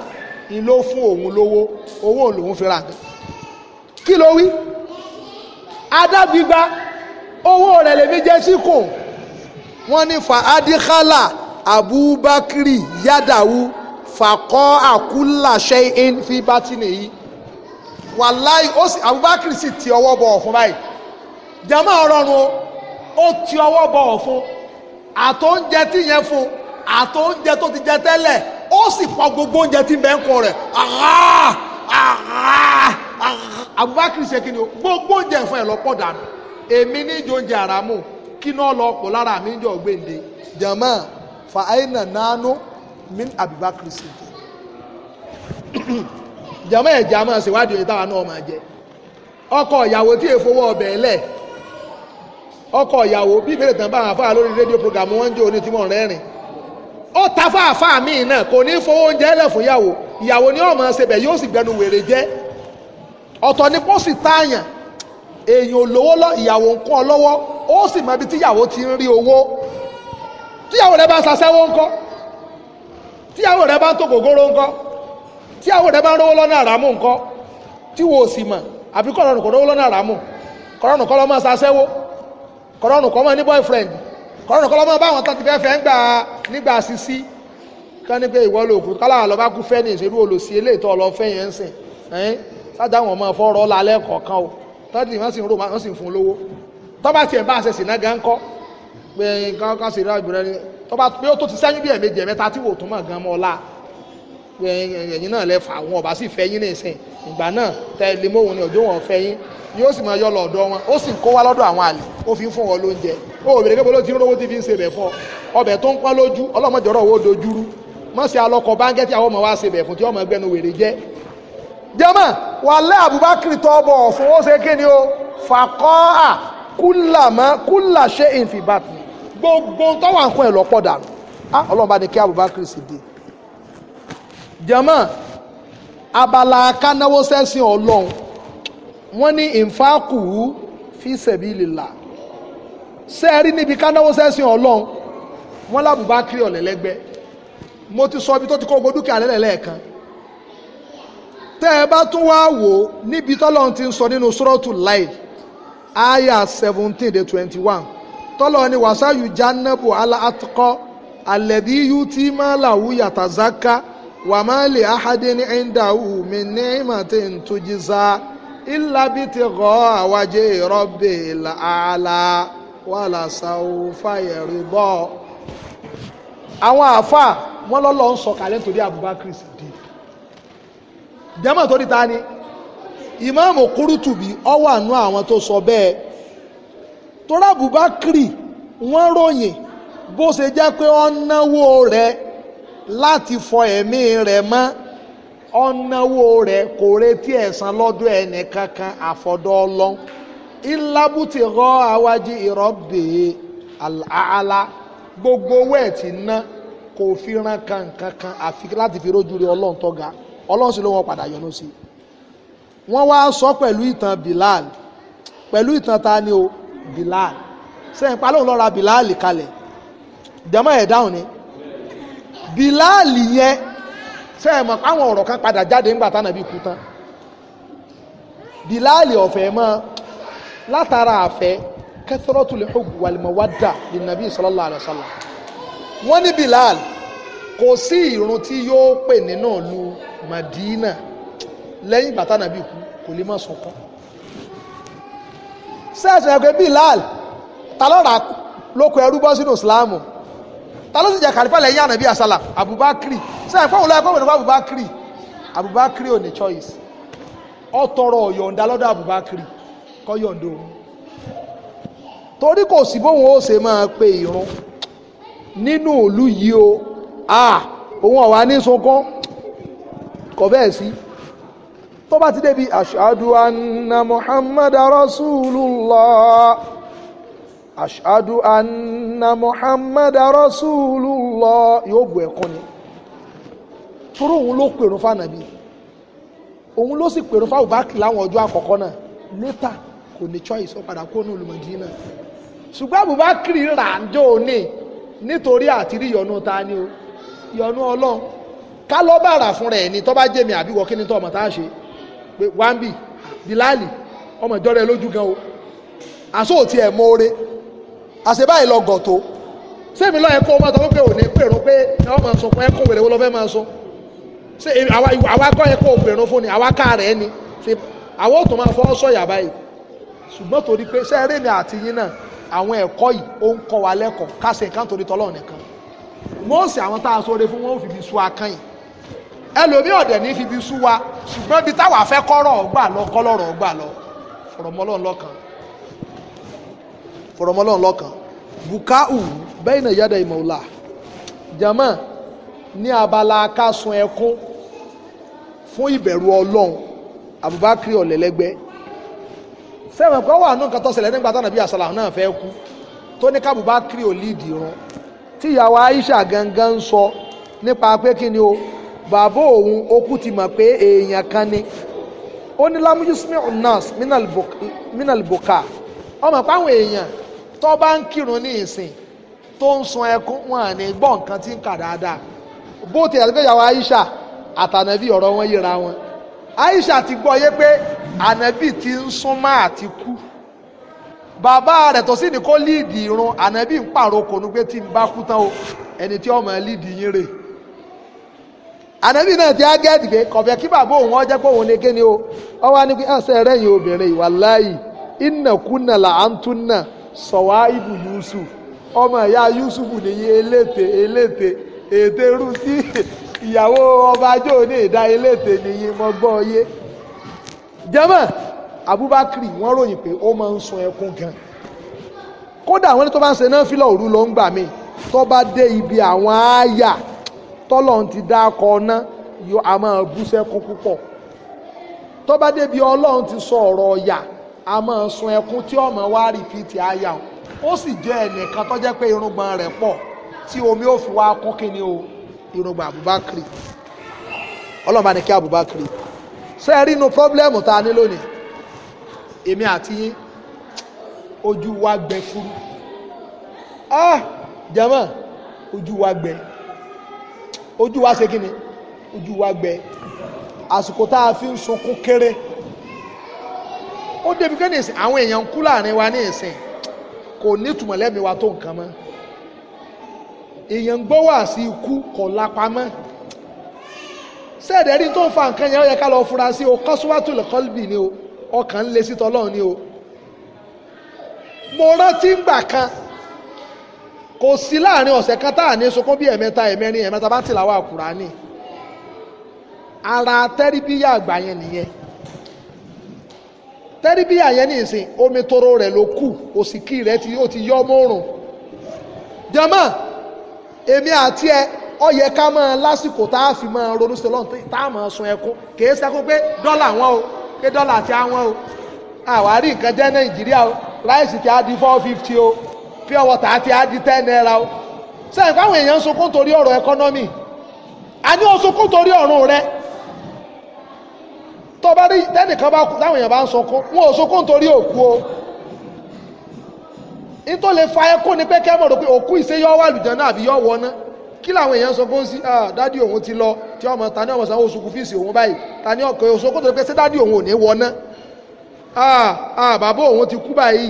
A: ni ló fún òun lówó owó lòun fi ra nǹkan kí ló wí adágbígba owó rẹ̀ lèmi jẹ́ síkùn wọ́n ní fa adikala abubakiri yadawu fakọ́ àkúlà ṣẹ́yìn fi bátìnì yìí wàláì ó sì abubakiri sì ti ọwọ́ bọ̀ ọ̀fun báyìí jama ọ̀rọ̀run o ó ti ọwọ́ bọ̀ ọ̀fun àtòúnjẹ tí yẹn fún àtòúnjẹ tó ti jẹ tẹ́lẹ̀ ó sì pa gbogbo oúnjẹ tí bẹ́ẹ̀ ń kọ rẹ̀ àhà àhà àhà abubakiri ṣe gbogbo oúnjẹ fún ẹ lọ́pọ̀ dànù èmi níjó oúnjẹ àràmù kí náà lọ pọ̀ lára mi níjọ́ gbèǹde jama fa aina nanu min abibakar sèké jama ẹ̀ jama ṣèwádìí oye táwa náà máa jẹ ọkọ ìyàwó tí èèfo wọ ọbẹ̀ ọkọ ìyàwó bí ìbéèrè tán bá lórí rédíò wọn ń tí wọn ó ta náà kò ní fowó oúnjẹ fún ìyàwó ìyàwó ni ọmọ ṣe yóò sì gbẹnu èèyàn olówó lọ ìyàwó ń kún ọ lọ́wọ́ ó sì mọ ibi tíyàwó ti ń rí owó tíyàwó rẹ bá ṣaṣẹ́wó ńkọ́ tíyàwó rẹ bá ń tó gògóró ńkọ́ tíyàwó rẹ bá ń rówó lọ́nà àràmù ńkọ́ tí wo sì mọ̀ àbí kọ̀rọ̀nù kò rówó lọ́nà àràmù kọ̀rọ̀nù kọ́ lọ́ máa ṣaṣẹ́wó kọ̀rọ̀nù kọ́ máa ní boyfriend kọ̀rọ̀nù kọ́ lọ́ máa bá àwọn tán ti fẹ́ fẹ́ ń gbà nígbà sisi kán ní pé ìwọ ló kú kálá àlọ́ bá kú fẹ́ ní ìṣerú olùsí eléètò ọlọ́fẹ́ yẹn ń sìn sájà wọn máa fọ́ ọ̀rọ̀ lálẹ́ kọ̀ọ̀kan o tọ́jú wọ́n sì ń rò wọ́n sì ń fún lówó tọ́ba tiẹ̀ bá ṣe sìnà gan kọ́ pé nǹkan kan sì rà ìbúrẹ́ ni tọ́ba pé ó tó ti sẹ́yìn bí ẹ̀mejì ẹ̀mẹ́ta tí wò tó mọ̀ gan mọ́ ọ la pé ẹ̀yìn náà lẹ fà wọn ọba sì fẹ́yìn ní ìsìn ìgbà náà tẹ ilé mọ́ òun ni òjò wọn fẹ́yìn yóò sì máa yọ lọ ọ̀dọ̀ wọn ó sì kó wá lọ́dọ̀ àwọn àlè ó fi ń fún wọn lóúnjẹ ó bèrè kébọ́ ló ti ń rówó tí fi ń ṣe bẹ̀ fún ọ ọbẹ̀ tó ń pọ́n lójú ọlọ́mọdé ọ̀rọ̀ wo dojúrú mọ̀ sí alọ́kọ̀ báńkẹ́tì àwọn ọmọ wa ṣe fún tí ọmọ ẹgbẹ́nu wèrè jẹ́ jẹ́mọ̀ wàlẹ́ àbúbákiri tó bọ̀ ọ̀fún ó ṣe kí ni o fàkọ́ à kúlàmọ́ kúlà ṣe ìfìbàtì gbogbo tó wà ń kún ẹ̀ lọ́pọ̀ dànù á ah, ọlọ́run bá ní kí àbúbákiri sì dé jẹ́mọ̀ abala kánáwó sẹ́sìn ọlọ́run wọ́n ní ìfáàkù fi sabilillah sẹ́ẹ̀rí níbi kánáwó sẹ́sìn ọlọ́run wọ́n lábùbákiri ọ̀lẹ́lẹ́gbẹ́ mo ti sọ ibi tó ti kó gbogbo dúkìá lẹ́lẹ́lẹ́ẹ̀kan tẹ́ ẹ bá tún wá wò ó níbi tọ́lọ́run ti ń sọ nínú sọ́rọ́tù láì àyà seventeen dé twenty one tọ́lọ́ ni wàsáyù jánẹ́bù aláàtúkọ́ alẹ́bí yú tí máa làwù yàtà záká wà máa lè áhádé ní ẹ̀ńdàwù mi ní ìmọ̀tẹ́ ntújísá ìlàbí ti rọ̀ àwájẹ́ ìrọ́bẹ̀ làálà wàlà sàwù fàyẹ̀rì bọ́. àwọn àáfàá wọn lọ́lọ́ ń sọ kálẹ̀ nítorí Abubakar Siddiq jẹ́mọ̀ tó níta ni ìmáàmù kúrútùbí ọwọ́ àánú àwọn tó sọ bẹ́ẹ̀ torá Abubakri wọ́n ròyìn bó ṣe jẹ́ pé ó náwó rẹ̀ láti fọ ẹ̀mí rẹ̀ mọ́ ó náwó rẹ̀ kò retí ẹ̀san lọ́dọ̀ ẹnì kankan àfọ̀dọ̀ ọlọ́ ìlàbùtì rọ àwájú ìrọ́bì àlá gbogbo owó ẹ̀ ti ná kò fi ran kankan àfi láti fi rójú rí ọlọ́run ọlọ́run sì ló wọn padà yọ́nú sí wọ́n wá sọ pẹ̀lú ìtàn Bilal pẹ̀lú ìtàn ta ni o Bilal sẹ́yìn pa lóun lọ́ra Bilal kalẹ̀ jẹ́mọ́ ẹ̀ dáhùn ni Bilal yẹn sẹ́yìn mọ̀ páwọn ọ̀rọ̀ kan padà jáde ńgbà tánà bí kú tán Bilal ọ̀fẹ́ mọ́ látara àfẹ́ kẹsọ́rọ́tù lè hùgbù wàlìmọ̀wádà lè nàbí sallallahu alaihi wasallam wọ́n ní Bilal kò sí ìrun tí yóò pè nínú ìlú Madina lẹ́yìn ìgbà tánàbí kú kò lè má sunkún sẹ́ẹ̀sì ẹgbẹ́ Bilal ta ló rà lóko ẹrú bọ́ sínú Ìsìláàmù ta ló sì jẹ kàlífà lẹ́yìn ànàbí àsálà Abubakri sẹ́ẹ̀ fọ́n lọ́yẹ kọ́mọ̀dé Abubakri Abubakri ò ní choice ó tọrọ ọ̀yọ̀ǹda lọ́dọ̀ Abubakri kọ́ yọ̀ǹda òun torí kò sí bóun ó ṣe máa pe ìrun nínú ìlú yìí o ah òun ọ̀wá ní sunkún kọ̀ bẹ́ẹ̀ sí tó bá ti débi ashadu anna muhammad rasulullah ashadu anna yóò bu ẹ̀kún ni tóró òun ló pèrún fànàbí òun ló sì pèrún fáwọn báàkì láwọn ọjọ́ àkọ́kọ́ náà létà kò ní choice ó padà kó ní olùmọ̀dínà ṣùgbọ́n àbúbákìrì rà ń jó ní nítorí àtìrí ta ni o ìyọnú ọlọ́run ká lọ́ bàrà fún rẹ̀ ni tó bá jẹ́mi àbí wọ kí ni tó ọmọ tá a ṣe pé wambi bilali ọmọ ìjọ rẹ lójú gan o àṣọ òtí ẹ̀ mọ́ọ́rẹ́ àṣebáyìí lọ gọ̀ tó sẹ́mi lọ́ọ́ ẹ̀kọ́ ọmọ àtọ́wọ́ pé òní pèrún pé ọmọ sọ fún ẹ̀kọ́ wèrè wọ́n lọ́ fẹ́ máa sọ ṣe àwa kọ́ ẹ̀kọ́ òpèrún fún ni àwa ká rẹ̀ ni ṣe àwọn òtún máa fọ́ sọ̀yà báyìí ṣùgbọ́n torí pé sẹ́ẹ̀rẹ́ mi àti yín náà àwọn ẹ̀kọ́ yìí ó ń kọ́ wa lẹ́kọ̀ọ́ ká ṣe nǹkan torí tọ́lọ́ nìkan mọ́ọ̀sì àwọn tá a sọre fún wọn ò fi bí sú akán yìí ẹlòmí ọ̀dẹ̀ ní fi bí sú wa ṣùgbọ́n ibi táwa fẹ́ kọ́rọ̀ ọgbà lọ kọ́lọ́rọ̀ ọgbà lọ fọ̀rọ̀mọ́lọ́n lọ́kàn fọ̀rọ̀mọ́lọ́n lọ́kàn bukau bẹ́ẹ̀nà yàda ìmọ̀ọ́lá jama ní abala akásun ẹkún fún ìbẹ̀rù ọlọ́run Abubakar ọ̀lẹ́lẹ́gbẹ́ sẹ́wọ̀n kan wà nù nǹkan tó ṣẹlẹ̀ nígbà tánàbí àṣàlà náà fẹ́ kú tó ní kábùbá kiri ò tí ìyàwó Aisha gangan ń sọ nípa pé kí ni o bàbá òun okú ti mọ̀ pé èèyàn kan ni ó ní lámúyúsùmí ọ̀nàs mínàlìbòkà ọmọ páwọn èèyàn tó bá ń kírun ní ìsìn tó ń sun ẹkún wọn àní gbọ́ nǹkan tí ń kà dáadáa bó ti yàtọ̀ pé ìyàwó Aisha àtànàbí ọ̀rọ̀ wọn yíra wọn Aisha ti gbọ́ yé pé ànàbí ti ń súnmọ́ àti kú bàbá rẹ̀ tó sì ní kó líìdì irun ànábì ń pààrọ̀ kònú pé tí n bá kú tán o ẹni tí ọmọ líìdì yín rè ànábì náà ti á gẹ́ẹ̀dì pé kọ̀fẹ́ kí bàbá òun ọjẹ́ pé òun lè kéne o ọ wá ní pé ah, ẹ̀sẹ̀ rẹ̀ yìí obìnrin wàláhì ìnàkúnà làǹtúnà sọ̀wá ibù Yusuf ọmọ ìyá Yusuf nìyí eléte eléte ètè rú sí ìyàwó ọba ajó ní ìdá eléte nìyí mọ́gbọ́ yé jẹ́mọ̀ abubakar wọ́n ròyìn pé ó máa ń sun ẹkún gan kódà àwọn ẹni tó bá ń ṣe náà fílà òru ló ń gbà mí tó bá dé ibi àwọn àyà tọ́lọ̀ ti dá akọ ná yóò a máa bú sẹ́kún púpọ̀ tó bá dé ibi ọlọ́run ti sọ ọ̀rọ̀ ọ̀yà a máa sun ẹkún tí ọmọ wa rìpíìtì àyà ó sì jẹ́ ẹnìkan tó jẹ́ pé irùngbọ̀n rẹ̀ pọ̀ tí omi ò fi wá kún kíni o irùngbọ̀n Abubakar ọlọ́run bá ní kí Abubakar ṣe inú pọ́blẹ́mù tá ní lónìí èmi àti yín ojú wa gbẹ fúru ah jẹmọ ojú wa gbẹ ojú wa ṣe kíni ojú wa gbẹ àsìkò tá a fi ń sunkún kéré ó débi pé nìsín àwọn èèyàn ń kú láàrin wa ní ìsìn kò ní ìtumọ̀ lẹ́mi wa tó nǹkan mọ́ èèyàn ń gbọ́ wá sí ikú kò lápamọ́ sẹ́ẹ̀dẹ̀ẹ́rì tó ń fa nǹkan yẹn ó yẹ ká lọ fura sí o kọ́síwátò lẹ́kọ́lbì ni o ọkàn ń le sí tọ́lọ́run ni o mo rántí ngbà kan kò sí láàrin ọ̀sẹ̀ kan tá à ní sunkún bí ẹ̀mẹ́ta ẹ̀mẹ́rin ẹ̀mẹ́ta bá ti làwọn àkùránì ara tẹ́ríbíyà àgbà yẹn nìyẹn tẹ́ríbíyà yẹn ní ìsìn omi toro rẹ̀ ló kù òsìkí rẹ̀ tí ó ti yọ mọ́rùn jama èmi àti ẹ ó yẹ ká máa lásìkò tá a fi máa ronú sí lọ́nà tá a máa sun ẹkún kì í sẹ́kún pé dọ́là wọn o pé dọ́là ti àwọn o àwárí nǹkan jẹ́ nàìjíríà o ráìsì ti á di four fifty o pure water ti á di ten naira o sẹ́yìn fáwọn èèyàn ń sunkún torí ọ̀rọ̀ ẹkọ́nọ́mì àní ó sunkún torí ọ̀run rẹ tó bá rí tẹ́nìkan bá kú táwọn èèyàn bá ń sunkún wọn ò sunkún torí òkú o nítorí fa ẹkún ni pé kẹ́mọ̀ rò pé òkú ìṣe yọ wà lùjọ náà àbí yọ wọ náà kí làwọn èèyàn sọ pé ń sí ah, dádì òun ti lọ tí ọmọ ta ní ọmọ sanwó oṣù kùfíìsì òun báyìí ta ní ọkọ oṣù kó tó pé ṣé dádì òun ò ní wọná ah, ah, bàbá òun ti kú báyìí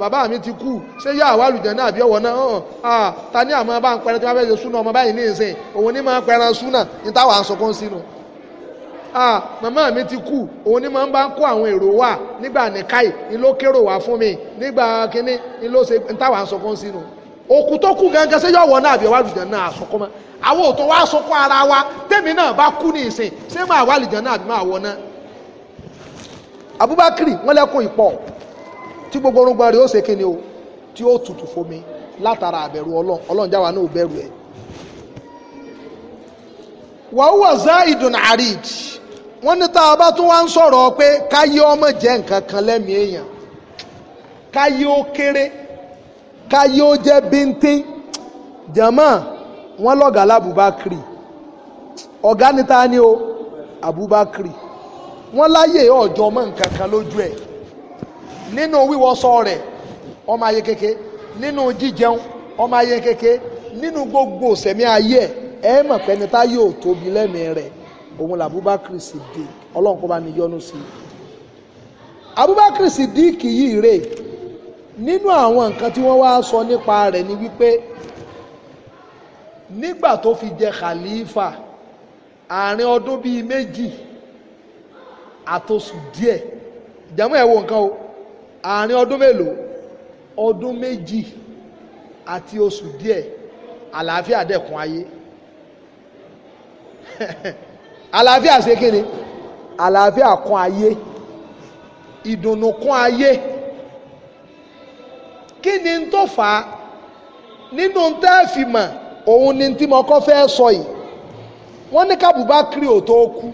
A: bàbá mi ti kú ṣé yá àwọn àlùjẹ náà àbí ọwọ náà ta ní àmọ́ bá ń pẹrẹ tí wọ́n fẹ́ẹ́ ṣe súnà ọmọ báyìí ní ìsìn òun ní máa ń pẹrẹ súnà ní táwọn aṣọ kan sínú màmá mi ti kú òun ní máa ń bá ń kó àwọn èrò wà nígbà nìkáì ni ló kérò wá fún mi nígbà kínní ni ló ṣe ní táwọn aṣọ kan sínú okutoku ganga kú gangan ṣé yọ̀wọ̀ náà àbí ọwọ́ náà wa sọkọ́ ara wa tẹ́mi náà bá kú ní ìsìn ṣé máa wà náà máa wọ̀ náà. Abubakar wọn tí gbogbo orúngbọ̀n rẹ̀ ó ṣe kíni o tí o tutù fomi látara àbẹ̀rù ọlọ́run ọlọ́run jáwa náà ò bẹ̀rù ẹ̀. wàhùwà zá ìdùn àríd wọ́n ní tá a bá tún wá ń sọ̀rọ̀ pé káyé ọmọ nǹkan kan lẹ́mìí káyé ó jẹ́ bíntín jẹ̀mọ́ wọn lọ́gàá lábùbákiri ọ̀gá ni ta ni o Abubakar wọn láyè ọ̀jọ́ mọ́ nǹkan kan lójú ẹ̀ nínú wíwọṣọ rẹ̀ ọmọ ayé keke nínú jíjẹun ọmọ ayé keke nínú gbogbo sẹ̀mí ayé ẹ̀ ẹ̀ mọ̀ pẹ́ni tá yóò tóbi lẹ́mìí rẹ̀ òun làbúbákiri Siddiq ọlọ́run kó bá ní yọ́nú sí i Abubakar Siddiq yìí rèé nínú àwọn nǹkan tí wọ́n wá sọ nípa rẹ̀ ni wípé nígbà tó fi jẹ khalifa àárín ọdún bíi méjì àtosù díẹ̀ jàmọ́ ẹ̀ wo nǹkan o àárín ọdún mélòó ọdún méjì àti oṣù díẹ̀ àlàáfíà dẹ̀kun ayé àlàáfíà ṣe kí ni àlàáfíà kún ayé ìdùnnú kún ayé. kí ni tó fà á nínú ma òun ni tí mo kọ́ fẹ́ sọ yìí wọ́n ní kábùbá kiri ò tó kú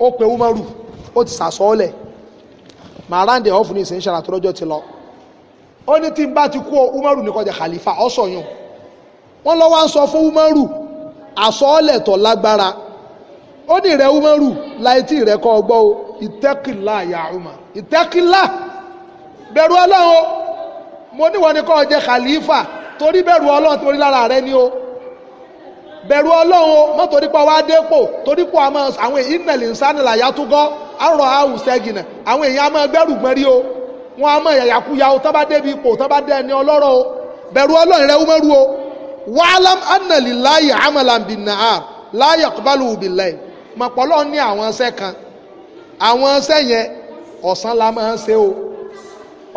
A: ó pe Umaru ó ti sàsọ́ọ́lẹ̀ màráǹdẹ̀ ọ̀fun ní ìsìn ìṣàlàtọ́ lọ́jọ́ ti lọ ó ní tí n bá ti kú Umaru ní kó jẹ khalifa ọ̀sọ̀yún wọ́n lọ wá ń sọ fún Umaru àsọ́ọ́lẹ̀ tó lágbára ó ní ìrẹ́ Umaru láì tí ìrẹ́ kọ́ ọgbọ́ o ìtẹ́kìlá yà ìtẹ́kìlá bẹ̀rù Ọlọ́run mo níwọ̀n ni kọ́ jẹ́ khalifa torí bẹ̀rù ọlọ́run tí mo rẹ ni o bẹ̀rù ọlọ́run o mọ́ torí pọ̀ wá dépò torí àmọ́ àwọn èyí nẹ̀lì nsánilà yàtúgọ́ àrọ̀ àwọn èyí àmọ́ gbẹ́rù gbẹ́rí o wọn àmọ́ o tọ́ba débi ipò tọ́ba dé ẹni ọlọ́rọ̀ wàhálàm ànàlì láyè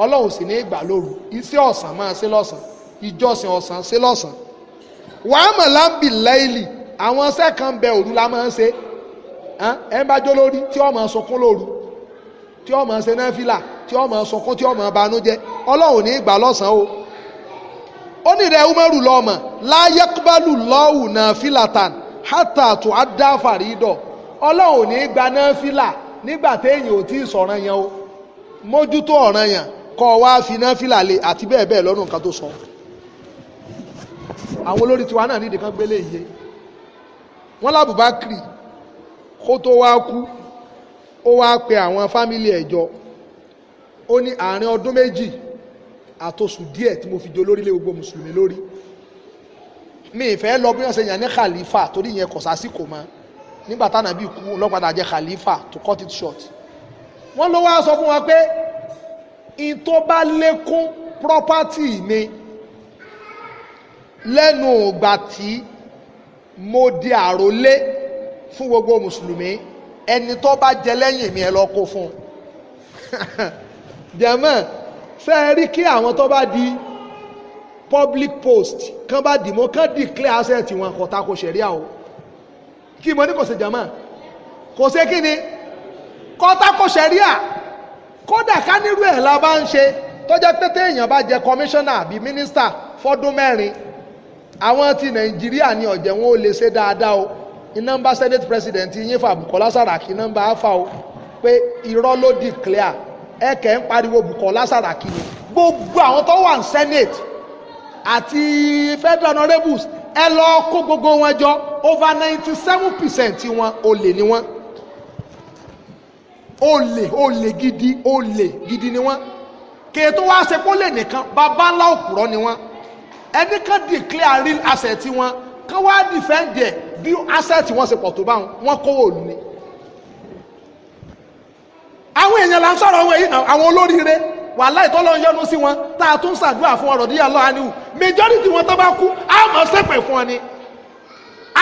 A: ọlọ́run sì ní ìgbà lóru iṣẹ́ ọ̀sán máa ṣe lọ́sàn ìjọsìn ọ̀sán ṣe lọ́sàn. wàá mọ̀ láǹbì lẹ́yìnlì àwọn iṣẹ́ kan bẹ òru la máa ń ṣe ẹ̀ ń bá jó lórí tí ó máa sunkún lóru tí ó máa ṣe náfìlà tí ó máa sunkún tí ó máa banújẹ́ ọlọ́run ní ìgbà lọ́sàn o. ó ní rẹ̀ umaru lọ́mọ láyé kúbálù lọ́wù náfìlàtàn hátà tó á dá fàrídọ̀ ọlọ́run ní gba náfìlà nígbà téèyàn ò tí ì sọ̀ràn yẹn o mójútó ọ̀ràn yẹn kọ́ ọ wá fi náfìlà lé àti bẹ́ẹ̀ bẹ́ẹ̀ lọ́nà nǹkan tó sọ àwọn olórí tiwa náà nídìí kan gbélé iye wọn lábùbákiri kó tó wá kú ó wá pe àwọn fámìlì ẹ̀jọ́ ó ní àárín ọdún méjì àtosù díẹ̀ tí mo fi jọ lórílẹ̀ gbogbo mùsùlùmí lórí mi ìfẹ́ lọ bí wọ́n ṣe yàn ní khalifa torí ìyẹn kọ̀ sásìkò mọ́ nígbà táwọn àbí ikú ọlọ́padà jẹ́ khalifa to cut it short wọ́n ló wá sọ fún wa pé in tó bá lékún property mi lẹ́nu ìgbà tí mo di àròlé fún gbogbo mùsùlùmí ẹni tó bá jẹ lẹ́yìn mi ẹ lọ kó fún un jẹ̀mọ́ ṣé ẹ rí kí àwọn tó bá di public post kán bá dìmọ́ kán declare asset wọn kò tako ṣẹ̀ríà o kí mo ní kò ṣe jẹ̀mọ́ kò ṣe kí ni kò tako ṣẹ̀ríà kódà ká nírú ẹ̀ la bá ń ṣe tó jẹ́ pé téèyàn bá jẹ kọmíṣánná àbí mínísítà fọ́dún mẹ́rin àwọn ti nàìjíríà ni ọ̀jẹ̀ wọn ò lè ṣe dáadáa o iná ń bá senate president yín fà Bukola Saraki iná ń bá fà o pé irọ́ ló declare ẹ kẹ́ ń pariwo Bukola Saraki ni gbogbo àwọn tó wà ní senate àti federal honourables ẹ lọ kó gbogbo wọn jọ over ninety seven percent wọn olè ni wọn olè olè gidi olè gidi ni wọ́n kèétó wá ṣe kó lè nìkan bàbá ńlá òpùrọ́ ni wọ́n ẹni kan declare real asset wọn kan wá defend ẹ̀ bí asset wọn ṣe pọ̀ tó bá wọn kówó òlù ni àwọn èèyàn là ń sọ̀rọ̀ wọn yìí náà àwọn olóríire wàhálà ìtọ́lọ́ yọnu sí wọn tá a tún ṣàdúrà fún ọ̀rọ̀ díyà lọ́wọ́ àníwò majority wọn tó bá kú àmọ́ ṣépè fún wọn ni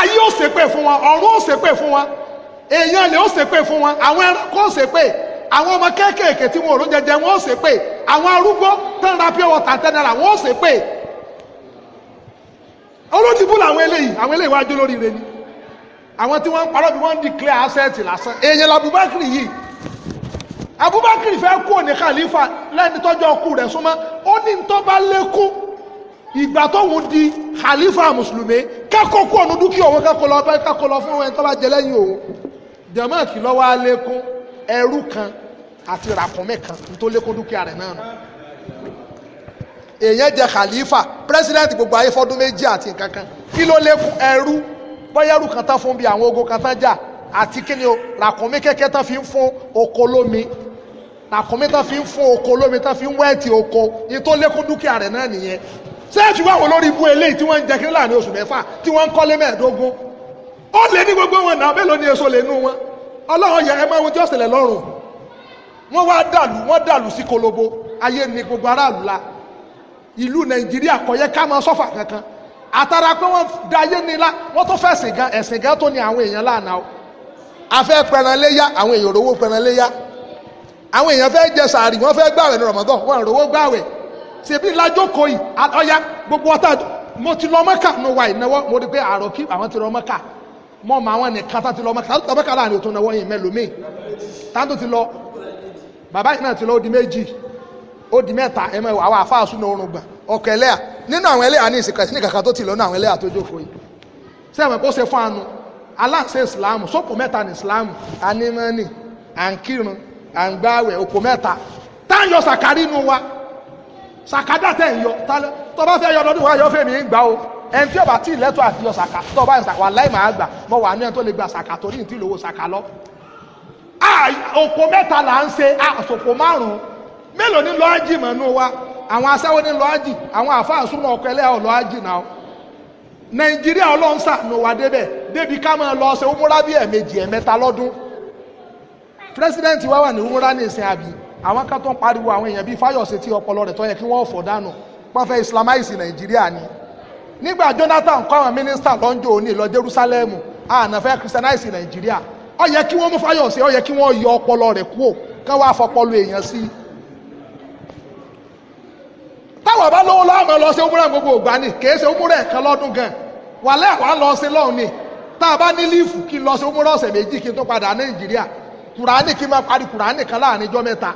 A: ayé ò ṣépè fún wọn ọ̀run ò ṣépè fún wọn èèyàn lè ó ṣépè fún wọn àwọn ẹranko ó ṣépè àwọn ọmọ kéékèèké tí wọn ò rún jẹjẹ wọn ó ṣépè àwọn arúgbó tán ra pure water ten naira wọn ó ṣépè olódìbò làwọn eléyìí àwọn eléyìí wájú lórí ire ni àwọn tí wọ́n ń parọ́ bí wọ́n ń declare asset lásán èèyàn làbúbákìrì yìí abubakar fẹ́ kú òní khalifa lẹ́ni tọ́jọ́ ọkù rẹ̀ súnmọ́ ó ní tó bá lékún ìgbà tóun di khalifa mùsùlùmí kẹ́kọ̀ọ́ kú ònú dúkìá òun kẹ́kọ̀ọ́ lọ bẹ́ẹ̀ kẹ́kọ̀ọ́ lọ fún ẹni tó bá jẹ lẹ́yìn òun jẹ̀mọ́ kì lọ́wọ́ alékún ẹrú kan àti ràkúnmí kan tó lékún dúkìá rẹ̀ náà èèyàn jẹ khalifa president gbogbo ayé fọdún méjì àti nǹkan kan kí ló lékún ẹrú bóyá ẹrú kan tán fún bí àwọn ogun kan tán jà àti kí ni o ràkúnmí kẹ́kẹ́ tán fi ń fún oko lómi ràkúnmí tán fi ń fún oko lómi tán fi ń wẹ́ẹ̀tì oko ní tó lékún dúkìá rẹ̀ náà nìyẹn ṣé ẹ ti wá ibú eléyìí tí wọ́n ń jẹ kí ní láàrin oṣù mẹ́fà tí wọ́n ń kọ́lé mẹ́ẹ̀ẹ́dógún ó lè ní gbogbo wọn náà mélòó ni èso lè nú wọn ọlọ́run yẹ ẹ máa wọn tí wọ́n ṣẹlẹ̀ lọ́rùn wọ́n wá dàlú wọ́n dàlú sí kolobo ayé ni gbogbo aráàlú la ìlú nàìjíríà kò yẹ ká máa sọ́fà kankan àtàrà pé wọ́n da ayé ni la wọ́n tó fẹ́ ẹ̀sìn gan ẹ̀sìn gan tó ní àwọn èèyàn láàánà o afẹ́ pẹran léyà àwọn èèyàn rówó pẹran léyà àwọn èèyàn fẹ́ jẹ sàárì wọ́n fẹ́ gbàwẹ̀ ní rọ̀mọ́dán wọ́n rówó gbàwẹ̀ ṣèbí lájókòó yìí ọ̀ya gbogbo ọ̀tá mo ti lọ mọ́ ma àwọn nìkan tá ti lọ mọ́ta tàbí kàlá àrùn tó náwó yìí mẹ́lòmíì tàbí ti lọ bàbá yìí náà ti lọ ó di méjì ó di mẹ́ta ẹ̀mọ́ ìwà àwọn àfáà súnà oorun gbà ọkọ̀ ẹlẹ́à nínú àwọn ẹlẹ́à ní ìsìnkà sínú kàkà tó ti lọ ní àwọn ẹlẹ́à tó jókòó yìí sẹ́wọ̀n kó ṣe fún anu aláṣẹ ìsìláàmù sọ́pù mẹ́ta ní ìsìláàmù anímọ́nì àǹkírun àǹgbáwẹ̀ òpó mẹ́ta táyọ̀ sàkárí wa sàkádà tẹ̀ ń yọ tó bá fẹ́ yọ lọ́dún wa yọ fẹ́mi ń gbà o ẹni tí ó bá tí ì lẹ́tọ̀ àti ọ̀sàkà tó bá ìsàkà wà láì máa gbà mọ wà ní ẹni tó lè gba sàkà torí ìtì lówó sàkà lọ. òkò mẹ́ta là ń ṣe àsòkò márùn-ún mélòó ní lọ́ájì mọ̀nú wa àwọn aṣẹ́wó ní lọ́ájì àwọn àfáà súnmọ́ ọkọ ẹlẹ́yà lọ́ájì náà nàìjíríà ọlọ́run ṣàánú wa débẹ̀ débi ká máa lọ ṣe umura bíi ẹ̀ẹ̀mejì ẹ̀ẹ̀mẹ́ta lọ́dún president wa wà ní umura ní ìsìn àbí àwọn kan tó ń pariwo àwọn èèyàn bíi fáyọ̀sẹ̀ tí ọpọlọ rẹ̀ tó yẹ kí wọ́n fọ̀ dànù wọ́n fẹ́ nàìjíríà ni nígbà Jonathan kọ́ àwọn mínísítà lọ́njọ́ òní lọ Jerusalem ànàfẹ́ christianize Nàìjíríà ó yẹ kí wọ́n mú Fáyọ̀sé ó yẹ kí wọ́n yọ ọpọlọ rẹ̀ kúò kán wá fọpọlọ èèyàn sí i táwọn bá lówó láàmú lọ sí òmùrẹ̀ gbogbo ògbà ni kì í ṣe òmùrẹ̀ kan lọ́dún gan wàlẹ́ àwa lọ sí lọ́hùn ni tá a bá ní lífù kí n lọ sí òmùrẹ̀ ọ̀sẹ̀ méjì kí n tó padà Nàìjíríà kùránì kí n máa parí kùránì kan láàrin ijọ́ mẹ́ta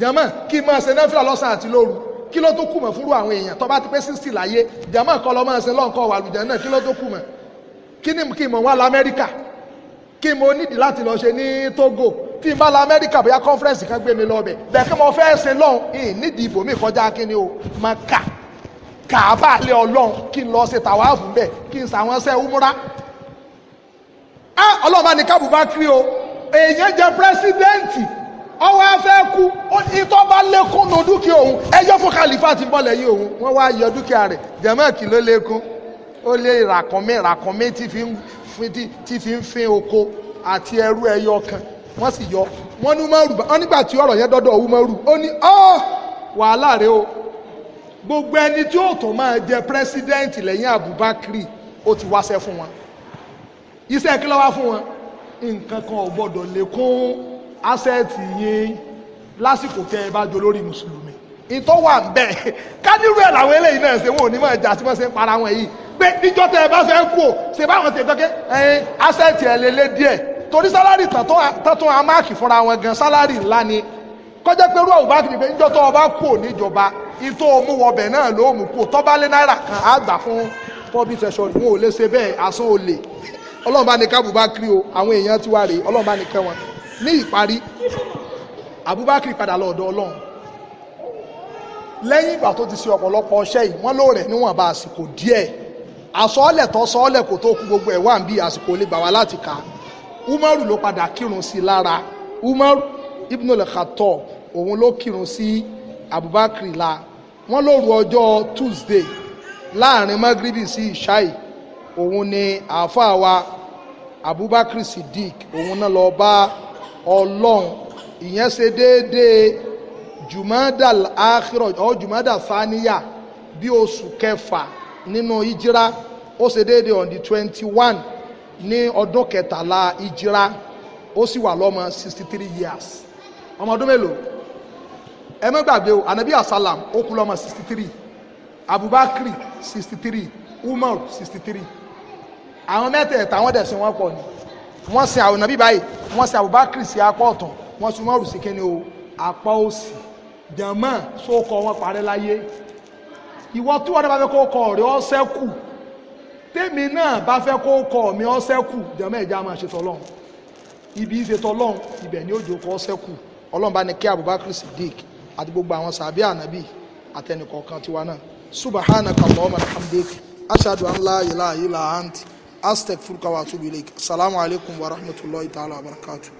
A: jẹ́mọ̀ kí n máa ṣe náfìlà lọ́sàn àti lóru kí ló tó kù mọ́ fúru àwọn èèyàn tó bá ti pé sixty láyé jàmọ́ kọ́ lọ́ máa ṣe lọ́nkọ́ wà lùjẹ́ náà kí ló tó kù mọ́ kí ni kí mo wá lamẹ́ríkà kí mo nídìí láti lọ ṣe ní Togo tí n bá lamẹ́ríkà bóyá conference kan gbé mi lọ bẹ̀ bẹ́ẹ̀ kí mo fẹ́ ṣe lọ́hùn ìn nídìí ibòmí kọjá kí ni o máa kà kàábà lé ọlọ́run kí n lọ ṣe tàwáàfù bẹ́ẹ̀ kí n ṣàwọn ṣẹ́ umra ọlọ́run bá ní kábùbá kiri o èèyàn jẹ́ pírẹ́sídẹ́ǹtì ọwọ́ afẹ́ kú ìtọ́ bá lékún nu dúkìá òun ẹjọ́ fún kàlífà ti bọ́ lẹ́yìn òun wọ́n wá yọ dúkìá rẹ̀ jẹ̀mọ́ọ̀kì ló lékún ó lé ràkànmí ràkànmí tí fi ń fin oko àti ẹrú ẹyọ kan wọ́n sì yọ wọ́n ní umaru wọ́n nígbà tí ọ̀rọ̀ yẹn dọ́dọ̀ umaru ó ní ọ́ wàhálà rẹ o gbogbo ẹni tí ó tó máa jẹ pírẹsidẹ́ǹtì lẹ́yìn abubakar ó ti wáṣẹ́ fún wọn iṣẹ́ kí ló wá fún wọn nǹkan kan ò gbọ́dọ̀ lékún asẹ́ẹ̀tì yín lásìkò tẹ́ ẹ bá jọ lórí mùsùlùmí ìtọ́ wà bẹ́ẹ̀ kádìrú ẹ̀ làwọn eléyìí náà ṣe wọn ò ní máa jà tí wọ́n ṣe ń para wọn yìí pé níjọ́ tẹ́ ẹ bá fẹ́ kú o ṣe báwọn ṣe tọ́kẹ́ ẹ̀yin asẹ́ẹ̀tì ẹ̀ lé lé díẹ̀ torí sálárì tọ́tún amáàkì fúnra wọn gan sálárì ńlá ni kọjá pé rúwà òbá kìí pé níjọ́ tó ọba kú ò níjọba ìtọ́ òmù wọbẹ̀ náà ló mú kú tọ́ba lé náírà kan á kiri o àwọn èèyàn ti wá rèé ọlọ́run bá ní wọn ní ìparí Abubakar padà lọ ọ̀dọ̀ Ọlọ́run lẹ́yìn ìgbà tó ti ṣe ọ̀pọ̀lọpọ̀ ọṣẹ́ yìí wọ́n lóore níwọ̀nba àsìkò díẹ̀ àsọ́ọ̀lẹ̀ tó sọ́ọ̀lẹ̀ kò tó kú gbogbo ẹ̀ wà ń bí àsìkò lè gbà wá láti kà Umaru ló padà kírun sí lára Umaru ibn al-Khattab òun ló kírun sí Abubakar la wọ́n lóru ọjọ́ Tuesday láàrin magribi sí ishai òun ni àáfàá wa Abubakar Siddiq òun náà lọ bá ọlọ́run ìyẹn ṣe déédéé jùmọ́dà àkírọ̀ ọ́ jùmọ́dà sáníyà bí oṣù kẹfà nínú ìjírá ó ṣe déédéé on the twenty one ní ọdún kẹtàlá ìjírá ó sì wà lọ́mọ sixty three years ọmọ ọdún mélòó ẹ má gbàgbé o anabi asalam ó kú lọ́mọ sixty three abubakar sixty three umar sixty three àwọn mẹ́tẹ̀ẹ̀ta wọ́n dẹ̀ sí wọn pọ̀ ni wọ́n sin àwọn nàbí báyìí wọ́n sin Abubakar sí apá ọ̀tún wọ́n sin Umaru sí kíni o apá òsì jàmọ́ sókọ wọn parẹ́ láyé ìwọ tí wọ́n bá fẹ́ kó kọ rẹ̀ ó ṣẹ́kù tèmi náà bá fẹ́ kó kọ mi ó ṣẹ́kù jàmọ́ ẹ̀já máa ṣe tọ́lọ́run ibi ìṣe tọ́lọ́run ibẹ̀ ni ó jòkó ó ṣẹ́kù Ọlọ́run bá ní kí Abubakar Siddiq àti gbogbo àwọn sàbí ànábì àtẹnìkọ̀ọ̀kan tiwa náà subhanaka Allahumma wa bihamdik ashhadu an la ilaha illa anta astaghfiruka wa atubu ilaik salamu alaikum wa rahmatullahi ta'ala barakatuh